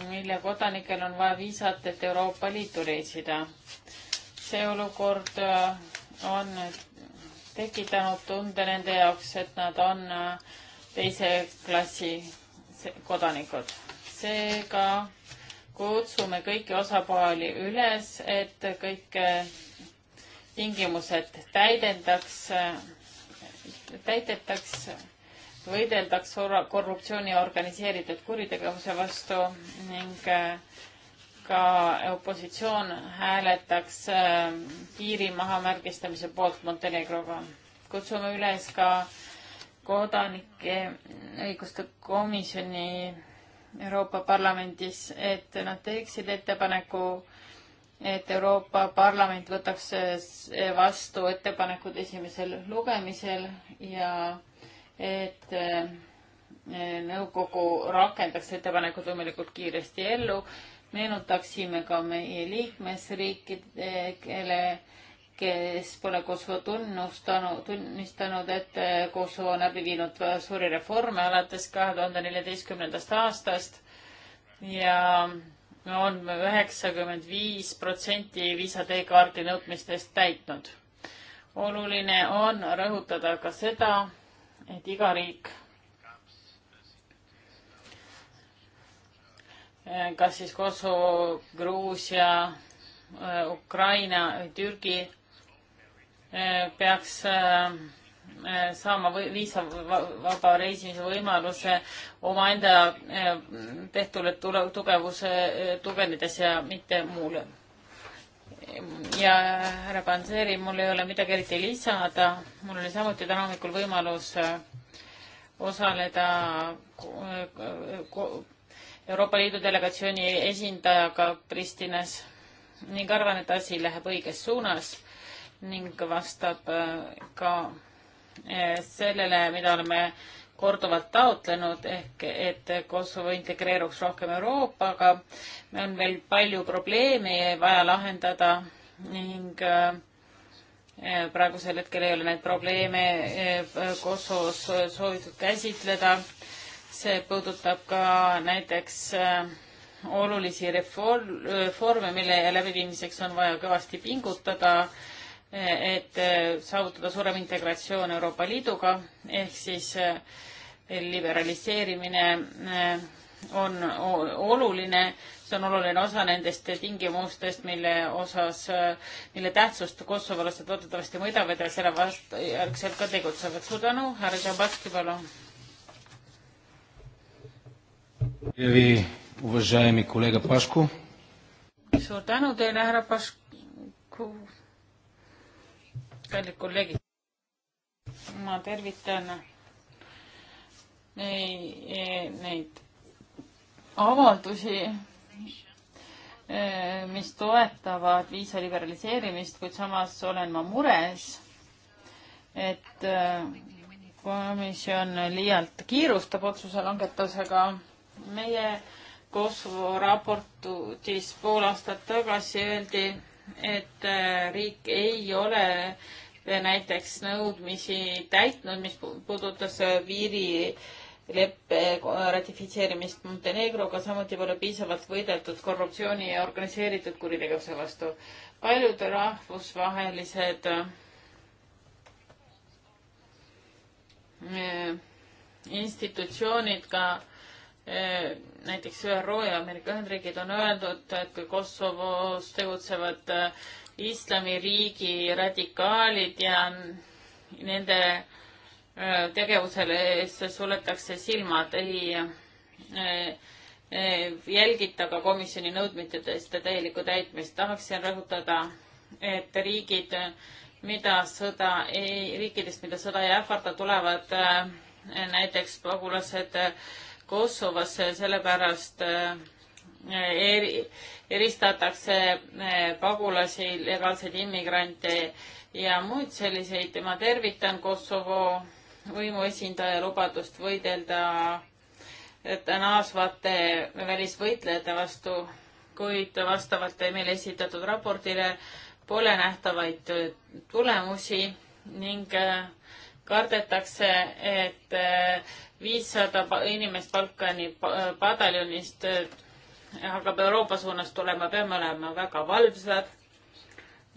mille kodanikel on vaja viisat, et Euroopa Liitu reisida. see olukord äh, on tekitanud tunde nende jaoks, et nad on teise klassi kodanikud. seega kutsume kõiki osapooli üles, et kõik tingimused täidendaks, täidetaks, võideldaks korruptsiooni ja organiseeritud kuritegevuse vastu ning äh, ka opositsioon hääletaks äh, piiri mahamärgistamise poolt Montenegroga. kutsume üles ka kodanike õiguste komisjoni Euroopa Parlamendis, et nad teeksid ettepaneku et Euroopa Parlament võtaks vastu ettepanekud esimesel lugemisel ja et eh, nõukogu rakendaks ettepanekud võimalikult kiiresti ellu. meenutaksime ka meie liikmesriikidele, kes pole Kosovo tunnustanud, tunnistanud, et Kosovo on läbi viinud suuri reforme alates kahe tuhande neljateistkümnendast aastast ja on üheksakümmend viis protsenti Visa teekaardi nõudmistest täitnud. oluline on rõhutada ka seda, et iga riik kas siis Kosovo, Gruusia, Ukraina, Türgi peaks Äh, saama või viisavaba reisimise võimaluse omaenda äh, tehtule tugevuse äh, tugevnedes ja mitte muule. ja härra Panseri, mul ei ole midagi eriti lisada, mul oli samuti täna hommikul võimalus osaleda Euroopa Liidu delegatsiooni esindajaga Pristinas ning arvan, et asi läheb õiges suunas ning vastab ka Eh, sellele, mida oleme korduvalt taotlenud, ehk et Kosovo integreeruks rohkem Euroopaga. meil on veel palju probleeme vaja lahendada ning eh, praegusel hetkel ei ole neid probleeme eh, Kosovos soovitud käsitleda. see puudutab ka näiteks olulisi reform, reforme, mille läbiviimiseks on vaja kõvasti pingutada et eh, saavutada suurem integratsioon Euroopa Liiduga, ehk siis eh, liberaliseerimine eh, on oluline, see on oluline osa nendest tingimustest, mille osas, mille tähtsust kosovolased loodetavasti mõõdavad ja selle vastu järgselt ka tegutsevad. suur tänu, härra Žambatski, palun. suur tänu teile, härra Pašku kallid kolleegid. ma tervitan neid, e, neid avaldusi, e, mis toetavad viisa liberaliseerimist, kuid samas olen ma mures, et e, komisjon liialt kiirustab otsuse langetusega. meie Kosovo raportis pool aastat tagasi öeldi, et riik ei ole äh, näiteks nõudmisi täitnud, mis puudutas piirileppe ratifitseerimist Montenegroga, samuti pole piisavalt võideldud korruptsiooni ja organiseeritud kuritegevuse vastu. paljud rahvusvahelised eh, institutsioonid ka eh, näiteks ÜRO ja Ameerika Ühendriigid on öeldud, et kui Kosovos tegutsevad äh, islamiriigi radikaalid ja nende äh, tegevusele suletakse silmad, ei äh, äh, jälgita ka komisjoni nõudmiste täielikku täitmist. tahaksin rõhutada, et riigid, mida sõda ei, riikidest, mida sõda ei ähvarda, tulevad näiteks pagulased Kosovosse, sellepärast eri, eristatakse eh, pagulasi, legaalseid immigrante ja muid selliseid. ma tervitan Kosovo võimuesindaja lubadust võidelda eh, naasvate välisvõitlejate vastu, kuid vastavalt meile esitatud raportile pole nähtavaid eh, tulemusi ning kardetakse, et viissada inimest Balkani padaljonist hakkab Euroopa suunas tulema, peame olema väga valvsad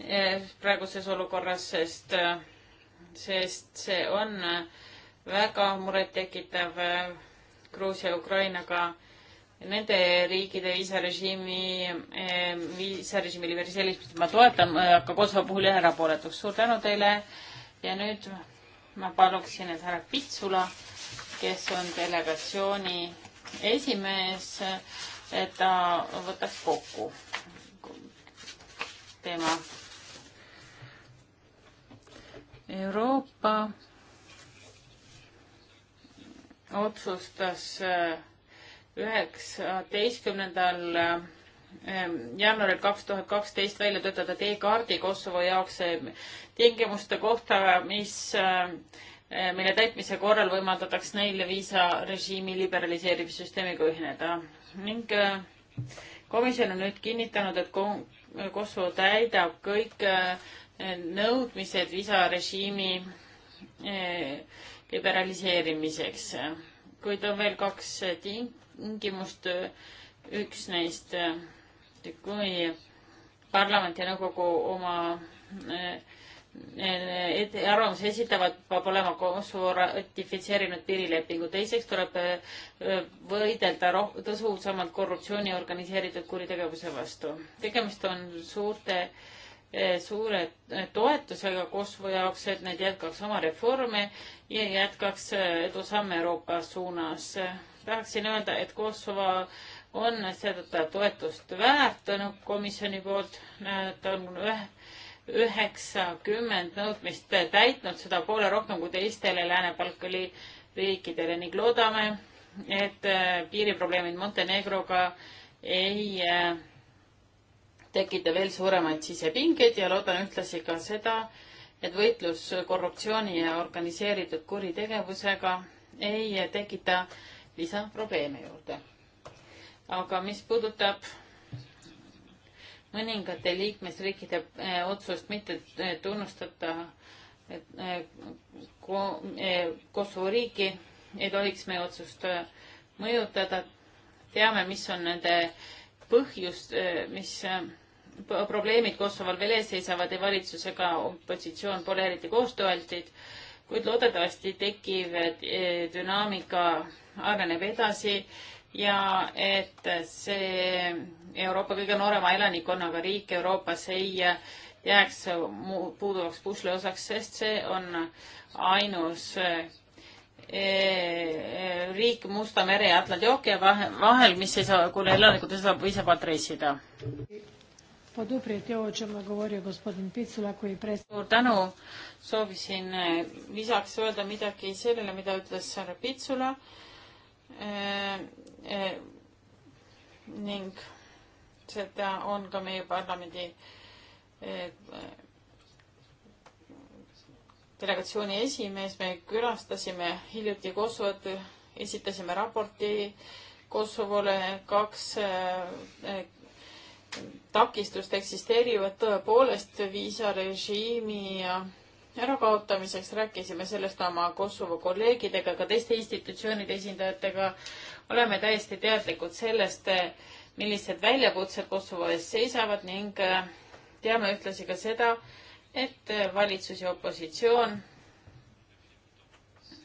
eh, praeguses olukorras, sest, eh, sest see on eh, väga murettekitav Gruusia, Ukrainaga, nende riikide viisarežiimi, viisarežiimi liberaliseerimist ma toetan, aga Kosovo puhul jään erapooletuks. suur tänu teile ja nüüd ma paluksin, et härra Pitsula, kes on delegatsiooni esimees, et ta võtaks kokku teema. Euroopa otsustas äh, üheksateistkümnendal ähm, jaanuaril kaks tuhat kaksteist välja töötada teekaardi Kosovo jaoks äh, tingimuste kohta, mis äh, Eh, mille täitmise korral võimaldataks neil viisarežiimi liberaliseerimissüsteemiga ühineda ning eh, komisjon on nüüd kinnitanud, et Kosovo täidab kõik eh, nõudmised viisarežiimi liberaliseerimiseks, kuid on veel kaks tingimust. üks neist, kui parlament ja nõukogu oma arvamuse esitavad, peab olema Kosovo ratifitseerinud piirilepingu. teiseks tuleb äh, võidelda tõhusamalt korruptsiooni ja organiseeritud kuritegevuse vastu. tegemist on suurte, äh, suure äh, toetusega Kosovo jaoks, et need jätkaks oma reforme ja jätkaks edusamme Euroopa suunas. tahaksin öelda, et Kosovo on seda toetust väärt komisjoni poolt, ta on ühe üheksakümmend nõudmist täitnud, seda poole rohkem kui teistele Lääne-Balkani riikidele ning loodame, et äh, piiriprobleemid Montenegroga ei äh, tekita veel suuremaid sisepingeid ja loodan ühtlasi ka seda, et võitlus korruptsiooni ja organiseeritud kuritegevusega ei tekita lisaprobleeme juurde. aga mis puudutab mõningate liikmesriikide eh, otsust mitte eh, tunnustada eh, Kosovo riiki, ei tohiks meie otsust mõjutada. teame, mis on nende põhjust, mis probleemid Kosoval veel ees seisavad ja valitsusega opositsioon pole eriti koostööaltid, kuid loodetavasti tekkiv dünaamika areneb edasi ja et see Euroopa kõige noorema elanikkonnaga riik Euroopas ei jääks puuduvaks pusle osaks, sest see on ainus e, e, riik Musta mere ja Atlandi ookeani vahel, vahel, mis ei saa, kuna elanikud ei saa piisavalt reisida. suur tänu, soovisin e, lisaks öelda midagi sellele, mida ütles härra Pitsula Äh, äh, ning seda on ka meie parlamendi äh, delegatsiooni esimees, me külastasime hiljuti Kosovot, esitasime raporti Kosovole, kaks takistust eksisteerivad tõepoolest viisarežiimi ja ärakaotamiseks, rääkisime sellest oma Kosovo kolleegidega, ka teiste institutsioonide esindajatega. oleme täiesti teadlikud sellest, millised väljakutsed Kosovo ees seisavad ning äh, teame ühtlasi ka seda, et valitsus ja opositsioon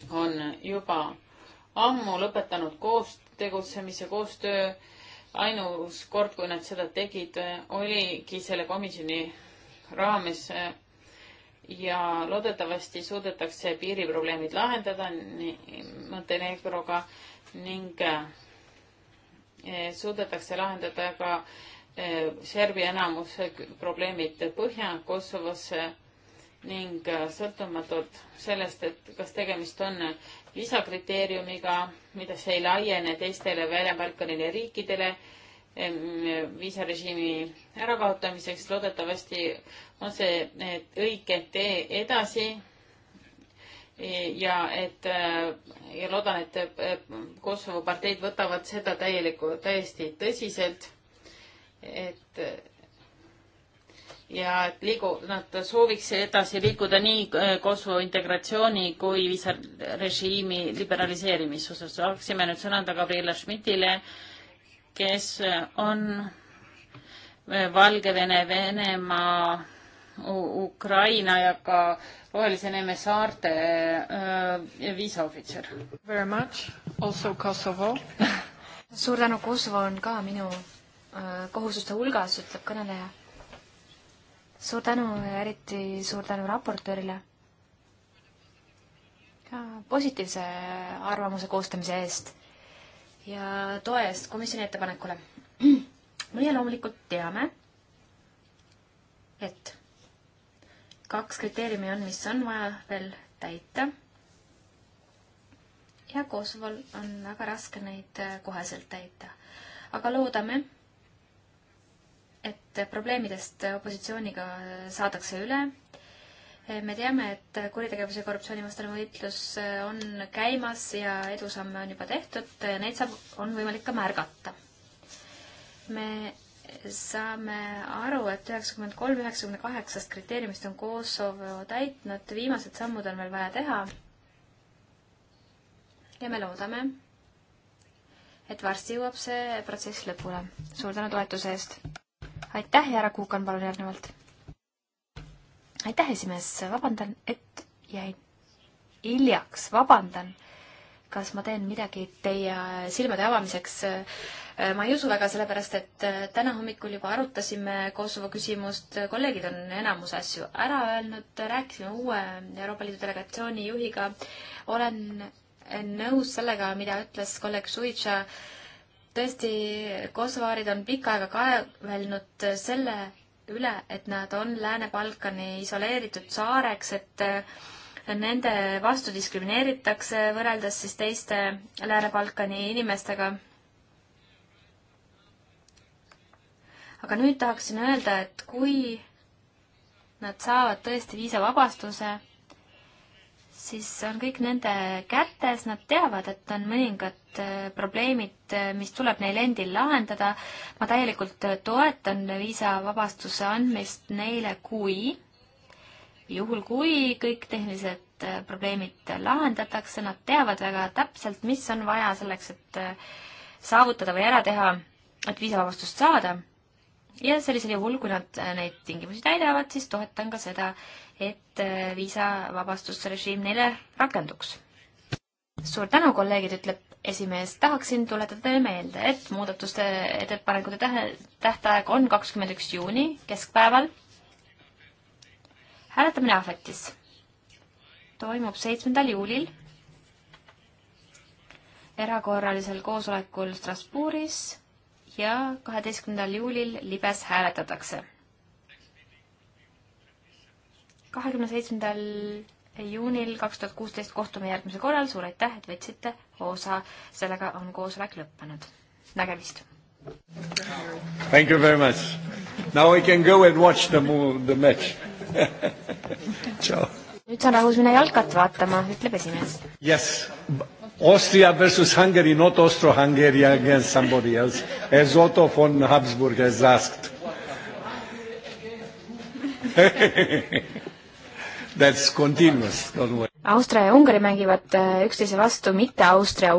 on juba ammu lõpetanud koos tegutsemise, koostöö. ainus kord, kui nad seda tegid, oligi selle komisjoni raames äh, ja loodetavasti suudetakse piiriprobleemid lahendada Montenegroga ning eh, eh, suudetakse lahendada ka eh, Serbia enamuse probleemid Põhja-Kosovos ning sõltumatult sellest, et kas tegemist on viisakriteeriumiga, mida see ei laiene teistele Väljapalkanile riikidele viisarežiimi ärakaotamiseks, loodetavasti on see, et õige tee edasi ja et ja loodan, et Kosovo parteid võtavad seda täielikku, täiesti tõsiselt, et ja et liigu, nad sooviks edasi liikuda nii Kosovo integratsiooni kui viisarežiimi liberaliseerimise osas. saaksime nüüd sõna anda Gabriela Schmidtile, kes on Valgevene, Venemaa Ukraina ja ka Rohelise Neeme saarte viisaohvitser. Very much, also Kosovo suur tänu, Kosovo on ka minu kohustuste hulgas, ütleb kõneleja. suur tänu ja eriti suur tänu raportöörile positiivse arvamuse koostamise eest ja toe eest komisjoni ettepanekule. meie loomulikult teame, et kaks kriteeriumi on, mis on vaja veel täita. ja Kosovol on väga raske neid äh, koheselt täita. aga loodame, et probleemidest opositsiooniga saadakse üle äh, me teame, et kuritegevuse ja korruptsioonivastane võitlus äh, on käimas ja edusamme on juba tehtud, neid saab, on võimalik ka märgata. me saame aru, et üheksakümmend kolm üheksakümne kaheksast kriteeriumist on Kosovo täitnud, viimased sammud on veel vaja teha. ja me loodame, et varsti jõuab see protsess lõpule. suur tänu toetuse eest! aitäh ja härra Kuukan, palun järgnevalt! aitäh, esimees, vabandan, et jäin hiljaks, vabandan. kas ma teen midagi teie silmade avamiseks äh, Äh, ma ei usu väga, sellepärast et äh, täna hommikul juba arutasime Kosovo küsimust, kolleegid on enamus asju ära öelnud, rääkisime uue Euroopa Liidu delegatsiooni juhiga, olen nõus sellega, mida ütles kolleeg Suitša, tõesti, kosovaarid on pikka aega kaevelnud selle üle, et nad on Lääne-Balkani isoleeritud saareks, et äh, nende vastu diskrimineeritakse võrreldes siis teiste Lääne-Balkani inimestega aga nüüd tahaksin öelda, et kui nad saavad tõesti viisavabastuse, siis on kõik nende kätes, nad teavad, et on mõningad äh, probleemid, äh, mis tuleb neil endil lahendada. ma täielikult äh, toetan viisavabastuse andmist neile, kui, juhul kui kõik tehnilised probleemid lahendatakse, nad teavad väga täpselt, mis on vaja selleks, et saavutada või ära teha, et viisavabastust saada ja sellisel juhul, kui nad äh, neid tingimusi täidavad, siis toetan ka seda, et äh, viisavabastusrežiim neile rakenduks. suur tänu, kolleegid, ütleb esimees, tahaksin tuletada teile meelde, et muudatuste ettepanekute tähe, tähtaeg on kakskümmend üks juuni keskpäeval. hääletamine ahvetis toimub seitsmendal juulil erakorralisel koosolekul Strasbourgis ja kaheteistkümnendal juulil libes hääletatakse. kahekümne seitsmendal juunil kaks tuhat kuusteist kohtume järgmise korral, suur aitäh, et võtsite osa, sellega on koosolek lõppenud. nägemist! Thank you very much. Now I can go and watch the, the match Ciao. nüüd saan rahus minna jalkat vaatama, ütleb esimees. Yes. Austria versus Hungary, not Austro-Hungary against somebody else, as Otto von Habsburg has asked. That's continuous, don't worry. Austria ja Ungari mängivad eh, üksteise vastu, mitte Austria